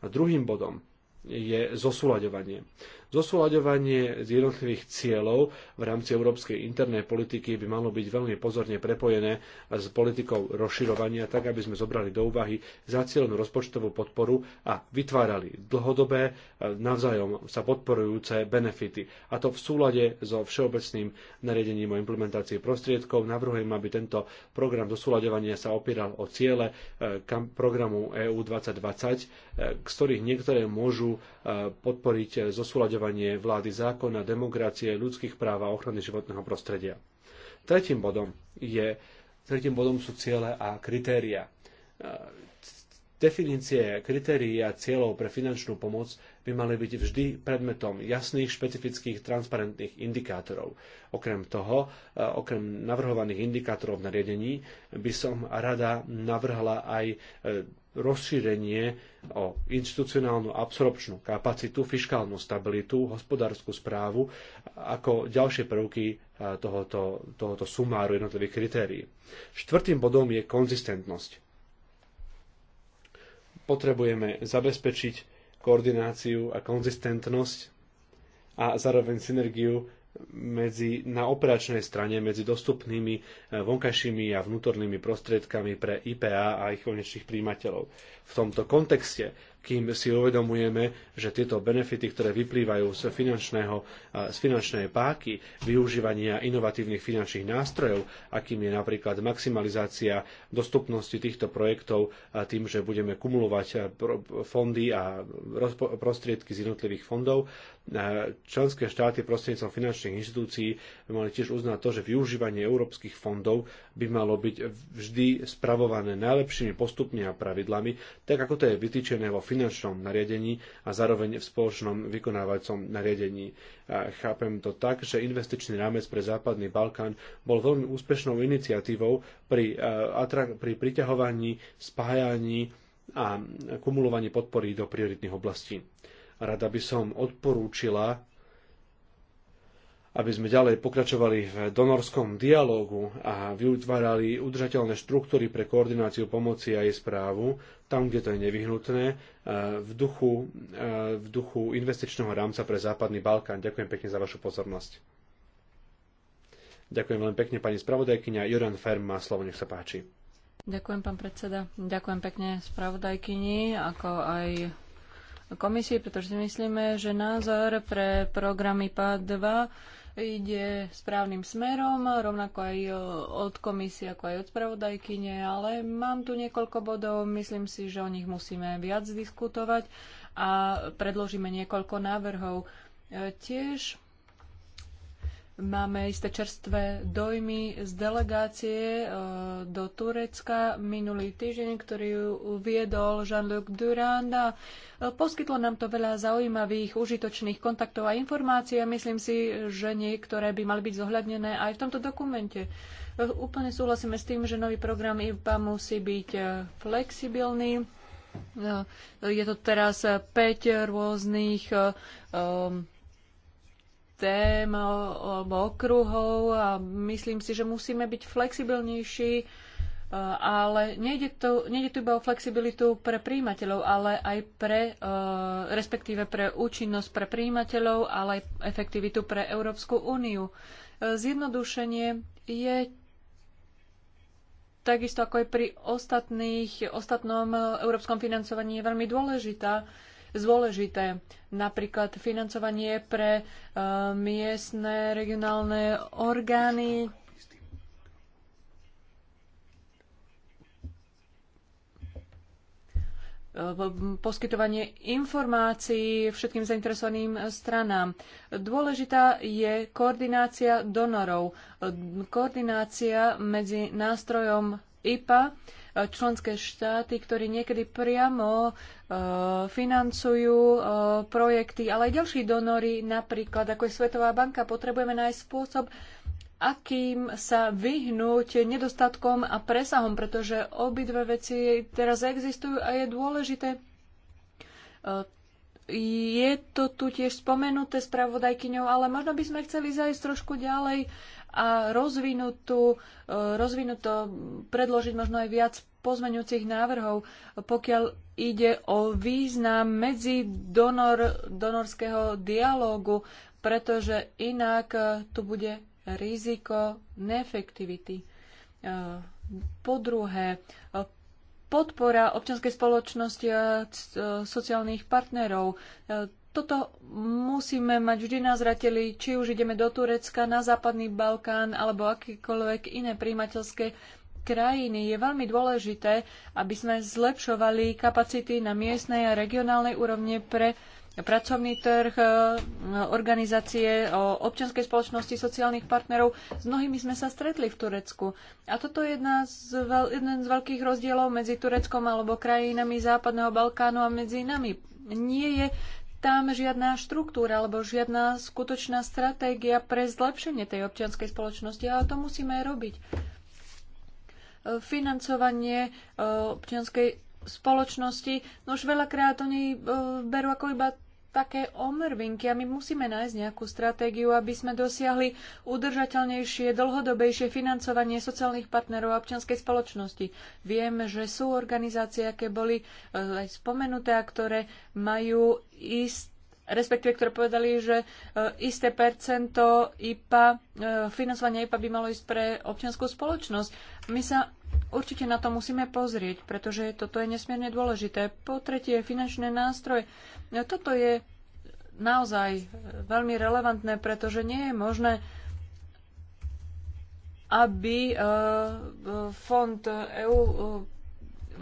A druhým bodom, je zosúľaďovanie. Zosúľaďovanie z jednotlivých cieľov v rámci európskej internej politiky by malo byť veľmi pozorne prepojené s politikou rozširovania, tak aby sme zobrali do úvahy zacielenú rozpočtovú podporu a vytvárali dlhodobé, e, navzájom sa podporujúce benefity. A to v súlade so všeobecným nariadením o implementácii prostriedkov. Navrhujem, aby tento program zosúľaďovania sa opieral o ciele e, programu EU 2020, e, z ktorých niektoré môžu Eh, podporiť eh, zosúľaďovanie vlády zákona, demokracie, ľudských práv a ochrany životného prostredia. Tretím bodom, je, tretím bodom sú ciele a kritéria. Eh, definície kritérií a cieľov pre finančnú pomoc by mali byť vždy predmetom jasných, špecifických, transparentných indikátorov. Okrem toho, okrem navrhovaných indikátorov v nariadení, by som rada navrhla aj rozšírenie o inštitucionálnu absorpčnú kapacitu, fiskálnu stabilitu, hospodárskú správu ako ďalšie prvky e, tohoto, tohoto sumáru jednotlivých kritérií. Štvrtým bodom je konzistentnosť. Potrebujeme zabezpečiť koordináciu a konzistentnosť a zároveň synergiu medzi, na operačnej strane medzi dostupnými eh, vonkajšími a vnútornými prostriedkami pre IPA a ich konečných príjimateľov. V tomto kontexte, kým si uvedomujeme, že tieto benefity, ktoré vyplývajú z, finančného, eh, z finančnej páky, využívania inovatívnych finančných nástrojov, akým je napríklad maximalizácia dostupnosti týchto projektov eh, tým, že budeme kumulovať fondy a prostriedky z jednotlivých fondov, Členské štáty prostredníctvom finančných inštitúcií by mali tiež uznať to, že využívanie európskych fondov by malo byť vždy spravované najlepšími postupmi a pravidlami, tak ako to je vytýčené vo finančnom nariadení a zároveň v spoločnom vykonávacom nariadení. A chápem to tak, že investičný rámec pre Západný Balkán bol veľmi úspešnou iniciatívou pri, e, pri priťahovaní, spájaní a kumulovaní podpory do prioritných oblastí. Rada by som odporúčila, aby sme ďalej pokračovali v donorskom dialógu a vytvárali udržateľné štruktúry pre koordináciu pomoci a jej správu, tam, kde to je nevyhnutné, e, v duchu, e, v duchu investičného rámca pre Západný Balkán. Ďakujem pekne za vašu pozornosť. Ďakujem veľmi pekne pani spravodajkyňa. Joran Ferm má slovo, nech sa páči. Ďakujem, pán predseda. Ďakujem pekne spravodajkyni, ako aj komisii, pretože si myslíme, že názor pre programy PAD 2 ide správnym smerom, rovnako aj od komisie, ako aj od spravodajkyne, ale mám tu niekoľko bodov, myslím si, že o nich musíme viac diskutovať a predložíme niekoľko návrhov. E, tiež Máme isté čerstvé dojmy z delegácie e, do Turecka minulý týždeň, ktorý viedol Jean-Luc Durand a e, poskytlo nám to veľa zaujímavých, užitočných kontaktov a informácií a myslím si, že niektoré by mali byť zohľadnené aj v tomto dokumente. E, úplne súhlasíme s tým, že nový program IPA musí byť flexibilný. Je to teraz 5 rôznych um, tém alebo okruhov a myslím si, že musíme byť flexibilnejší, e, ale nejde tu, nejde to iba o flexibilitu pre príjimateľov, ale aj pre, e, respektíve pre účinnosť pre príjimateľov, ale aj efektivitu pre Európsku úniu. E, zjednodušenie je takisto ako aj pri ostatných, ostatnom európskom financovaní je veľmi dôležitá dôležité. Napríklad financovanie pre e, miestne regionálne orgány. E, poskytovanie informácií všetkým zainteresovaným stranám. Dôležitá je koordinácia donorov, e, koordinácia medzi nástrojom IPA členské štáty, ktorí niekedy priamo e, financujú e, projekty, ale aj ďalší donory, napríklad ako je Svetová banka. Potrebujeme nájsť spôsob, akým sa vyhnúť nedostatkom a presahom, pretože obidve veci teraz existujú a je dôležité. E, je to tu tiež spomenuté spravodajkyňou, ale možno by sme chceli zajsť trošku ďalej a rozvinutú, e, rozvinuto predložiť možno aj viac pozmeňujúcich návrhov, pokiaľ ide o význam medzi donor, donorského dialógu, pretože inak e, tu bude riziko neefektivity. E, po druhé, podpora občianskej spoločnosti a sociálnych partnerov toto musíme mať vždy na zrateli, či už ideme do Turecka, na Západný Balkán alebo akýkoľvek iné príjimateľské krajiny. Je veľmi dôležité, aby sme zlepšovali kapacity na miestnej a regionálnej úrovne pre pracovný trh, e, organizácie e, občianskej spoločnosti, sociálnych partnerov. S mnohými sme sa stretli v Turecku. A toto je jedna z veľ, jeden z veľkých rozdielov medzi Tureckom alebo krajinami Západného Balkánu a medzi nami. Nie je tam žiadna štruktúra alebo žiadna skutočná stratégia pre zlepšenie tej občianskej spoločnosti, ale to musíme aj robiť. Financovanie e, občianskej spoločnosti, no už veľakrát oni e, berú ako iba také omrvinky a my musíme nájsť nejakú stratégiu, aby sme dosiahli udržateľnejšie, dlhodobejšie financovanie sociálnych partnerov a občianskej spoločnosti. Viem, že sú organizácie, aké boli e, aj spomenuté a ktoré majú ist respektíve ktoré povedali, že e, isté percento IPA, e, financovanie IPA by malo ísť pre občianskú spoločnosť. My sa určite na to musíme pozrieť, pretože toto je nesmierne dôležité. Po tretie, finančné nástroje. Toto je naozaj veľmi relevantné, pretože nie je možné, aby e, e, fond EU e,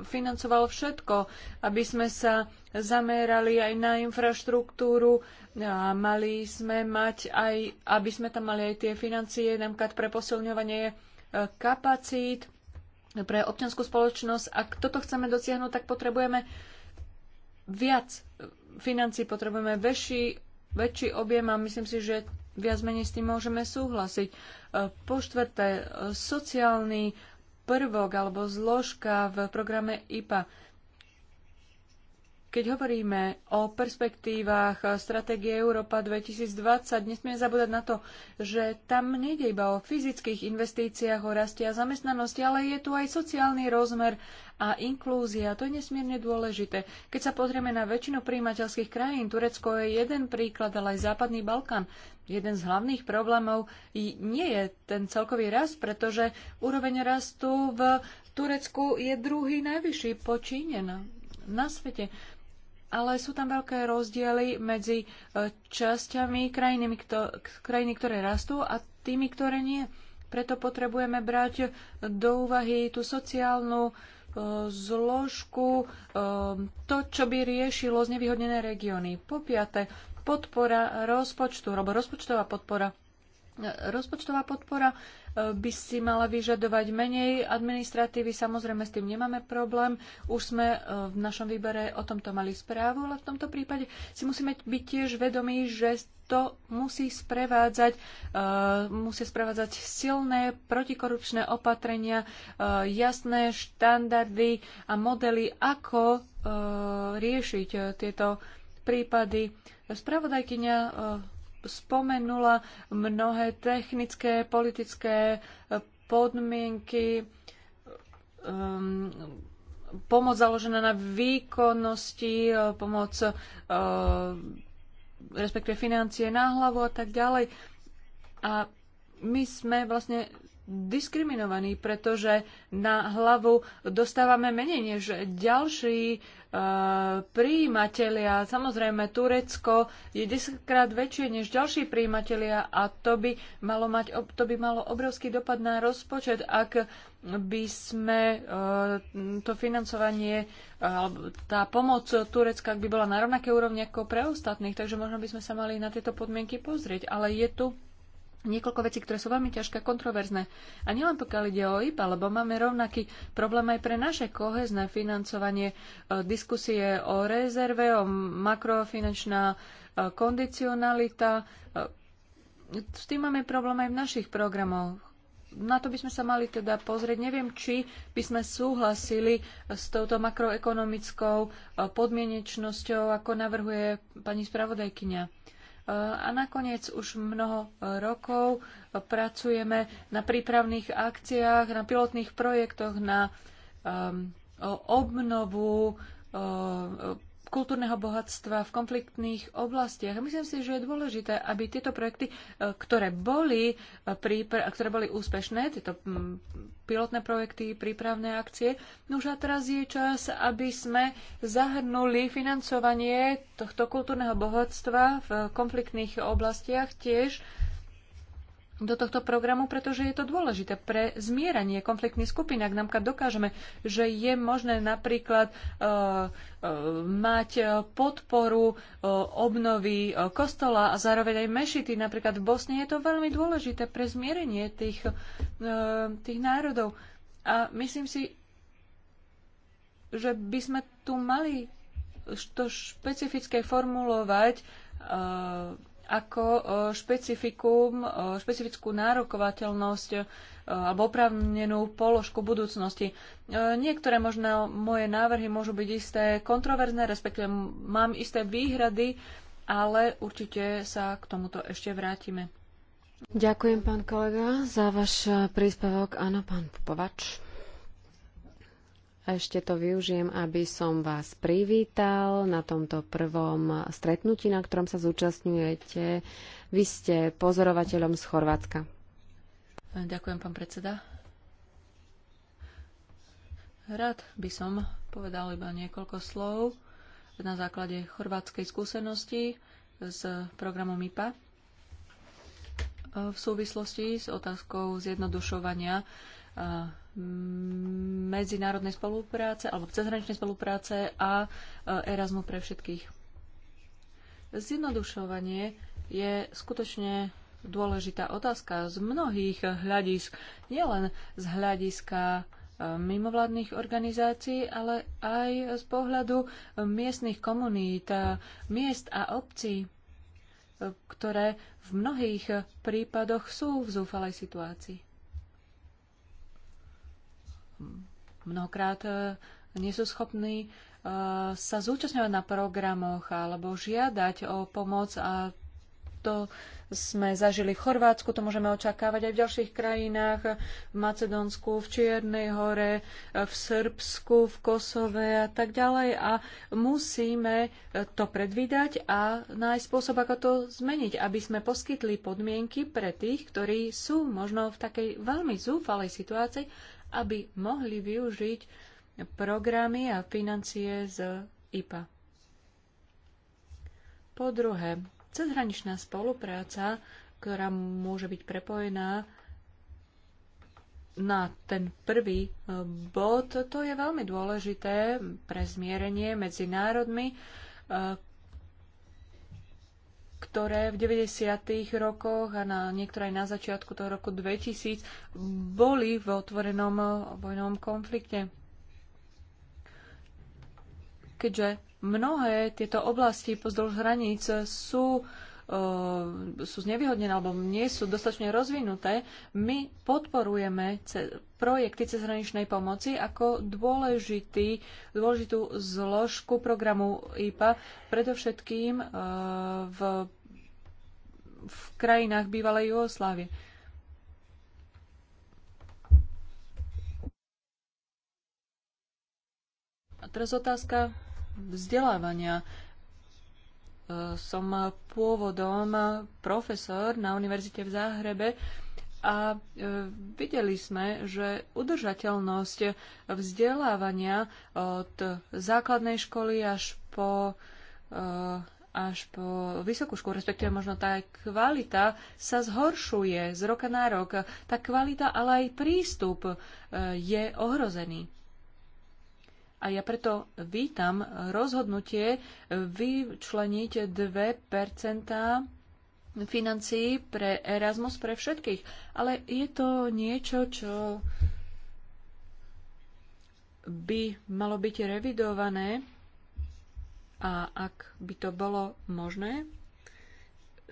financoval všetko, aby sme sa zamerali aj na infraštruktúru a mali sme mať aj, aby sme tam mali aj tie financie, napríklad pre posilňovanie kapacít pre občianskú spoločnosť. Ak toto chceme dosiahnuť, tak potrebujeme viac financí, potrebujeme väčší, väčší objem a myslím si, že viac menej s tým môžeme súhlasiť. E, po štvrté, e, sociálny prvok alebo zložka v programe IPA. Keď hovoríme o perspektívach stratégie Európa 2020, nesmieme zabúdať na to, že tam nejde iba o fyzických investíciách, o rastie a zamestnanosti, ale je tu aj sociálny rozmer a inklúzia. To je nesmierne dôležité. Keď sa pozrieme na väčšinu príjimateľských krajín, Turecko je jeden príklad, ale aj Západný Balkán. Jeden z hlavných problémov nie je ten celkový rast, pretože úroveň rastu v Turecku je druhý najvyšší po Číne na svete ale sú tam veľké rozdiely medzi e, časťami krajiny, krajiny, ktoré rastú a tými, ktoré nie. Preto potrebujeme brať do úvahy tú sociálnu e, zložku, e, to, čo by riešilo znevýhodnené regióny. Po piate, podpora rozpočtu, alebo rozpočtová podpora. Rozpočtová podpora e, by si mala vyžadovať menej administratívy. Samozrejme, s tým nemáme problém. Už sme e, v našom výbere o tomto mali správu, ale v tomto prípade si musíme byť tiež vedomí, že to musí sprevádzať, e, musia sprevádzať silné protikorupčné opatrenia, jasné štandardy a modely, ako riešiť tieto prípady. Spravodajkyňa spomenula mnohé technické, politické podmienky, um, pomoc založená na výkonnosti, pomoc uh, respektíve financie na hlavu a tak ďalej. A my sme vlastne diskriminovaní, pretože na hlavu dostávame menej než ďalší Eh, príjimatelia. Samozrejme, Turecko je 10 krát väčšie než ďalší príjimatelia a to by, malo mať, to by malo obrovský dopad na rozpočet, ak by sme eh, to financovanie, eh, tá pomoc Turecka by bola na rovnaké úrovni ako pre ostatných, takže možno by sme sa mali na tieto podmienky pozrieť. Ale je tu niekoľko vecí, ktoré sú veľmi ťažké a kontroverzné. A nielen pokiaľ ide o IPA, lebo máme rovnaký problém aj pre naše kohezné financovanie, e, diskusie o rezerve, o makrofinančná e, kondicionalita. E, s tým máme problém aj v našich programoch. Na to by sme sa mali teda pozrieť. Neviem, či by sme súhlasili s touto makroekonomickou podmienečnosťou, ako navrhuje pani spravodajkyňa. A nakoniec už mnoho e, rokov pracujeme na prípravných akciách, na pilotných projektoch, na um, obnovu kultúrneho bohatstva v konfliktných oblastiach. Myslím si, že je dôležité, aby tieto projekty, e, ktoré boli, e, ktoré boli úspešné, tieto mm, pilotné projekty, prípravné akcie, no už a teraz je čas, aby sme zahrnuli financovanie tohto kultúrneho bohatstva v konfliktných oblastiach tiež do tohto programu, pretože je to dôležité pre zmieranie konfliktných skupín. Ak nám dokážeme, že je možné napríklad e, e, mať podporu e, obnovy e, kostola a zároveň aj mešity, napríklad v Bosne, je to veľmi dôležité pre zmierenie tých, e, tých národov. A myslím si, že by sme tu mali to špecifické formulovať e, ako e, špecifikum, e, špecifickú nárokovateľnosť e, alebo oprávnenú položku budúcnosti. Niektoré možno moje návrhy môžu byť isté kontroverzné, respektíve mám isté výhrady, ale určite sa k tomuto ešte vrátime. Ďakujem, pán kolega, za váš príspevok. Áno, pán Popovač. Ešte to využijem, aby som vás privítal na tomto prvom stretnutí, na ktorom sa zúčastňujete. Vy ste pozorovateľom z Chorvátska. Ďakujem, pán predseda. Rád by som povedal iba niekoľko slov na základe chorvátskej skúsenosti s programom IPA v súvislosti s otázkou zjednodušovania medzinárodnej spolupráce alebo cezhraničnej spolupráce a Erasmu pre všetkých. Zjednodušovanie je skutočne dôležitá otázka z mnohých hľadisk, nielen z hľadiska mimovládnych organizácií, ale aj z pohľadu miestnych komunít, miest a obcí, ktoré v mnohých prípadoch sú v zúfalej situácii mnohokrát e, nie sú schopní e, sa zúčastňovať na programoch alebo žiadať o pomoc a to sme zažili v Chorvátsku, to môžeme očakávať aj v ďalších krajinách, v Macedónsku, v Čiernej hore, e, v Srbsku, v Kosove a tak ďalej. A musíme to predvídať a nájsť spôsob, ako to zmeniť, aby sme poskytli podmienky pre tých, ktorí sú možno v takej veľmi zúfalej situácii, aby mohli využiť programy a financie z IPA. Po druhé, cezhraničná spolupráca, ktorá môže byť prepojená na ten prvý e, bod, to je veľmi dôležité pre zmierenie medzi národmi, e, ktoré v 90. rokoch a na, niektoré aj na začiatku toho roku 2000 boli v otvorenom vojnovom konflikte. Keďže mnohé tieto oblasti pozdĺž hraníc sú E, sú znevýhodnené alebo nie sú dostatočne rozvinuté, my podporujeme ce projekty cezhraničnej pomoci ako dôležitý, dôležitú zložku programu IPA, predovšetkým e, v, v krajinách bývalej Jugoslávie. A teraz otázka vzdelávania som pôvodom profesor na univerzite v Záhrebe a e, videli sme, že udržateľnosť vzdelávania od základnej školy až po e, až po vysokú školu, respektíve možno tá kvalita sa zhoršuje z roka na rok. Tá kvalita, ale aj prístup e, je ohrozený. A ja preto vítam rozhodnutie vyčleniť 2 financií pre Erasmus pre všetkých. Ale je to niečo, čo by malo byť revidované a ak by to bolo možné,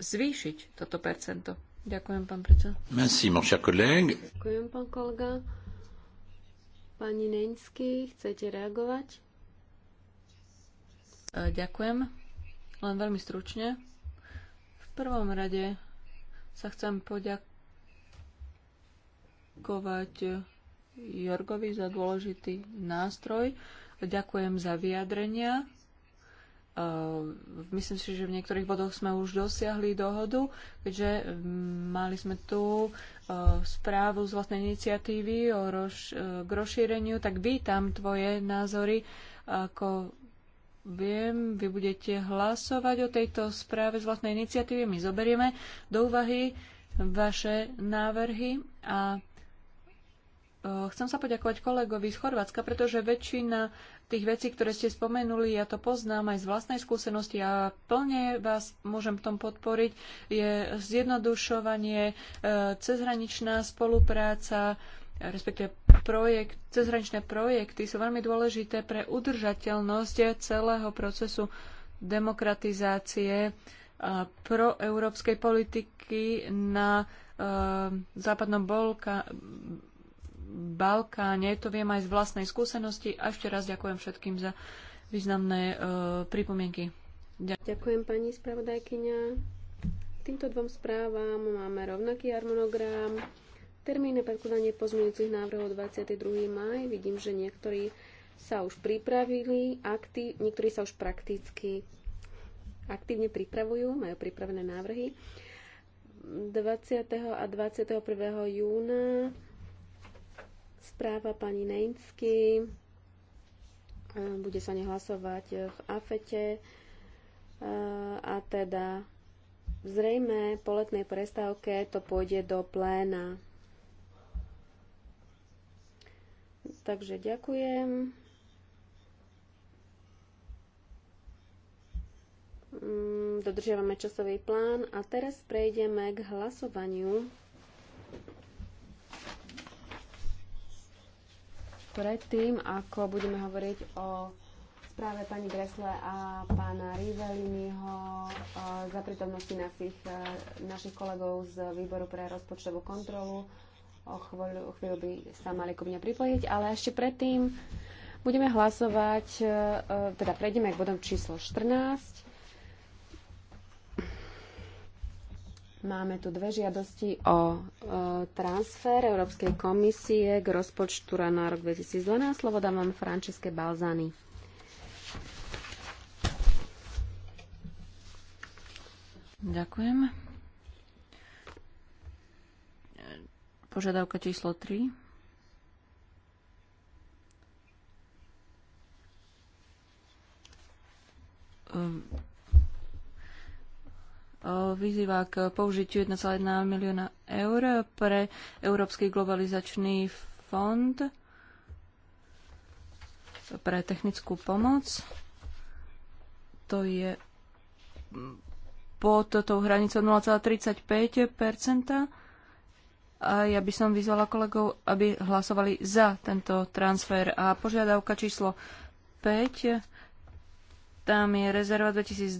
zvýšiť toto percento. Ďakujem, pán predseda. Merci, mon cher collègue. Ďakujem, pán kolega. Pani Neňsky, chcete reagovať? E, ďakujem. Len veľmi stručne. V prvom rade sa chcem poďakovať Jorgovi za dôležitý nástroj. Ďakujem za vyjadrenia Ehm, myslím si, že v niektorých bodoch sme už dosiahli dohodu, keďže ehm, mali sme tu ehm, správu z vlastnej iniciatívy o roš- e, k rozšíreniu, tak vítam tvoje názory. Ako viem, vy budete hlasovať o tejto správe z vlastnej iniciatívy. My zoberieme do úvahy vaše návrhy a e, Chcem sa poďakovať kolegovi z Chorvátska, pretože väčšina tých vecí, ktoré ste spomenuli, ja to poznám aj z vlastnej skúsenosti a plne vás môžem v tom podporiť, je zjednodušovanie, e, cezhraničná spolupráca, respektíve projekt, cezhraničné projekty sú veľmi dôležité pre udržateľnosť celého procesu demokratizácie proeurópskej politiky na e, západnom Balkáne Balkáne. To viem aj z vlastnej skúsenosti. A ešte raz ďakujem všetkým za významné e, pripomienky. Ďakujem. ďakujem pani spravodajkyňa. Týmto dvom správam máme rovnaký harmonogram. Termín na predkladanie pozmeňujúcich návrhov 22. maj. Vidím, že niektorí sa už pripravili, aktív, niektorí sa už prakticky aktívne pripravujú, majú pripravené návrhy. 20. a 21. júna Správa pani Nejnsky. Bude sa nehlasovať v AFETE. A teda zrejme po letnej prestávke to pôjde do pléna. Takže ďakujem. Mm, dodržiavame časový plán a teraz prejdeme k hlasovaniu. Predtým, ako budeme hovoriť o správe pani Gresle a pána Riveliniho e, za prítomnosti našich, e, našich kolegov z Výboru pre rozpočtovú kontrolu, o chvíľu, o chvíľu by sa mali ku mne pripojiť, ale ešte predtým budeme hlasovať, e, teda prejdeme k bodom číslo 14 Máme tu dve žiadosti o e, transfer Európskej komisie k rozpočtu na rok 2012. Slovo dávam Franceske Balzany. Ďakujem. Požiadavka číslo 3. Um ehm, vyzýva k použitiu 1,1 milióna eur pre Európsky globalizačný fond pre technickú pomoc. To je pod tou hranicou 0,35 a ja by som vyzvala kolegov, aby hlasovali za tento transfer. A požiadavka číslo 5 tam je rezerva 2012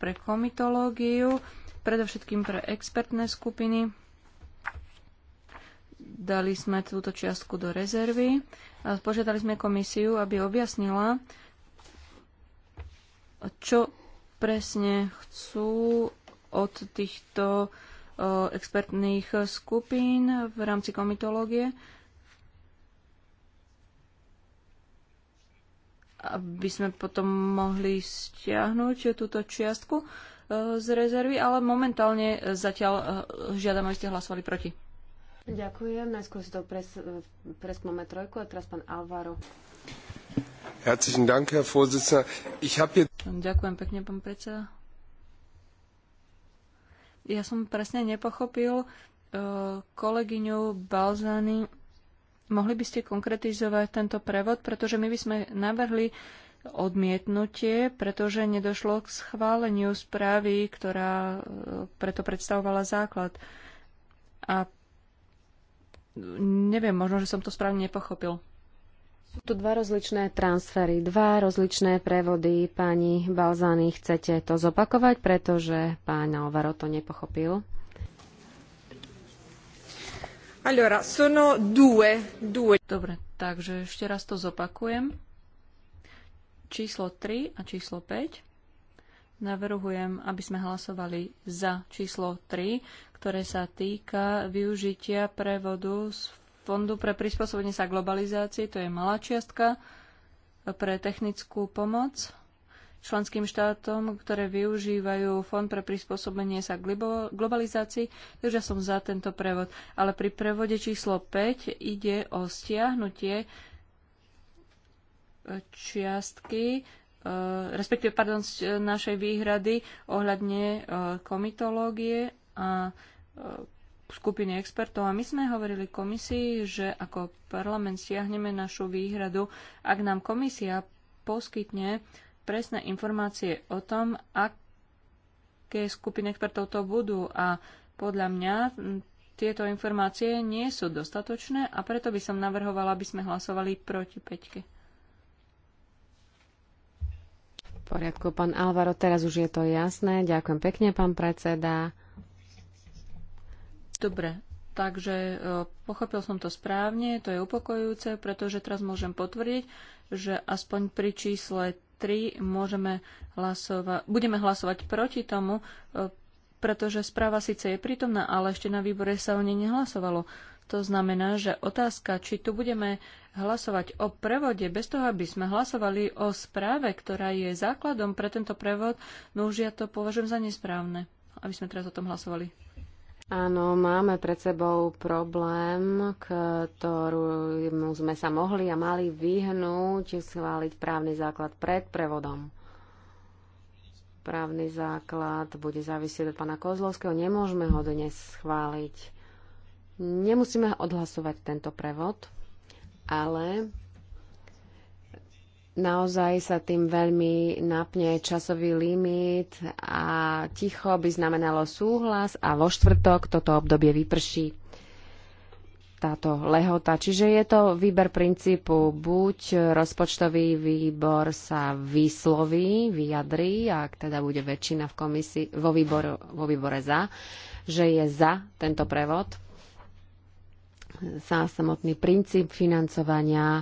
pre komitológiu, predovšetkým pre expertné skupiny. Dali sme túto čiastku do rezervy a požiadali sme komisiu, aby objasnila, čo presne chcú od týchto eh, expertných skupín v rámci komitológie aby sme potom mohli stiahnuť túto čiastku e, z rezervy, ale momentálne zatiaľ e, žiadame aby ste hlasovali proti. Ďakujem. Najskôr si to pres, preskúmame trojku a teraz pán Alvaro. Herzlichen Dank, Herr Vorsitzender. Ich hab Ďakujem pekne, pán predseda. Ja som presne nepochopil uh, kolegyňu Balzany, Mohli by ste konkretizovať tento prevod, pretože my by sme navrhli odmietnutie, pretože nedošlo k schváleniu správy, ktorá e, preto predstavovala základ. A neviem, možno, že som to správne nepochopil. Sú tu dva rozličné transfery, dva rozličné prevody. Pani Balzany, chcete to zopakovať, pretože pán Alvaro to nepochopil? Allora, sono due, due. Dobre, takže ešte raz to zopakujem. Číslo 3 a číslo 5. Navrhujem, aby sme hlasovali za číslo 3, ktoré sa týka využitia prevodu z Fondu pre prispôsobenie sa globalizácii, to je malá čiastka, pre technickú pomoc členským štátom, ktoré využívajú Fond pre prispôsobenie sa globalizácii, takže som za tento prevod. Ale pri prevode číslo 5 ide o stiahnutie e, čiastky, e, respektíve pardon, e, našej výhrady ohľadne komitológie a skupiny expertov a my sme hovorili komisii, že ako parlament stiahneme našu výhradu, ak nám komisia poskytne presné informácie o tom, aké skupiny expertov to budú a podľa mňa tieto informácie nie sú dostatočné a preto by som navrhovala, aby sme hlasovali proti Peťke. V poriadku, pán Alvaro, teraz už je to jasné. Ďakujem pekne, pán predseda. Dobre, Takže e, pochopil som to správne, to je upokojujúce, pretože teraz môžem potvrdiť, že aspoň pri čísle 3 môžeme hlasova- budeme hlasovať proti tomu, e, pretože správa síce je prítomná, ale ešte na výbore sa o nej nehlasovalo. To znamená, že otázka, či tu budeme hlasovať o prevode bez toho, aby sme hlasovali o správe, ktorá je základom pre tento prevod, no už ja to považujem za nesprávne, aby sme teraz o tom hlasovali. Áno, máme pred sebou problém, ktorú sme sa mohli a mali vyhnúť, schváliť právny základ pred prevodom. Právny základ bude závisieť od pána Kozlovského, nemôžeme ho dnes schváliť. Nemusíme odhlasovať tento prevod, ale Naozaj sa tým veľmi napne časový limit a ticho by znamenalo súhlas a vo štvrtok toto obdobie vyprší táto lehota. Čiže je to výber princípu, buď rozpočtový výbor sa vysloví, vyjadrí, ak teda bude väčšina v komisii, vo, výboru, vo výbore za, že je za tento prevod, sa samotný princíp financovania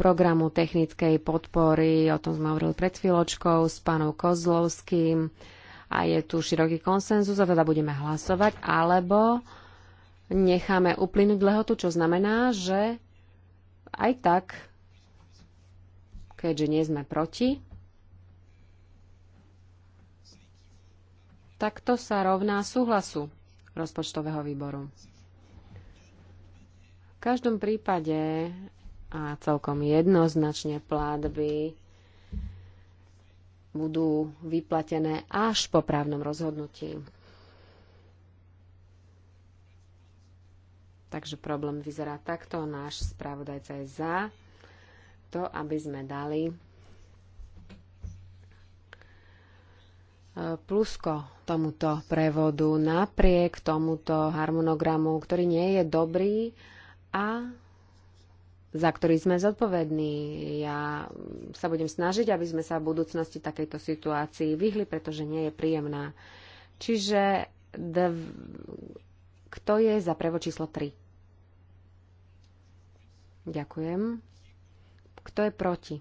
programu technickej podpory, o tom sme hovorili pred chvíľočkou s pánom Kozlovským a je tu široký konsenzus a teda budeme hlasovať, alebo necháme uplynúť lehotu, čo znamená, že aj tak, keďže nie sme proti, tak to sa rovná súhlasu rozpočtového výboru. V každom prípade a celkom jednoznačne plátby budú vyplatené až po právnom rozhodnutí. Takže problém vyzerá takto. Náš správodajca je za to, aby sme dali e, plusko tomuto prevodu napriek tomuto harmonogramu, ktorý nie je dobrý a za ktorý sme zodpovední. Ja sa budem snažiť, aby sme sa v budúcnosti takejto situácii vyhli, pretože nie je príjemná. Čiže dv... kto je za prevo číslo 3? Ďakujem. Kto je proti?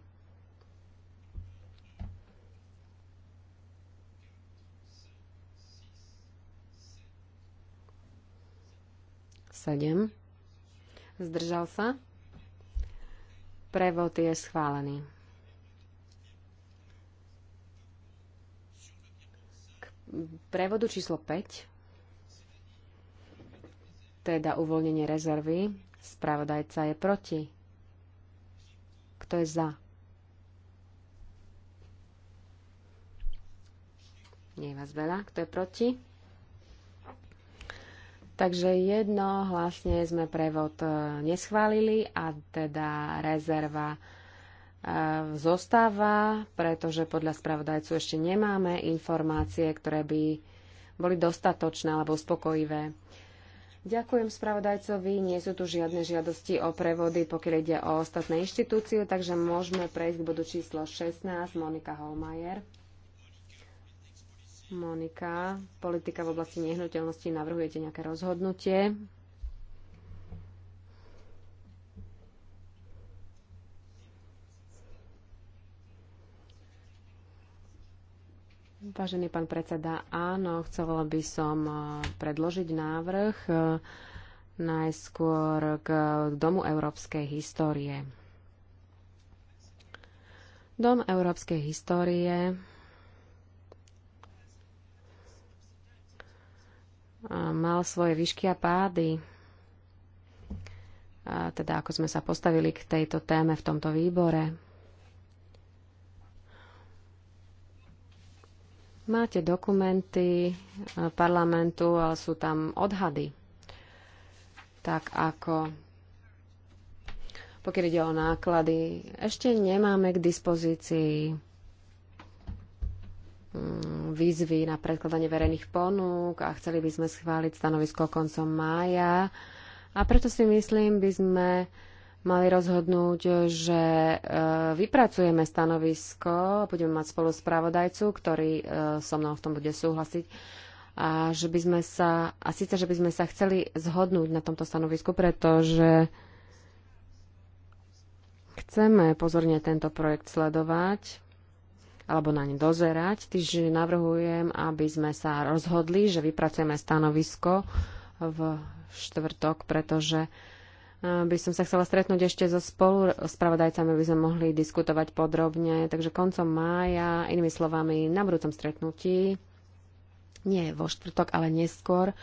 Sedem. Zdržal sa? Prevod je schválený. K prevodu číslo 5, teda uvoľnenie rezervy, spravodajca je proti. Kto je za? Nie je vás veľa. Kto je proti? Takže jedno, hlasne sme prevod e, neschválili a teda rezerva e, zostáva, pretože podľa spravodajcu ešte nemáme informácie, ktoré by boli dostatočné alebo uspokojivé. Ďakujem spravodajcovi, nie sú tu žiadne žiadosti o prevody, pokiaľ ide o ostatné inštitúcie, takže môžeme prejsť k bodu číslo 16, Monika Holmajer. Monika, politika v oblasti nehnuteľnosti, navrhujete nejaké rozhodnutie? Vážený pán predseda, áno, chcela by som uh, predložiť návrh uh, najskôr k Domu európskej histórie. Dom európskej histórie mal svoje výšky a pády. A teda ako sme sa postavili k tejto téme v tomto výbore. Máte dokumenty e, parlamentu, ale sú tam odhady. Tak ako pokiaľ ide o náklady, ešte nemáme k dispozícii Mm, výzvy na predkladanie verejných ponúk a chceli by sme schváliť stanovisko koncom mája. A preto si myslím, by sme mali rozhodnúť, že e, vypracujeme stanovisko, budeme mať spolu spravodajcu, ktorý e, so mnou v tom bude súhlasiť, a, že by sme sa, a síce, že by sme sa chceli zhodnúť na tomto stanovisku, pretože chceme pozorne tento projekt sledovať alebo na ne dozerať. Čiže navrhujem, aby sme sa rozhodli, že vypracujeme stanovisko v štvrtok, pretože eh, by som sa chcela stretnúť ešte so spolu spravodajcami, aby sme mohli diskutovať podrobne. Takže koncom mája, inými slovami, na budúcom stretnutí, nie vo štvrtok, ale neskôr,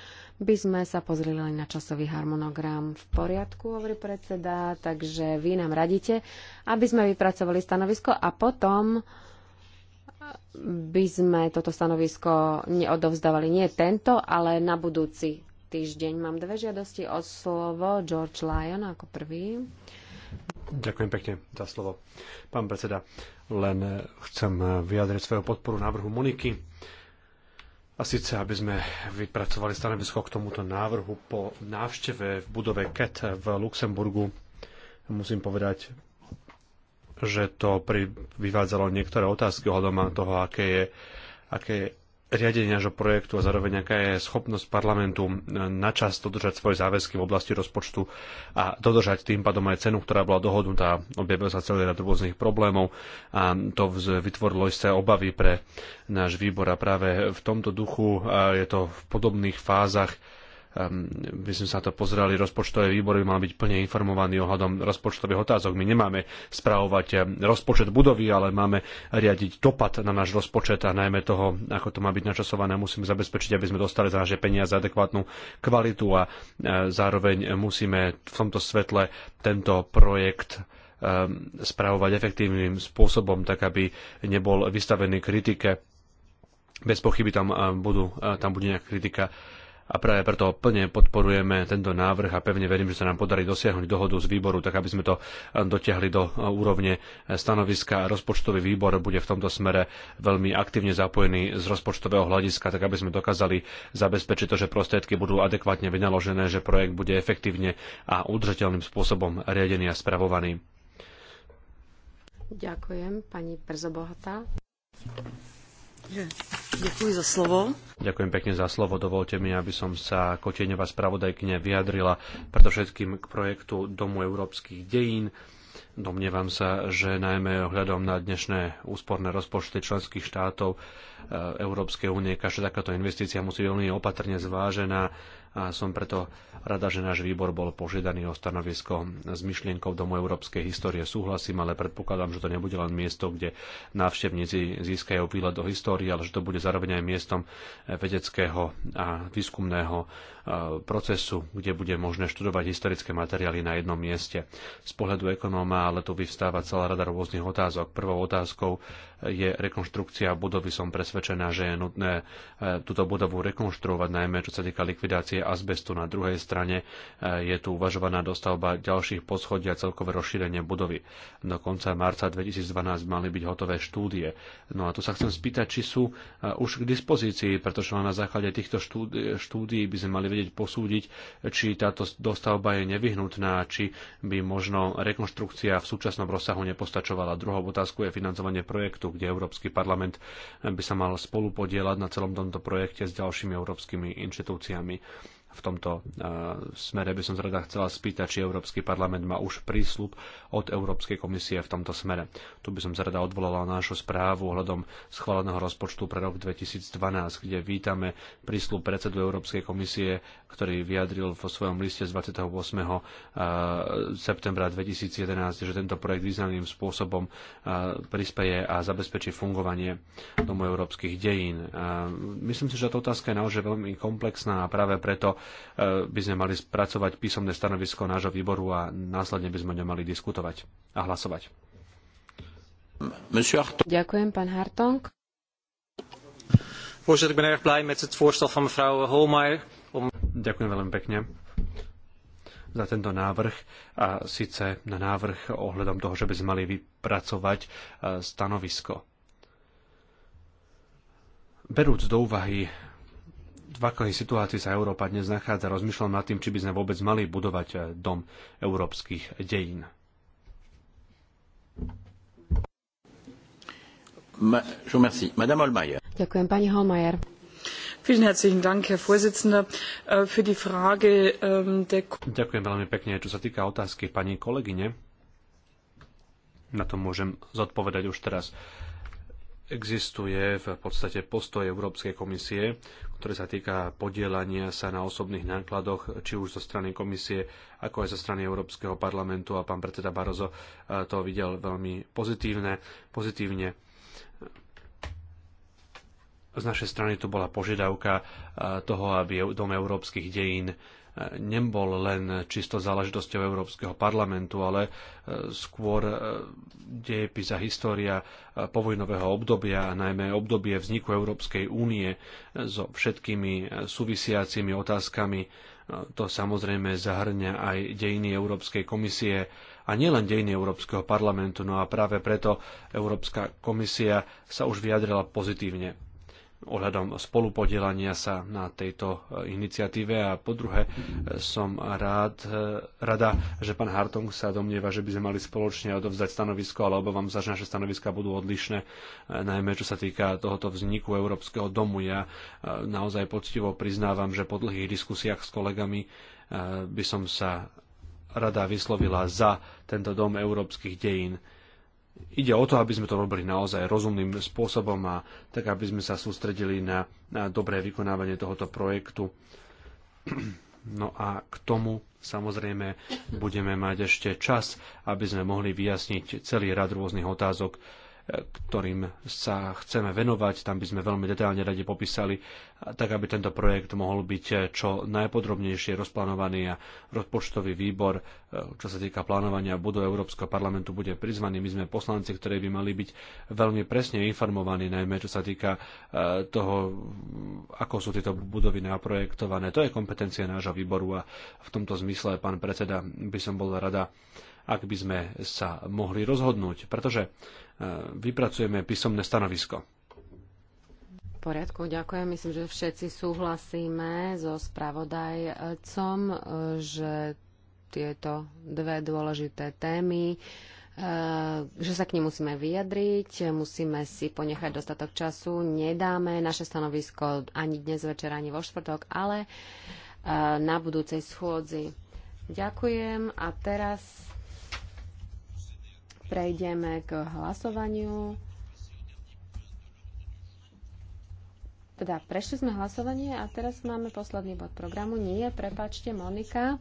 by sme sa pozreli na časový harmonogram v poriadku, hovorí predseda, takže vy nám radíte, aby sme vypracovali stanovisko a potom by sme toto stanovisko neodovzdávali nie tento, ale na budúci týždeň. Mám dve žiadosti o slovo. George Lyon ako prvý. Ďakujem pekne za slovo. Pán predseda, len chcem vyjadriť svoju podporu návrhu Moniky. A síce, aby sme vypracovali stanovisko k tomuto návrhu po návšteve v budove KET v Luxemburgu. Musím povedať, že to pri, vyvádzalo niektoré otázky ohľadom toho, aké je, aké je riadenie nášho projektu a zároveň aká je schopnosť parlamentu načas dodržať svoje záväzky v oblasti rozpočtu a dodržať tým pádom aj cenu, ktorá bola dohodnutá. Objavil sa celý rad rôznych problémov a to vytvorilo isté obavy pre náš výbor a práve v tomto duchu je to v podobných fázach by ehm, sme sa to pozerali, rozpočtové výbory mali mal byť plne informovaný ohľadom rozpočtových otázok. My nemáme spravovať ehm, rozpočet budovy, ale máme riadiť dopad na náš rozpočet a najmä toho, ako to má byť načasované, musíme zabezpečiť, aby sme dostali za naše peniaze adekvátnu kvalitu a e, zároveň musíme v tomto svetle tento projekt ehm, spravovať efektívnym spôsobom, tak aby nebol vystavený kritike. Bez pochyby tam, e, budú, e, tam bude nejaká kritika a práve preto plne podporujeme tento návrh a pevne verím, že sa nám podarí dosiahnuť dohodu z výboru, tak aby sme to eh, dotiahli do eh, úrovne eh, stanoviska. Rozpočtový výbor bude v tomto smere veľmi aktívne zapojený z rozpočtového hľadiska, tak aby sme dokázali zabezpečiť to, že prostriedky budú adekvátne vynaložené, že projekt bude efektívne a udržateľným spôsobom riadený a spravovaný. Ďakujem, pani Brzobohatá. Ďakujem za slovo. Ďakujem pekne za slovo. Dovolte mi, aby som sa ako tieňová spravodajkynia vyjadrila predovšetkým k projektu Domu európskych dejín. Domnievam sa, že najmä ohľadom na dnešné úsporné rozpočty členských štátov e, Európskej únie každá takáto investícia musí byť veľmi opatrne zvážená a som preto rada, že náš výbor bol požiadaný o stanovisko s myšlienkou Domu európskej histórie. Súhlasím, ale predpokladám, že to nebude len miesto, kde návštevníci získajú výhľad do histórie, ale že to bude zároveň aj miestom vedeckého a výskumného e, procesu, kde bude možné študovať historické materiály na jednom mieste. Z pohľadu ekonóma ale tu vyvstáva celá rada rôznych otázok. Prvou otázkou je rekonštrukcia budovy. Som presvedčená, že je nutné e, túto budovu rekonštruovať, najmä čo sa týka likvidácie azbestu. Na druhej strane e, je tu uvažovaná dostavba ďalších poschodí a celkové rozšírenie budovy. Do konca marca 2012 mali byť hotové štúdie. No a tu sa chcem spýtať, či sú e, už k dispozícii, pretože na základe týchto štúdií by sme mali vedieť posúdiť, či táto dostavba je nevyhnutná, či by možno rekonštrukcia v súčasnom rozsahu nepostačovala. Druhou otázku je financovanie projektu, kde Európsky parlament by sa mal spolupodielať na celom tomto projekte s ďalšími európskymi inštitúciami v tomto e, smere by som zrada teda chcela spýtať, či Európsky parlament má už prísľub od Európskej komisie v tomto smere. Tu by som zrada odvolala našu správu ohľadom schváleného rozpočtu pre rok 2012, kde vítame prísľub predsedu Európskej komisie, ktorý vyjadril vo svojom liste z 28. E, septembra 2011, že tento projekt významným spôsobom e, prispeje a zabezpečí fungovanie domov európskych dejín. Myslím si, že táto otázka je naozaj veľmi komplexná a práve preto E, by sme mali spracovať písomné stanovisko nášho výboru a následne by sme o ňom mali diskutovať a hlasovať. Ďakujem, pán Hartong. Voorzitter, ik ben erg blij met het voorstel van mevrouw Holmeijer. Om... Ďakujem veľmi pekne za tento návrh a síce na návrh ohľadom toho, že by sme mali vypracovať e, stanovisko. Berúc do úvahy v akej situácii sa Európa dnes nachádza. Rozmýšľam nad tým, či by sme vôbec mali budovať e, dom európskych dejín. Ďakujem, pani Holmajer. Äh, ähm, Ďakujem veľmi pekne. Čo sa týka otázky pani kolegyne, na to môžem zodpovedať už teraz. Existuje v podstate postoj Európskej komisie, ktoré sa týka podielania sa na osobných nákladoch, či už zo strany komisie, ako aj zo strany Európskeho parlamentu a pán predseda Barozo to videl veľmi pozitívne, pozitívne. Z našej strany tu bola požiadavka toho, aby Dom európskych dejín nebol len čisto záležitosťou Európskeho parlamentu, ale e, skôr e, dejepis história e, povojnového obdobia, a najmä obdobie vzniku Európskej únie so všetkými súvisiacimi otázkami. To samozrejme zahrňa aj dejiny Európskej komisie, a nielen dejiny Európskeho parlamentu, no a práve preto Európska komisia sa už vyjadrila pozitívne ohľadom spolupodielania sa na tejto eh, iniciatíve a po druhé eh, som rád, eh, rada, že pán Hartung sa domnieva, že by sme mali spoločne odovzdať stanovisko, ale obávam sa, že naše stanoviska budú odlišné, najmä čo sa týka tohoto vzniku Európskeho domu. Ja naozaj poctivo priznávam, že po dlhých diskusiách s kolegami by som sa rada vyslovila za tento dom európskych dejín ide o to, aby sme to robili naozaj rozumným spôsobom a tak, aby sme sa sústredili na, na dobré vykonávanie tohoto projektu. <clears throat> No a k tomu samozrejme budeme mať ešte čas, aby sme mohli vyjasniť celý rad rôznych otázok, ktorým sa chceme venovať. Tam by sme veľmi detailne radi popísali, tak aby tento projekt mohol byť čo najpodrobnejšie rozplánovaný a rozpočtový výbor, e, čo sa týka plánovania budov Európskeho parlamentu, bude prizvaný. My sme poslanci, ktorí by mali byť veľmi presne informovaní, najmä čo sa týka e, toho, ako sú tieto budovy naprojektované. To je kompetencia nášho výboru a v tomto zmysle, pán predseda, by som bol rada, ak by sme sa mohli rozhodnúť, pretože E, vypracujeme písomné stanovisko. V poriadku, ďakujem. Myslím, že všetci súhlasíme so spravodajcom, e, že tieto dve dôležité témy e, že sa k nim musíme vyjadriť, musíme si ponechať dostatok času, nedáme naše stanovisko ani dnes večer, ani vo štvrtok, ale na budúcej schôdzi. Ďakujem a teraz prejdeme k hlasovaniu. Teda prešli sme hlasovanie a teraz máme posledný bod programu. Nie, prepačte, Monika.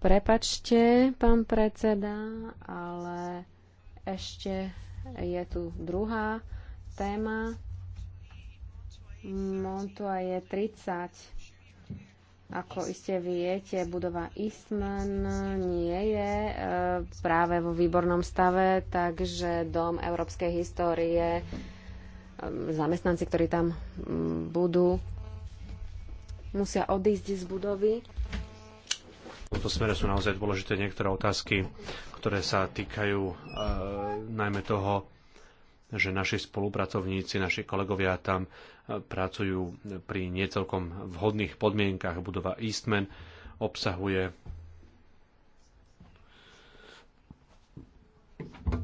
Prepačte, pán predseda, ale ešte je tu druhá téma. Montua je 30. Ako iste viete, budova Eastman nie je e, práve vo výbornom stave, takže Dom európskej histórie, e, zamestnanci, ktorí tam mm, budú, musia odísť z budovy. V tomto smere sú naozaj dôležité niektoré otázky, ktoré sa týkajú e, najmä toho, že naši spolupracovníci, naši kolegovia tam e, pracujú pri niecelkom vhodných podmienkach. Budova Eastman obsahuje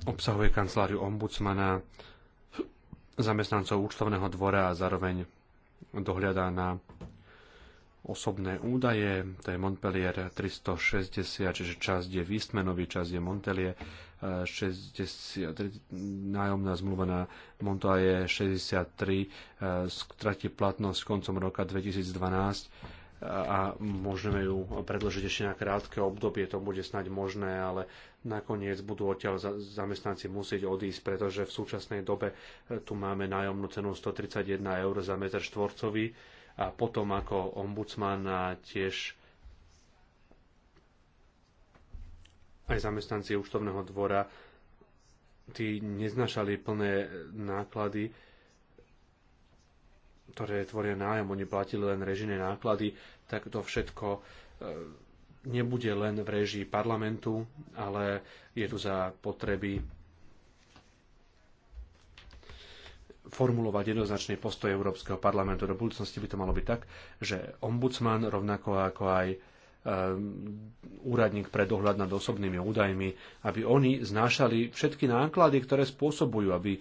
obsahuje kanceláriu ombudsmana, zamestnancov účtovného dvora a zároveň dohľadá na osobné údaje, to je Montpellier 360, čiže časť je Výstmenový, časť je Montpellier 60, nájomná zmluva na Montoya 63 eh, stratí platnosť koncom roka 2012 a môžeme ju predložiť ešte na krátke obdobie, to bude snať možné, ale nakoniec budú odtiaľ zamestnanci musieť odísť, pretože v súčasnej dobe eh, tu máme nájomnú cenu 131 eur za meter štvorcový a potom ako ombudsman tiež aj zamestnanci účtovného dvora, tí neznašali plné náklady, ktoré tvoria nájom, oni platili len režine náklady, tak to všetko e, nebude len v režii parlamentu, ale je tu za potreby formulovať jednoznačný postoj Európskeho parlamentu. Do budúcnosti by to malo byť tak, že ombudsman rovnako ako aj Eh, úradník pre dohľad nad osobnými údajmi, aby oni znášali všetky náklady, ktoré spôsobujú, aby eh,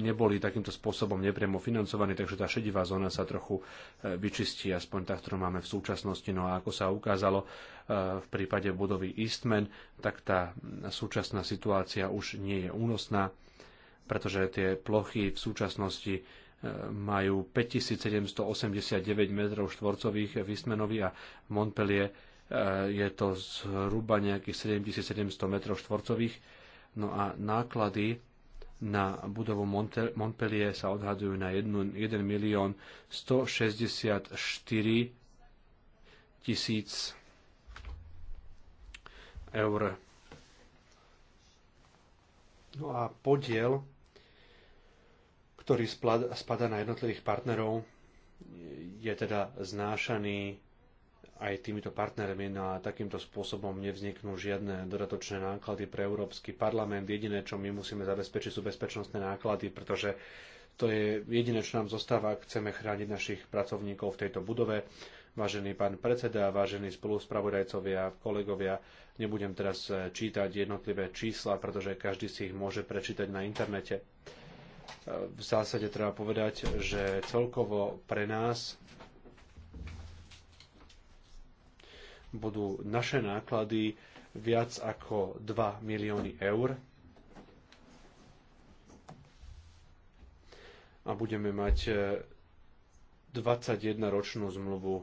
neboli takýmto spôsobom nepriamo financovaní, takže tá šedivá zóna sa trochu eh, vyčistí, aspoň tá, ktorú máme v súčasnosti. No a ako sa ukázalo v prípade budovy Eastman, tak tá súčasná situácia už nie je únosná, pretože tie plochy v súčasnosti majú 5789 m štvorcových v Istmenovi a v Montpellier Eh, je to zhruba nejakých 7700 metrov štvorcových. No a náklady na budovu Montpellier sa odhadujú na 1 milión 164 tisíc eur. No a podiel, ktorý spada na jednotlivých partnerov, je teda znášaný aj týmito partnermi. No a takýmto spôsobom nevzniknú žiadne dodatočné náklady pre Európsky parlament. Jediné, čo my musíme zabezpečiť, sú bezpečnostné náklady, pretože to je jediné, čo nám zostáva, ak chceme chrániť našich pracovníkov v tejto budove. Vážený pán predseda, vážení spoluspravodajcovia, kolegovia, nebudem teraz eh, čítať jednotlivé čísla, pretože každý si ich môže prečítať na internete. Eh, v zásade treba povedať, že celkovo pre nás budú naše náklady viac ako 2 milióny eur. A budeme mať 21-ročnú e, zmluvu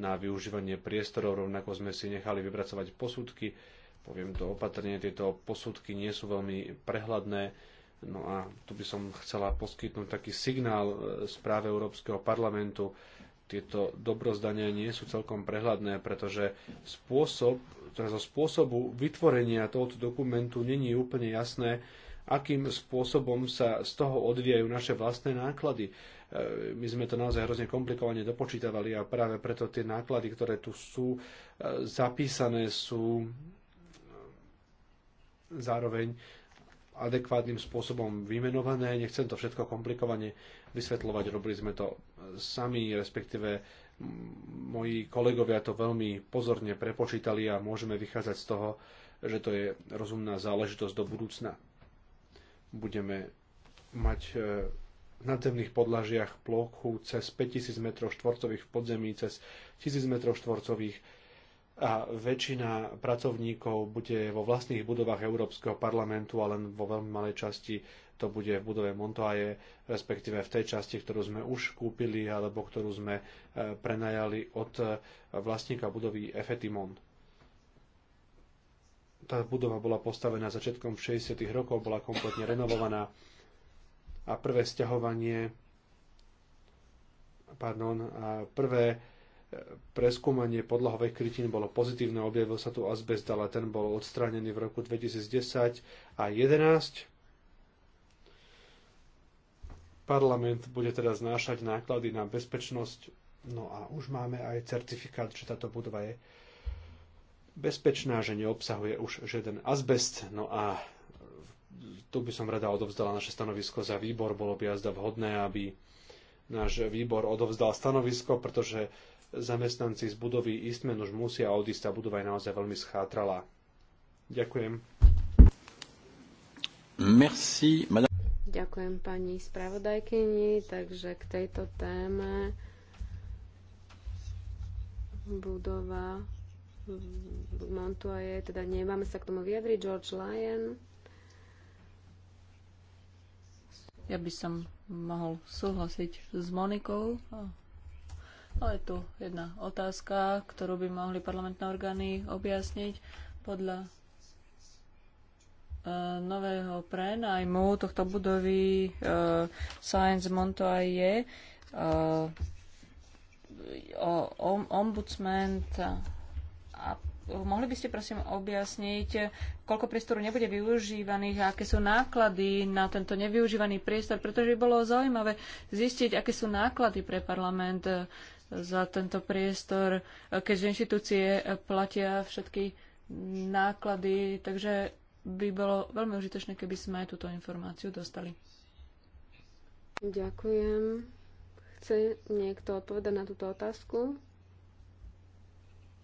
na využívanie priestorov, rovnako sme si nechali vypracovať posudky. Poviem to opatrne, tieto posudky nie sú veľmi prehľadné. No a tu by som chcela poskytnúť taký signál e, správe Európskeho parlamentu, tieto dobrozdania nie sú celkom prehľadné, pretože spôsob, teda zo spôsobu vytvorenia tohoto dokumentu není úplne jasné, akým spôsobom sa z toho odvíjajú naše vlastné náklady. E, my sme to naozaj hrozne komplikovane dopočítavali a práve preto tie náklady, ktoré tu sú e, zapísané, sú zároveň adekvátnym spôsobom vymenované. Nechcem to všetko komplikovane vysvetľovať, robili sme to e, sami, respektíve moji kolegovia to veľmi pozorne prepočítali a môžeme vychádzať z toho, že to je rozumná záležitosť do budúcna. Budeme mať e, v nadzemných podlažiach plochu cez 5000 m 2 v podzemí, cez 1000 m 2 a väčšina pracovníkov bude vo vlastných budovách Európskeho parlamentu a len vo veľmi malej časti to bude v budove Montoaje, respektíve v tej časti, ktorú sme už kúpili alebo ktorú sme e, prenajali od e, vlastníka budovy Efetimon. Tá budova bola postavená začiatkom 60. rokov, bola kompletne renovovaná a prvé sťahovanie pardon, a prvé preskúmanie podlahových krytín bolo pozitívne, objavil sa tu azbest, ale ten bol odstránený v roku 2010 a 2011. Parlament bude teda znášať náklady na bezpečnosť, no a už máme aj certifikát, že táto budova je bezpečná, že neobsahuje už žiaden azbest, no a tu by som rada odovzdala naše stanovisko za výbor, bolo by jazda vhodné, aby náš výbor odovzdal stanovisko, pretože zamestnanci z budovy Eastman už musia odísť, tá budova je naozaj veľmi schátralá. Ďakujem. Merci, madame. Ďakujem pani spravodajkyni, takže k tejto téme budova je, teda nemáme sa k tomu vyjadriť, George Lyon. Ja by som mohol súhlasiť s Monikou. Ale tu jedna otázka, ktorú by mohli parlamentné orgány objasniť. Podľa e, nového prenajmu tohto budovy uh, Science Monto uh, um, ombudsman a Mohli by ste prosím objasniť, koľko priestoru nebude využívaných a aké sú náklady na tento nevyužívaný priestor, pretože by bolo zaujímavé zistiť, aké sú náklady pre parlament za tento priestor, keďže inštitúcie platia všetky náklady, takže by bolo veľmi užitočné, keby sme túto informáciu dostali. Ďakujem. Chce niekto odpovedať na túto otázku?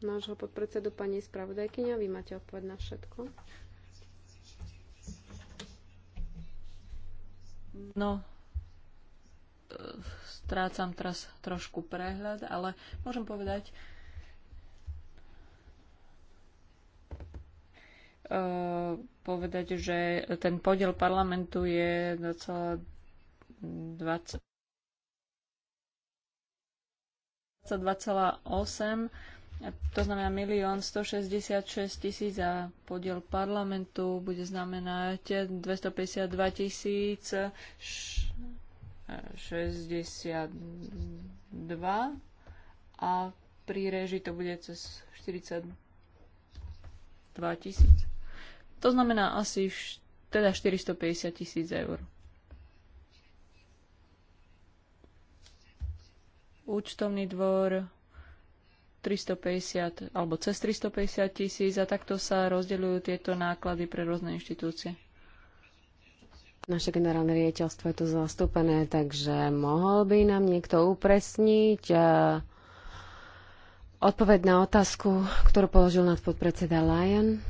Nášho podpredsedu pani spravodajkyňa, vy máte odpoveď na všetko. No, strácam teraz trošku prehľad, ale môžem povedať, e, povedať, že ten podiel parlamentu je 22,8 to znamená 1 166 tisíc a podiel parlamentu bude znamenať 252 tisíc 62 a pri reži to bude cez 42 tisíc. To znamená asi teda 450 tisíc eur. Účtovný dvor 350 alebo cez 350 tisíc a takto sa rozdeľujú tieto náklady pre rôzne inštitúcie. Naše generálne riaditeľstvo je tu zastúpené, takže mohol by nám niekto upresniť e, odpoveď na otázku, ktorú položil nás podpredseda Lyon.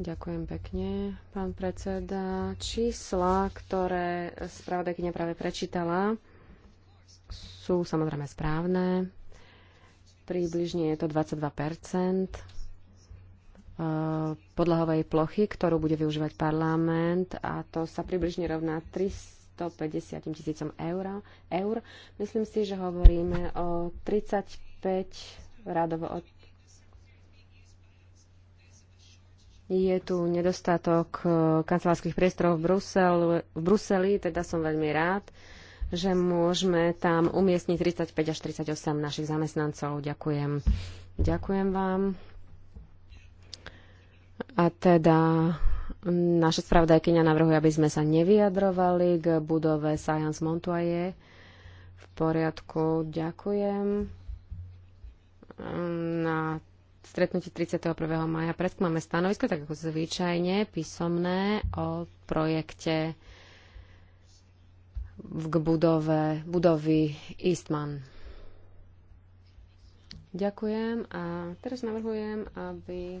Ďakujem pekne, pán predseda. Čísla, ktoré spravodajkynia práve prečítala, sú samozrejme správne. Približne je to 22 Eh, podlahovej plochy, ktorú bude využívať parlament a to sa približne rovná 350 tisícom eur, eur. Myslím si, že hovoríme o 35 radovo od Je tu nedostatok eh, kancelárskych priestorov v, Brusel, v Bruseli, teda som veľmi rád, že môžeme tam umiestniť 35 až 38 našich zamestnancov. Ďakujem. Ďakujem vám. A teda naša spravodajkyňa navrhuje, aby sme sa nevyjadrovali k budove Science Montoye. V poriadku, ďakujem. Na stretnutí 31. maja preskúmame stanovisko, tak ako zvyčajne, písomné o projekte k budove, budovy Eastman. Ďakujem a teraz navrhujem, aby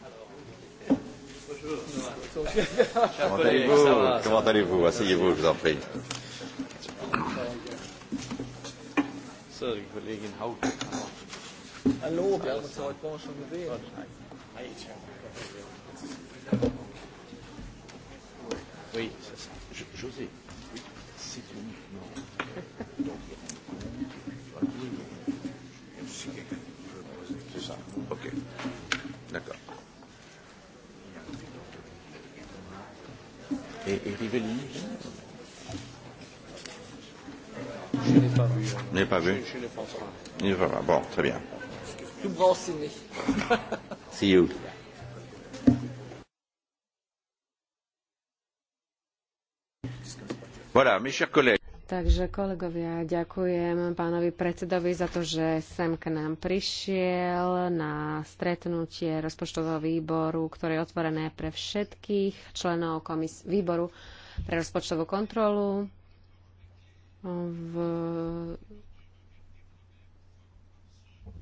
Bonjour. Comment allez-vous Comment allez-vous Asseyez-vous, je vous en prie. So, Hallo, wir haben uns heute Morgen schon gesehen. Oui, c'est ça. José, oui, c'est tout. et, et Rivelli Je n'ai pas vu. Je n'ai pas vu. Bon, très bien. Tu me renseigner. See you. Voilà, mes chers collègues. Takže kolegovia, ďakujem pánovi predsedovi za to, že sem k nám prišiel na stretnutie rozpočtového výboru, ktoré je otvorené pre všetkých členov komis- výboru pre rozpočtovú kontrolu. V...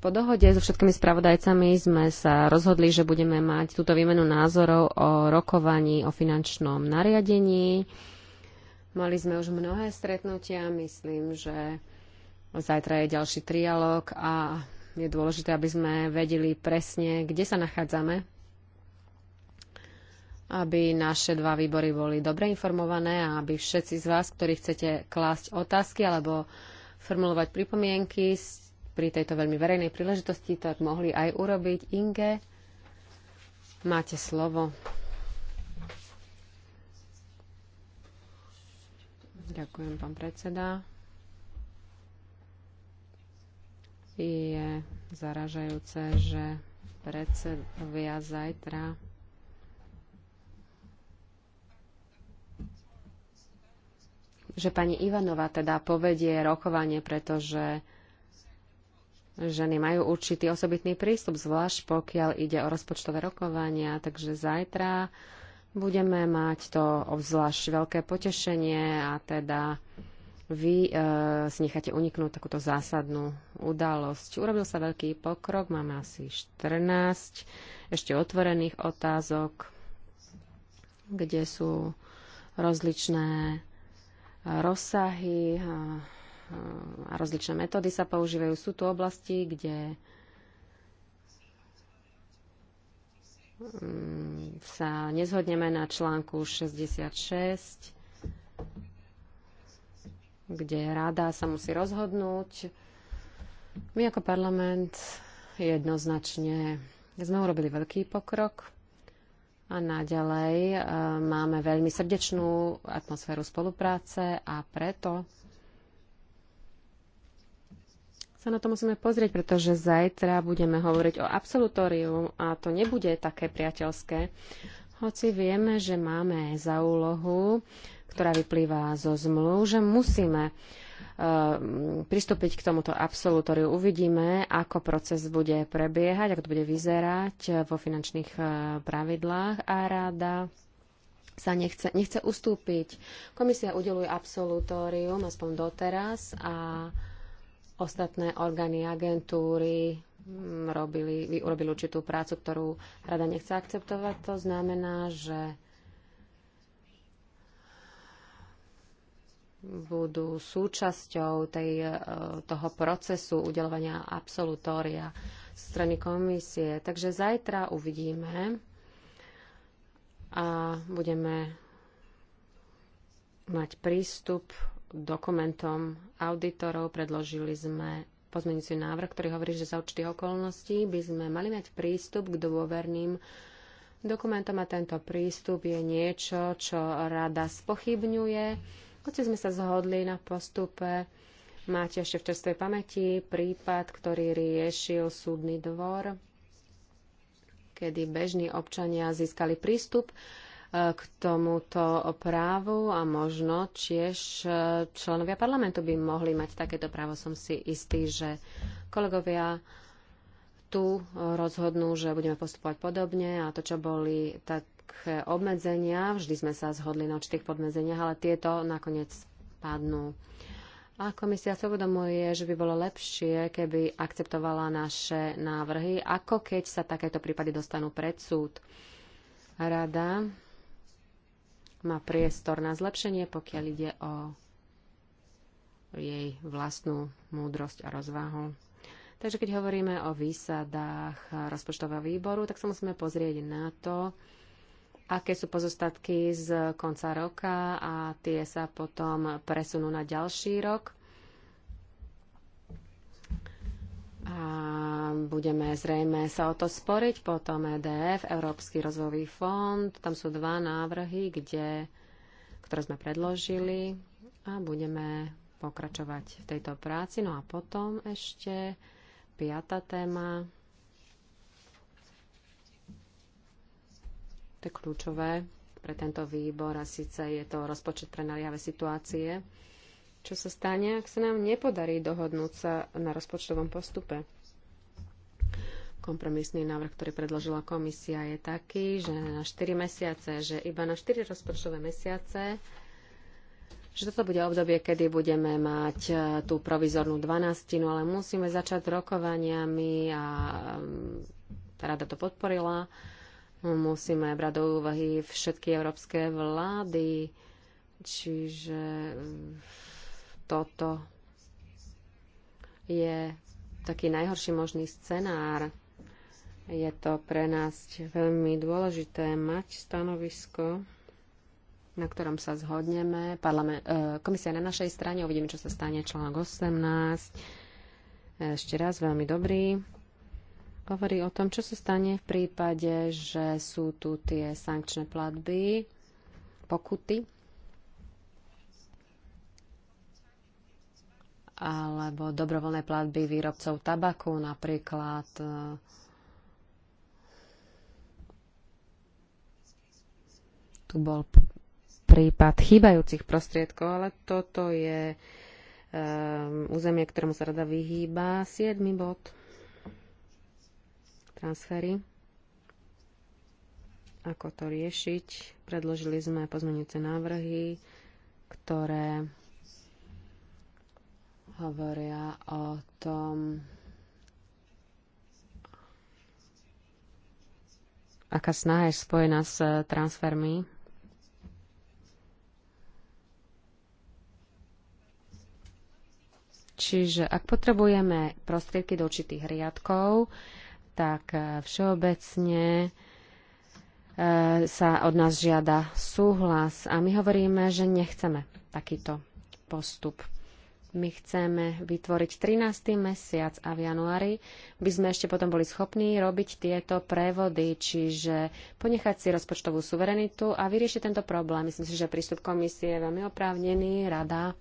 Po dohode so všetkými spravodajcami sme sa rozhodli, že budeme mať túto výmenu názorov o rokovaní o finančnom nariadení Mali sme už mnohé stretnutia, myslím, že zajtra je ďalší trialog a je dôležité, aby sme vedeli presne, kde sa nachádzame, aby naše dva výbory boli dobre informované a aby všetci z vás, ktorí chcete klásť otázky alebo formulovať pripomienky pri tejto veľmi verejnej príležitosti, tak mohli aj urobiť. Inge, máte slovo. Ďakujem, pán predseda. Je zaražajúce, že predsedovia zajtra že pani Ivanová teda povedie rokovanie, pretože ženy majú určitý osobitný prístup, zvlášť pokiaľ ide o rozpočtové rokovania. Takže zajtra budeme mať to obzvlášť veľké potešenie a teda vy e, si necháte uniknúť takúto zásadnú udalosť. Urobil sa veľký pokrok, máme asi 14 ešte otvorených otázok, kde sú rozličné rozsahy a, a rozličné metódy sa používajú. Sú tu oblasti, kde Mm, sa nezhodneme na článku 66, kde rada sa musí rozhodnúť. My ako parlament jednoznačne sme urobili veľký pokrok a naďalej eh, máme veľmi srdečnú atmosféru spolupráce a preto sa na to musíme pozrieť, pretože zajtra budeme hovoriť o absolutóriu a to nebude také priateľské. Hoci vieme, že máme za úlohu, ktorá vyplýva zo zmluv, že musíme e, pristúpiť k tomuto absolutóriu. Uvidíme, ako proces bude prebiehať, ako to bude vyzerať e, vo finančných e, pravidlách a rada sa nechce, nechce ustúpiť. Komisia udeluje absolutórium, aspoň doteraz, a Ostatné orgány agentúry mm, robili, urobili určitú prácu, ktorú rada nechce akceptovať. To znamená, že budú súčasťou tej, e, toho procesu udelovania absolutória strany komisie. Takže zajtra uvidíme a budeme mať prístup dokumentom auditorov predložili sme pozmeňujúci návrh, ktorý hovorí, že za určitých okolností by sme mali mať prístup k dôverným dokumentom a tento prístup je niečo, čo rada spochybňuje. Hoci sme sa zhodli na postupe, máte ešte v čerstvej pamäti prípad, ktorý riešil súdny dvor, kedy bežní občania získali prístup k tomuto právu a možno tiež e, členovia parlamentu by mohli mať takéto právo. Som si istý, že kolegovia tu rozhodnú, že budeme postupovať podobne a to, čo boli také obmedzenia, vždy sme sa zhodli na určitých podmedzeniach, ale tieto nakoniec padnú. A komisia sa uvedomuje, že by bolo lepšie, keby akceptovala naše návrhy, ako keď sa takéto prípady dostanú pred súd. Rada má priestor na zlepšenie, pokiaľ ide o jej vlastnú múdrosť a rozvahu. Takže keď hovoríme o výsadách rozpočtového výboru, tak sa musíme pozrieť na to, aké sú pozostatky z konca roka a tie sa potom presunú na ďalší rok. A budeme zrejme sa o to sporiť. Potom EDF, Európsky rozvojový fond, tam sú dva návrhy, kde, ktoré sme predložili a budeme pokračovať v tejto práci. No a potom ešte piata téma. To je kľúčové pre tento výbor a síce je to rozpočet pre naliehavé situácie. Čo sa stane, ak sa nám nepodarí dohodnúť sa na rozpočtovom postupe? Kompromisný návrh, ktorý predložila komisia, je taký, že na 4 mesiace, že iba na 4 rozpočtové mesiace, že toto bude obdobie, kedy budeme mať e, tú provizornú dvanáctinu, ale musíme začať rokovaniami a e, rada to podporila. Musíme brať do úvahy všetky európske vlády, čiže e, toto je taký najhorší možný scenár. Je to pre nás veľmi dôležité mať stanovisko, na ktorom sa zhodneme. Parlament, e, komisia na našej strane, uvidíme, čo sa stane, článok 18. E, ešte raz, veľmi dobrý. Hovorí o tom, čo sa stane v prípade, že sú tu tie sankčné platby, pokuty, alebo dobrovoľné platby výrobcov tabaku napríklad e, Tu bol prípad chýbajúcich prostriedkov, ale toto je um, územie, ktorému sa rada vyhýba. Siedmy bod. Transfery. Ako to riešiť? Predložili sme pozmenujúce návrhy, ktoré hovoria o tom, aká snaha je spojená s transfermi Čiže ak potrebujeme prostriedky do určitých riadkov, tak e, všeobecne e, sa od nás žiada súhlas a my hovoríme, že nechceme takýto postup. My chceme vytvoriť 13. mesiac a v januári by sme ešte potom boli schopní robiť tieto prevody, čiže ponechať si rozpočtovú suverenitu a vyriešiť tento problém. Myslím si, že prístup komisie je veľmi oprávnený, rada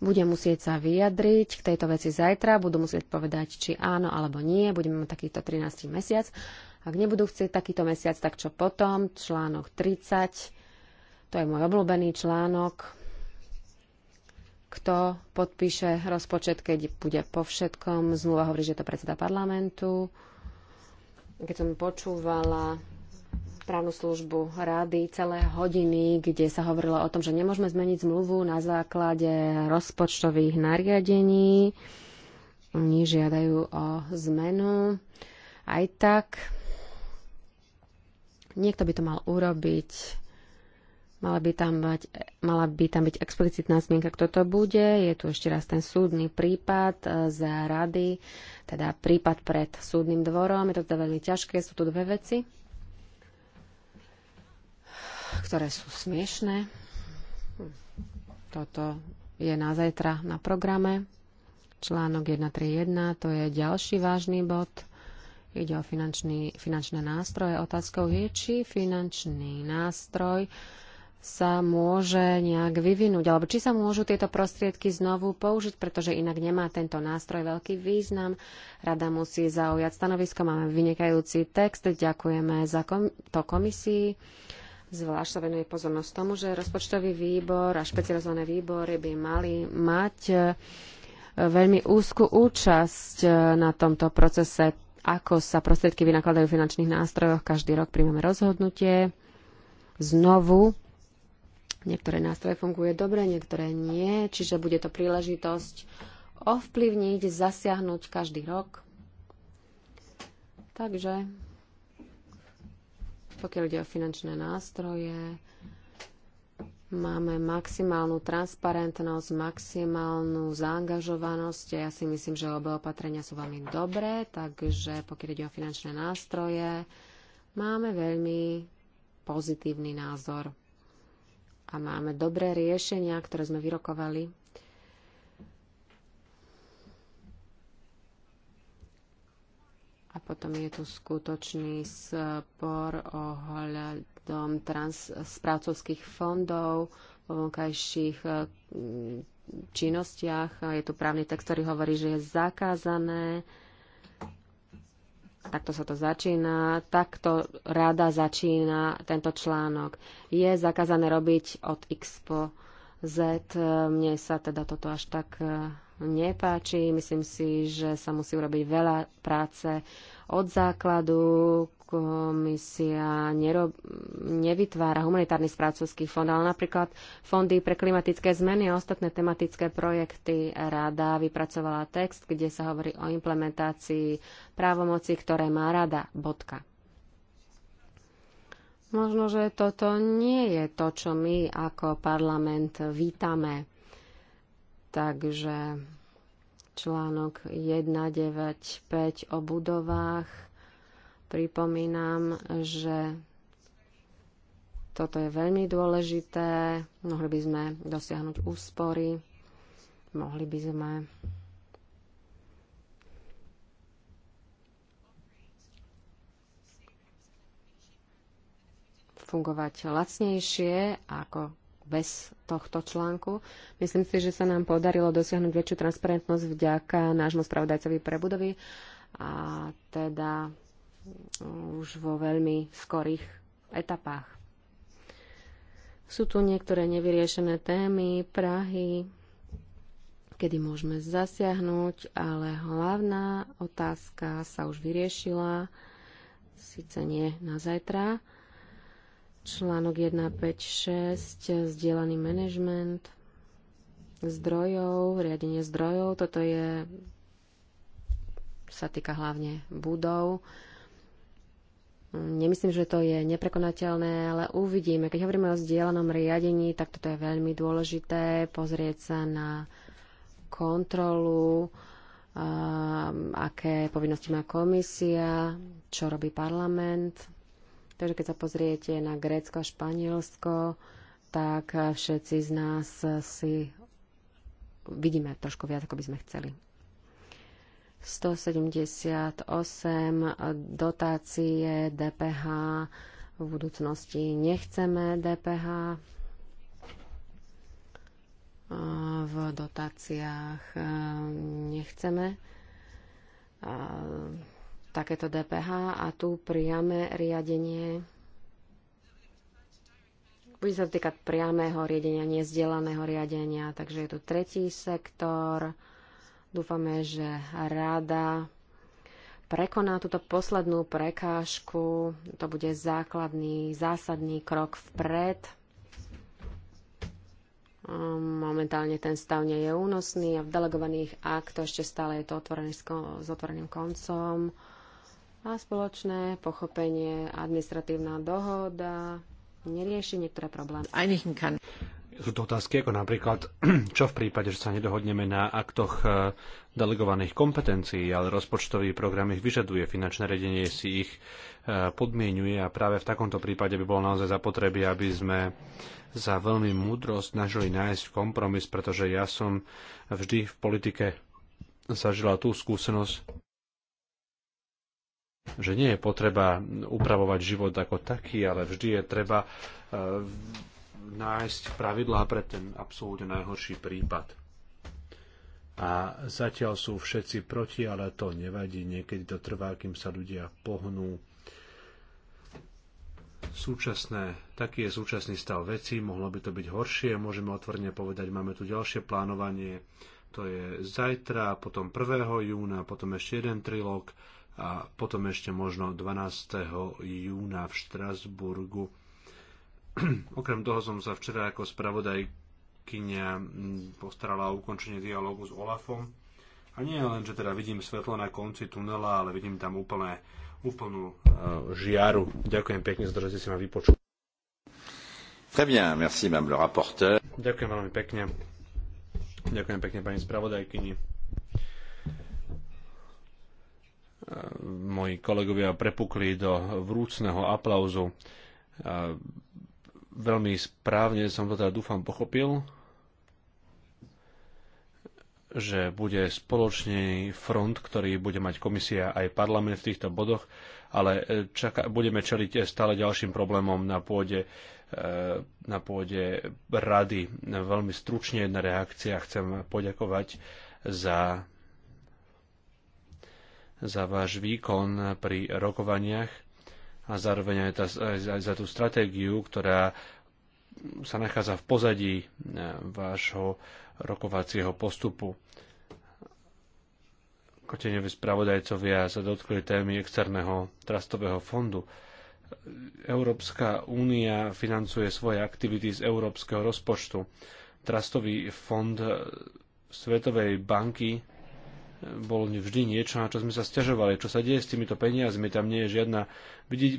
bude musieť sa vyjadriť k tejto veci zajtra, budú musieť povedať, či áno alebo nie, budeme mať takýto 13. mesiac. Ak nebudú chcieť takýto mesiac, tak čo potom? Článok 30, to je môj obľúbený článok. Kto podpíše rozpočet, keď bude po všetkom? Zmluva hovorí, že je to predseda parlamentu. Keď som počúvala právnu službu rady celé hodiny, kde sa hovorilo o tom, že nemôžeme zmeniť zmluvu na základe rozpočtových nariadení. Oni žiadajú o zmenu. Aj tak niekto by to mal urobiť. Mala by tam, byť, mala by tam byť explicitná zmienka, kto to bude. Je tu ešte raz ten súdny prípad e, za rady, teda prípad pred súdnym dvorom. Je to teda veľmi ťažké, sú tu dve veci ktoré sú smiešné. Toto je na zajtra na programe. Článok 131, to je ďalší vážny bod. Ide o finančný, finančné nástroje. Otázkou je, či finančný nástroj sa môže nejak vyvinúť, alebo či sa môžu tieto prostriedky znovu použiť, pretože inak nemá tento nástroj veľký význam. Rada musí zaujať stanovisko, máme vynikajúci text, ďakujeme za kom- to komisii. Zvlášť sa venuje pozornosť tomu, že rozpočtový výbor a špecializované výbory by mali mať e, veľmi úzku účasť e, na tomto procese, ako sa prostriedky vynakladajú v finančných nástrojoch. Každý rok príjmeme rozhodnutie znovu. Niektoré nástroje funguje dobre, niektoré nie, čiže bude to príležitosť ovplyvniť, zasiahnuť každý rok. Takže pokiaľ ide o finančné nástroje, máme maximálnu transparentnosť, maximálnu zaangažovanosť. Ja si myslím, že obe opatrenia sú veľmi dobré, takže pokiaľ ide o finančné nástroje, máme veľmi pozitívny názor a máme dobré riešenia, ktoré sme vyrokovali A potom je tu skutočný spor ohľadom trans, správcovských fondov vo vonkajších eh, činnostiach. Je tu právny text, ktorý hovorí, že je zakázané. Takto sa to začína. Takto rada začína tento článok. Je zakázané robiť od X po Z. Mne sa teda toto až tak eh, nepáči. Myslím si, že sa musí urobiť veľa práce od základu. Komisia nerob, nevytvára humanitárny správcovský fond, ale napríklad fondy pre klimatické zmeny a ostatné tematické projekty. Rada vypracovala text, kde sa hovorí o implementácii právomoci, ktoré má rada. Bodka. Možno, že toto nie je to, čo my ako parlament vítame Takže článok 195 o budovách. Pripomínam, že toto je veľmi dôležité. Mohli by sme dosiahnuť úspory. Mohli by sme fungovať lacnejšie, ako bez tohto článku. Myslím si, že sa nám podarilo dosiahnuť väčšiu transparentnosť vďaka nášmu spravodajcovi prebudovi, a teda mm, už vo veľmi skorých etapách. Sú tu niektoré nevyriešené témy, Prahy, kedy môžeme zasiahnuť, ale hlavná otázka sa už vyriešila, síce nie na zajtra, Článok 156, zdieľaný manažment zdrojov, riadenie zdrojov. Toto je, sa týka hlavne budov. Nemyslím, že to je neprekonateľné, ale uvidíme. Keď hovoríme o zdieľanom riadení, tak toto je veľmi dôležité. Pozrieť sa na kontrolu, aké povinnosti má komisia, čo robí parlament Takže keď sa pozriete na Grécko a Španielsko, tak všetci z nás si vidíme trošku viac, ako by sme chceli. 178 dotácie DPH v budúcnosti nechceme DPH v dotáciách e, nechceme takéto DPH a tu priame riadenie bude sa týkať priamého riadenia, nezdielaného riadenia, takže je tu tretí sektor. Dúfame, že rada prekoná túto poslednú prekážku. To bude základný, zásadný krok vpred. Momentálne ten stav nie je únosný a v delegovaných aktoch ešte stále je to otvorený s otvoreným koncom a spoločné pochopenie, administratívna dohoda nerieši niektoré problémy. Sú to otázky ako napríklad, <clears throat> čo v prípade, že sa nedohodneme na aktoch eh, delegovaných kompetencií, ale rozpočtový program ich vyžaduje, finančné redenie si ich eh, podmienuje a práve v takomto prípade by bolo naozaj zapotreby, aby sme za veľmi múdro snažili nájsť kompromis, pretože ja som vždy v politike zažila tú skúsenosť, že nie je potreba upravovať život ako taký, ale vždy je treba eh, nájsť pravidlá pre ten absolútne najhorší prípad. A zatiaľ sú všetci proti, ale to nevadí. Niekedy to trvá, kým sa ľudia pohnú. Súčasné, taký je súčasný stav veci, mohlo by to byť horšie, môžeme otvorene povedať, máme tu ďalšie plánovanie, to je zajtra, potom 1. júna, potom ešte jeden trilok a potom ešte možno 12. júna v Štrasburgu. <clears throat> Okrem toho som sa včera ako spravodajkyňa postarala o ukončenie dialógu s Olafom. A nie len, že teda vidím svetlo na konci tunela, ale vidím tam úplne, úplnú uh, žiaru. Ďakujem pekne za to, že ste si ma vypočuli. Très bien, merci, le rapporteur. Ďakujem veľmi pekne. Ďakujem pekne pani spravodajkyni moji kolegovia prepukli do vrúcneho aplauzu. Veľmi správne som to teda dúfam pochopil, že bude spoločný front, ktorý bude mať komisia aj parlament v týchto bodoch, ale e, čaká, budeme čeliť stále ďalším problémom na pôde, e, na pôde rady. Veľmi stručne jedna reakcia. Chcem poďakovať za za váš výkon pri rokovaniach a zároveň aj, tá, aj za tú stratégiu, ktorá sa nachádza v pozadí e, vášho rokovacieho postupu. Kotenevi spravodajcovia sa dotkli témy externého trastového fondu. Európska únia financuje svoje aktivity z európskeho rozpočtu. Trastový fond Svetovej banky bolo vždy niečo, na čo sme sa stiažovali, čo sa deje s týmito peniazmi, tam nie je žiadna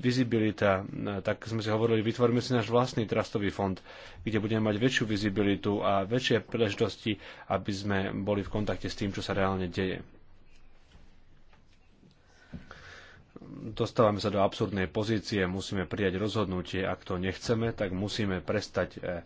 vizibilita. Tak sme si hovorili, vytvoríme si náš vlastný trastový fond, kde budeme mať väčšiu vizibilitu a väčšie príležitosti, aby sme boli v kontakte s tým, čo sa reálne deje. Dostávame sa do absurdnej pozície, musíme prijať rozhodnutie, ak to nechceme, tak musíme prestať eh,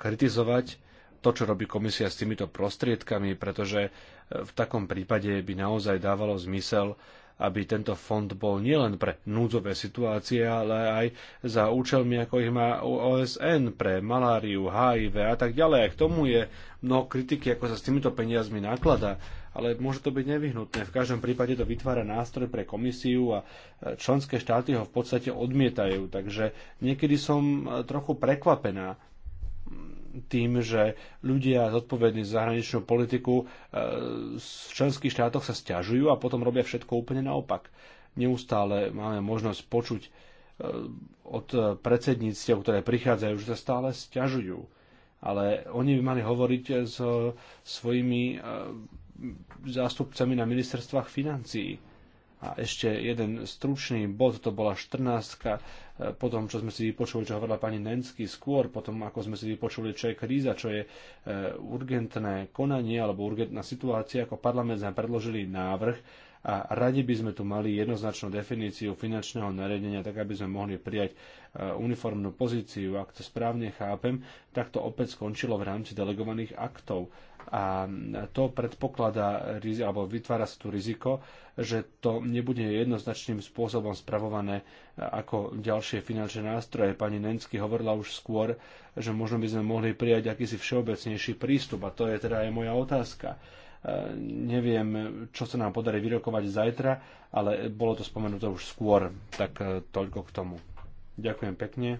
kritizovať to, čo robí komisia s týmito prostriedkami, pretože v takom prípade by naozaj dávalo zmysel aby tento fond bol nielen pre núdzové situácie, ale aj za účelmi, ako ich má OSN pre maláriu, HIV a tak ďalej. A k tomu je mnoho kritiky, ako sa s týmito peniazmi naklada, ale môže to byť nevyhnutné. V každom prípade to vytvára nástroj pre komisiu a e, členské štáty ho v podstate odmietajú. Takže niekedy som e, trochu prekvapená, tým, že ľudia zodpovední za zahraničnú politiku e, v členských štátoch sa stiažujú a potom robia všetko úplne naopak. Neustále máme možnosť počuť e, od predsedníctiev, ktoré prichádzajú, že sa stále stiažujú. Ale oni by mali hovoriť s e, svojimi zástupcami na ministerstvách financií a ešte jeden stručný bod, to bola 14. Eh, po tom, čo sme si vypočuli, čo hovorila pani Nensky skôr, potom ako sme si vypočuli, čo je kríza, čo je eh, urgentné konanie alebo urgentná situácia, ako parlament sme predložili návrh, a radi by sme tu mali jednoznačnú definíciu finančného nariadenia, tak aby sme mohli prijať eh, uniformnú pozíciu. Ak to správne chápem, tak to opäť skončilo v rámci delegovaných aktov. A to predpokladá, alebo vytvára sa tu riziko, že to nebude jednoznačným spôsobom spravované ako ďalšie finančné nástroje. Pani Nensky hovorila už skôr, že možno by sme mohli prijať akýsi všeobecnejší prístup. A to je teda aj moja otázka e, neviem, čo sa nám podarí vyrokovať zajtra, ale bolo to spomenuté už skôr, tak e, toľko k tomu. Ďakujem pekne.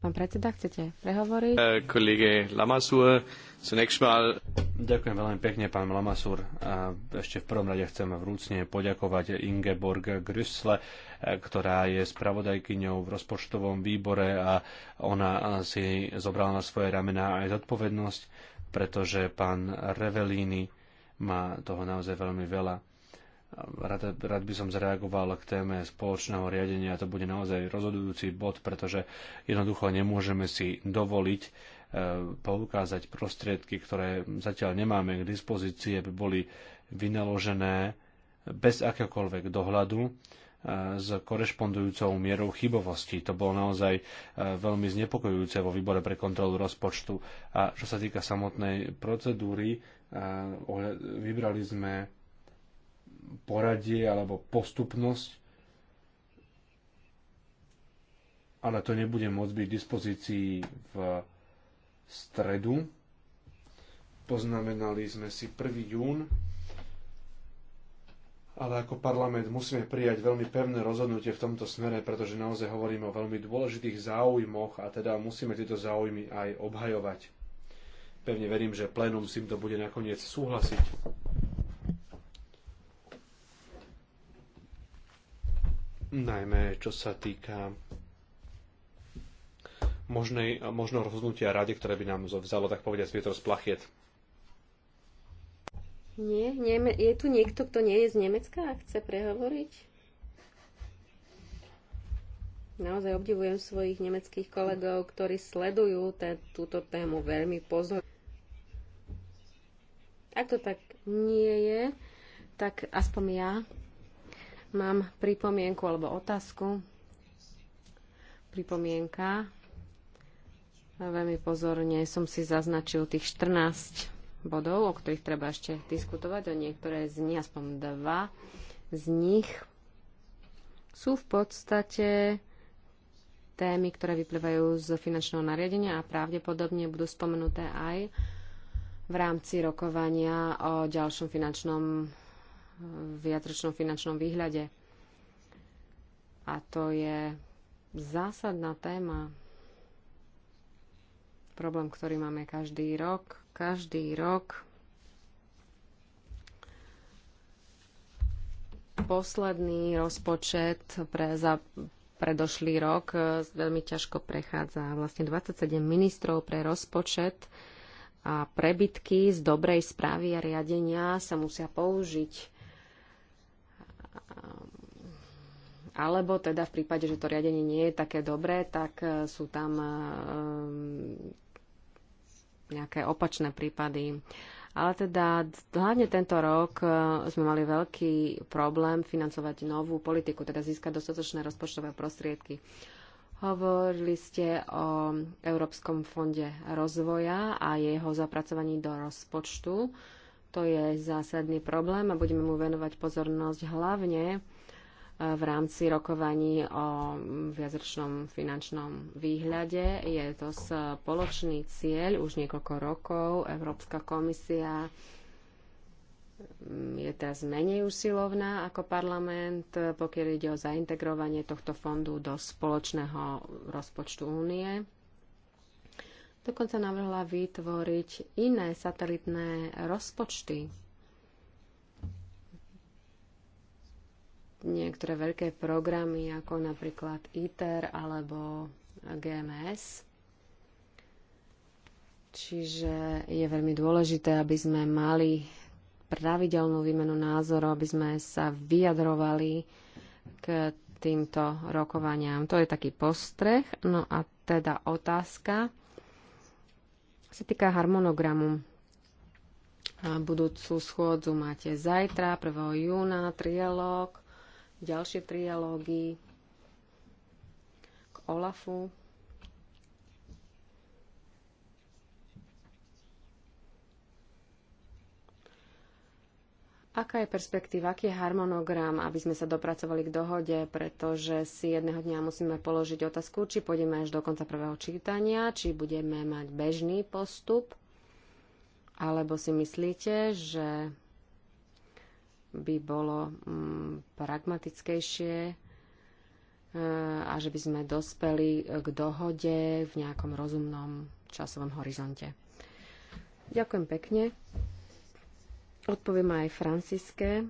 Pán predseda, chcete prehovoriť? Eh, kolege Lamasur, zunächst mal... Ďakujem veľmi pekne, pán Lamasur. A ešte v prvom rade chcem vrúcne poďakovať Ingeborg Grüssle, eh, ktorá je spravodajkyňou v rozpočtovom výbore a ona si zobrala na svoje ramená aj zodpovednosť, pretože pán Revelini má toho naozaj veľmi veľa Rád, rád by som zareagoval k téme spoločného riadenia. To bude naozaj rozhodujúci bod, pretože jednoducho nemôžeme si dovoliť e, poukázať prostriedky, ktoré zatiaľ nemáme k dispozícii, aby boli vynaložené bez akéhokoľvek dohľadu e, s korešpondujúcou mierou chybovosti. To bolo naozaj e, veľmi znepokojujúce vo výbore pre kontrolu rozpočtu. A čo sa týka samotnej procedúry, vybrali sme poradie alebo postupnosť, ale to nebude môcť byť v dispozícii v stredu. Poznamenali sme si 1. jún, ale ako parlament musíme prijať veľmi pevné rozhodnutie v tomto smere, pretože naozaj hovoríme o veľmi dôležitých záujmoch a teda musíme tieto záujmy aj obhajovať. Pevne verím, že plénum s týmto bude nakoniec súhlasiť. najmä čo sa týka možnej, možno rozhodnutia rade, ktoré by nám vzalo, tak povedať, vietor z plachiet. Nie, nie. je tu niekto, kto nie je z Nemecka a chce prehovoriť? Naozaj obdivujem svojich nemeckých kolegov, ktorí sledujú te- túto tému veľmi pozorne. Ak to tak nie je, tak aspoň ja Mám pripomienku alebo otázku. Pripomienka. Veľmi pozorne som si zaznačil tých 14 bodov, o ktorých treba ešte diskutovať. O niektoré z nich, aspoň dva z nich, sú v podstate témy, ktoré vyplývajú z finančného nariadenia a pravdepodobne budú spomenuté aj v rámci rokovania o ďalšom finančnom v viacročnom finančnom výhľade. A to je zásadná téma, problém, ktorý máme každý rok. Každý rok posledný rozpočet pre za predošlý rok e, veľmi ťažko prechádza vlastne 27 ministrov pre rozpočet a prebytky z dobrej správy a riadenia sa musia použiť alebo teda v prípade, že to riadenie nie je také dobré, tak e, sú tam e, nejaké opačné prípady. Ale teda hlavne tento rok e, sme mali veľký problém financovať novú politiku, teda získať dostatočné rozpočtové prostriedky. Hovorili ste o Európskom fonde rozvoja a jeho zapracovaní do rozpočtu. Uh, to je zásadný problém a budeme mu venovať pozornosť hlavne eh, v rámci rokovaní o viacročnom finančnom výhľade. Je to spoločný cieľ už niekoľko rokov. Európska komisia mm, je teraz menej usilovná ako parlament, pokiaľ ide o zaintegrovanie tohto fondu do spoločného rozpočtu únie Dokonca navrhla vytvoriť iné satelitné rozpočty. Niektoré veľké programy, ako napríklad ITER alebo GMS. Čiže je veľmi dôležité, aby sme mali pravidelnú výmenu názorov, aby sme sa vyjadrovali k týmto rokovaniam. To je taký postreh. No a teda otázka, sa týka harmonogramu, budúcu schôdzu máte zajtra, 1. júna, trialóg, ďalšie trialógy k OLAFu. Aká je perspektíva, aký je harmonogram, aby sme sa dopracovali k dohode, pretože si jedného dňa musíme položiť otázku, či pôjdeme až do konca prvého čítania, či budeme mať bežný postup, alebo si myslíte, že by bolo mm, pragmatickejšie e, a že by sme dospeli k dohode v nejakom rozumnom časovom horizonte. Ďakujem pekne. Odpoviem aj Franciske.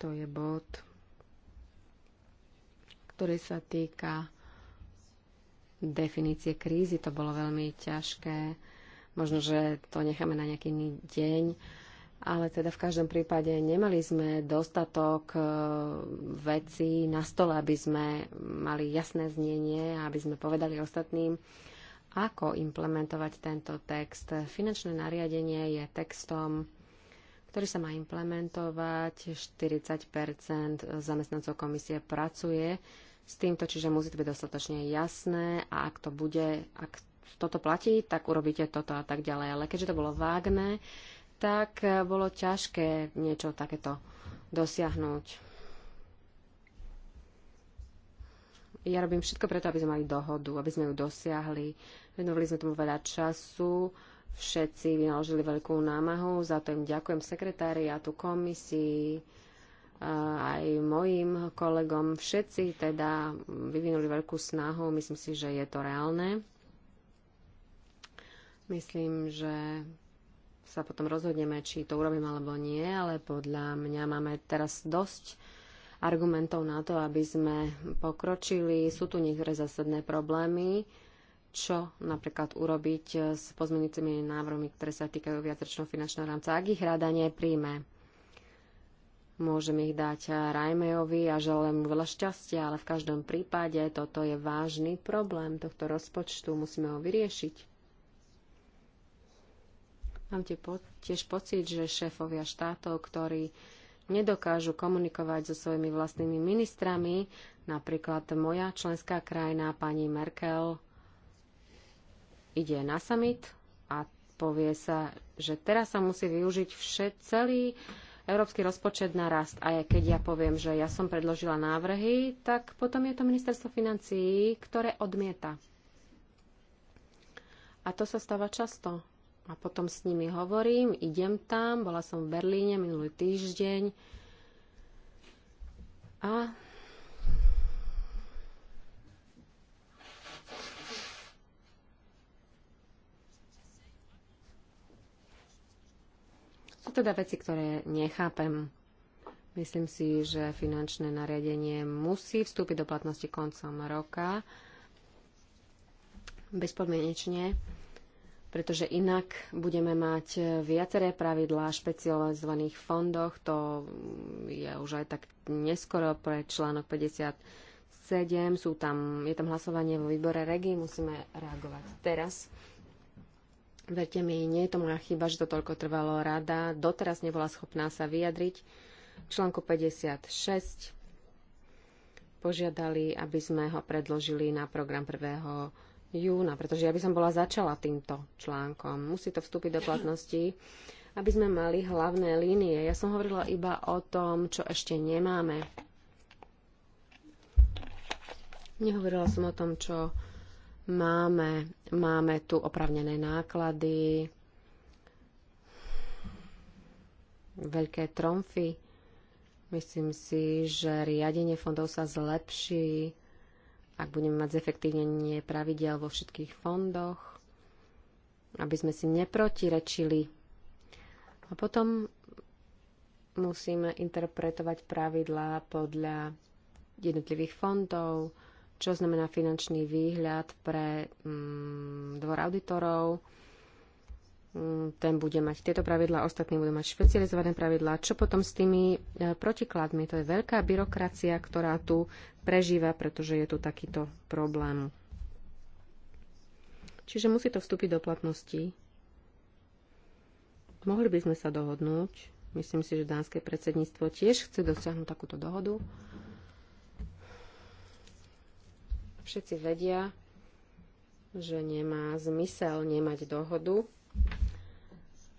To je bod, ktorý sa týka definície krízy. To bolo veľmi ťažké. Možno, že to necháme na nejaký deň. Ale teda v každom prípade nemali sme dostatok e, vecí na stole, aby sme mali jasné znenie a aby sme povedali ostatným, ako implementovať tento text. Finančné nariadenie je textom, ktorý sa má implementovať. 40 zamestnancov komisie pracuje s týmto, čiže musí to byť dostatočne jasné a ak to bude, ak toto platí, tak urobíte toto a tak ďalej. Ale keďže to bolo vágne, tak e, bolo ťažké niečo takéto dosiahnuť. Ja robím všetko preto, aby sme mali dohodu, aby sme ju dosiahli. Venovali sme tomu veľa času Všetci vynaložili veľkú námahu, za to im ďakujem sekretariátu komisii, aj mojim kolegom. Všetci teda vyvinuli veľkú snahu, myslím si, že je to reálne. Myslím, že sa potom rozhodneme, či to urobím alebo nie, ale podľa mňa máme teraz dosť argumentov na to, aby sme pokročili. Sú tu niektoré zásadné problémy, čo napríklad urobiť eh, s pozmenujúcimi návrhmi, ktoré sa týkajú viacročného finančného rámca. Ak ich rada nepríjme, môžem ich dať eh, Rajmejovi a želám mu veľa šťastia, ale v každom prípade toto je vážny problém tohto rozpočtu, musíme ho vyriešiť. Mám tiež pocit, že šéfovia štátov, ktorí nedokážu komunikovať so svojimi vlastnými ministrami. Napríklad moja členská krajina, pani Merkel, ide na summit a povie sa, že teraz sa musí využiť všet, celý európsky rozpočet na rast. A keď ja poviem, že ja som predložila návrhy, tak potom je to ministerstvo financií, ktoré odmieta. A to sa stáva často. A potom s nimi hovorím, idem tam, bola som v Berlíne minulý týždeň. A teda veci, ktoré nechápem. Myslím si, že finančné nariadenie musí vstúpiť do platnosti koncom roka bezpodmienečne, pretože inak budeme mať viaceré pravidlá v špecializovaných fondoch. To je už aj tak neskoro pre článok 57. Sú tam, je tam hlasovanie vo výbore REGI, musíme reagovať teraz. Verte mi, nie je to moja chyba, že to toľko trvalo. Rada doteraz nebola schopná sa vyjadriť. V článku 56 požiadali, aby sme ho predložili na program 1. júna, pretože ja by som bola začala týmto článkom. Musí to vstúpiť do platnosti, aby sme mali hlavné línie. Ja som hovorila iba o tom, čo ešte nemáme. Nehovorila som o tom, čo máme, máme tu opravnené náklady, veľké tromfy. Myslím si, že riadenie fondov sa zlepší, ak budeme mať zefektívnenie pravidel vo všetkých fondoch, aby sme si neprotirečili. A potom musíme interpretovať pravidlá podľa jednotlivých fondov, čo znamená finančný výhľad pre mm, dvor auditorov. Mm, ten bude mať tieto pravidlá, ostatní budú mať špecializované pravidlá. Čo potom s tými e, protikladmi? To je veľká byrokracia, ktorá tu prežíva, pretože je tu takýto problém. Čiže musí to vstúpiť do platnosti. Mohli by sme sa dohodnúť. Myslím si, že dánske predsedníctvo tiež chce dosiahnuť takúto dohodu. Všetci vedia, že nemá zmysel nemať dohodu,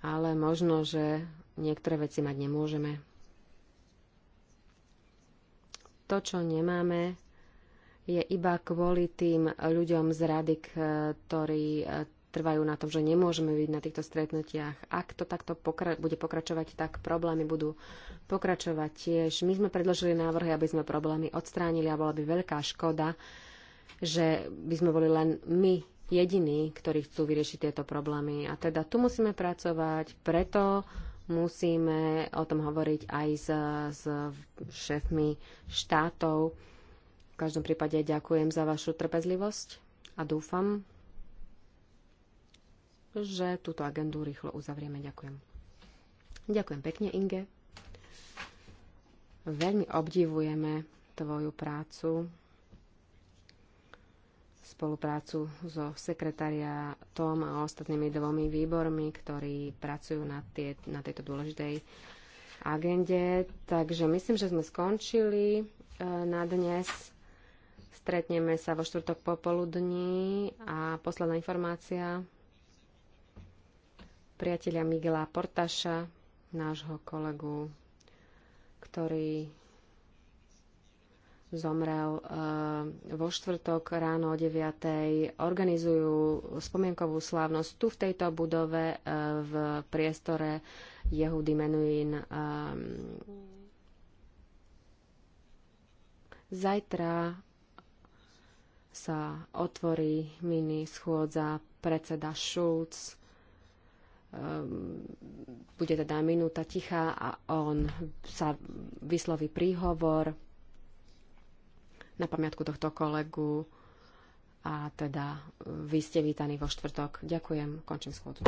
ale možno, že niektoré veci mať nemôžeme. To, čo nemáme, je iba kvôli tým ľuďom z rady, ktorí e, trvajú na tom, že nemôžeme byť na týchto stretnutiach. Ak to takto pokra- bude pokračovať, tak problémy budú pokračovať tiež. My sme predložili návrhy, aby sme problémy odstránili a bola by veľká škoda, že by sme boli len my jediní, ktorí chcú vyriešiť tieto problémy. A teda tu musíme pracovať, preto musíme o tom hovoriť aj s, s šéfmi štátov. V každom prípade ďakujem za vašu trpezlivosť a dúfam, že túto agendu rýchlo uzavrieme. Ďakujem. Ďakujem pekne, Inge. Veľmi obdivujeme tvoju prácu spoluprácu so Tom a ostatnými dvomi výbormi, ktorí pracujú na, tie, na tejto dôležitej agende. Takže myslím, že sme skončili e, na dnes. Stretneme sa vo štvrtok popoludní a posledná informácia priateľa Miguela Portaša, nášho kolegu, ktorý zomrel eh, vo štvrtok ráno o 9. Organizujú spomienkovú slávnosť tu v tejto budove eh, v priestore Jehudy Menuhin. Eh. Zajtra sa otvorí mini schôdza predseda Schulz. Bude teda minúta tichá a on sa vysloví príhovor na pamiatku tohto kolegu a teda e, vy ste vítaní vo štvrtok. Ďakujem, končím schôdzu.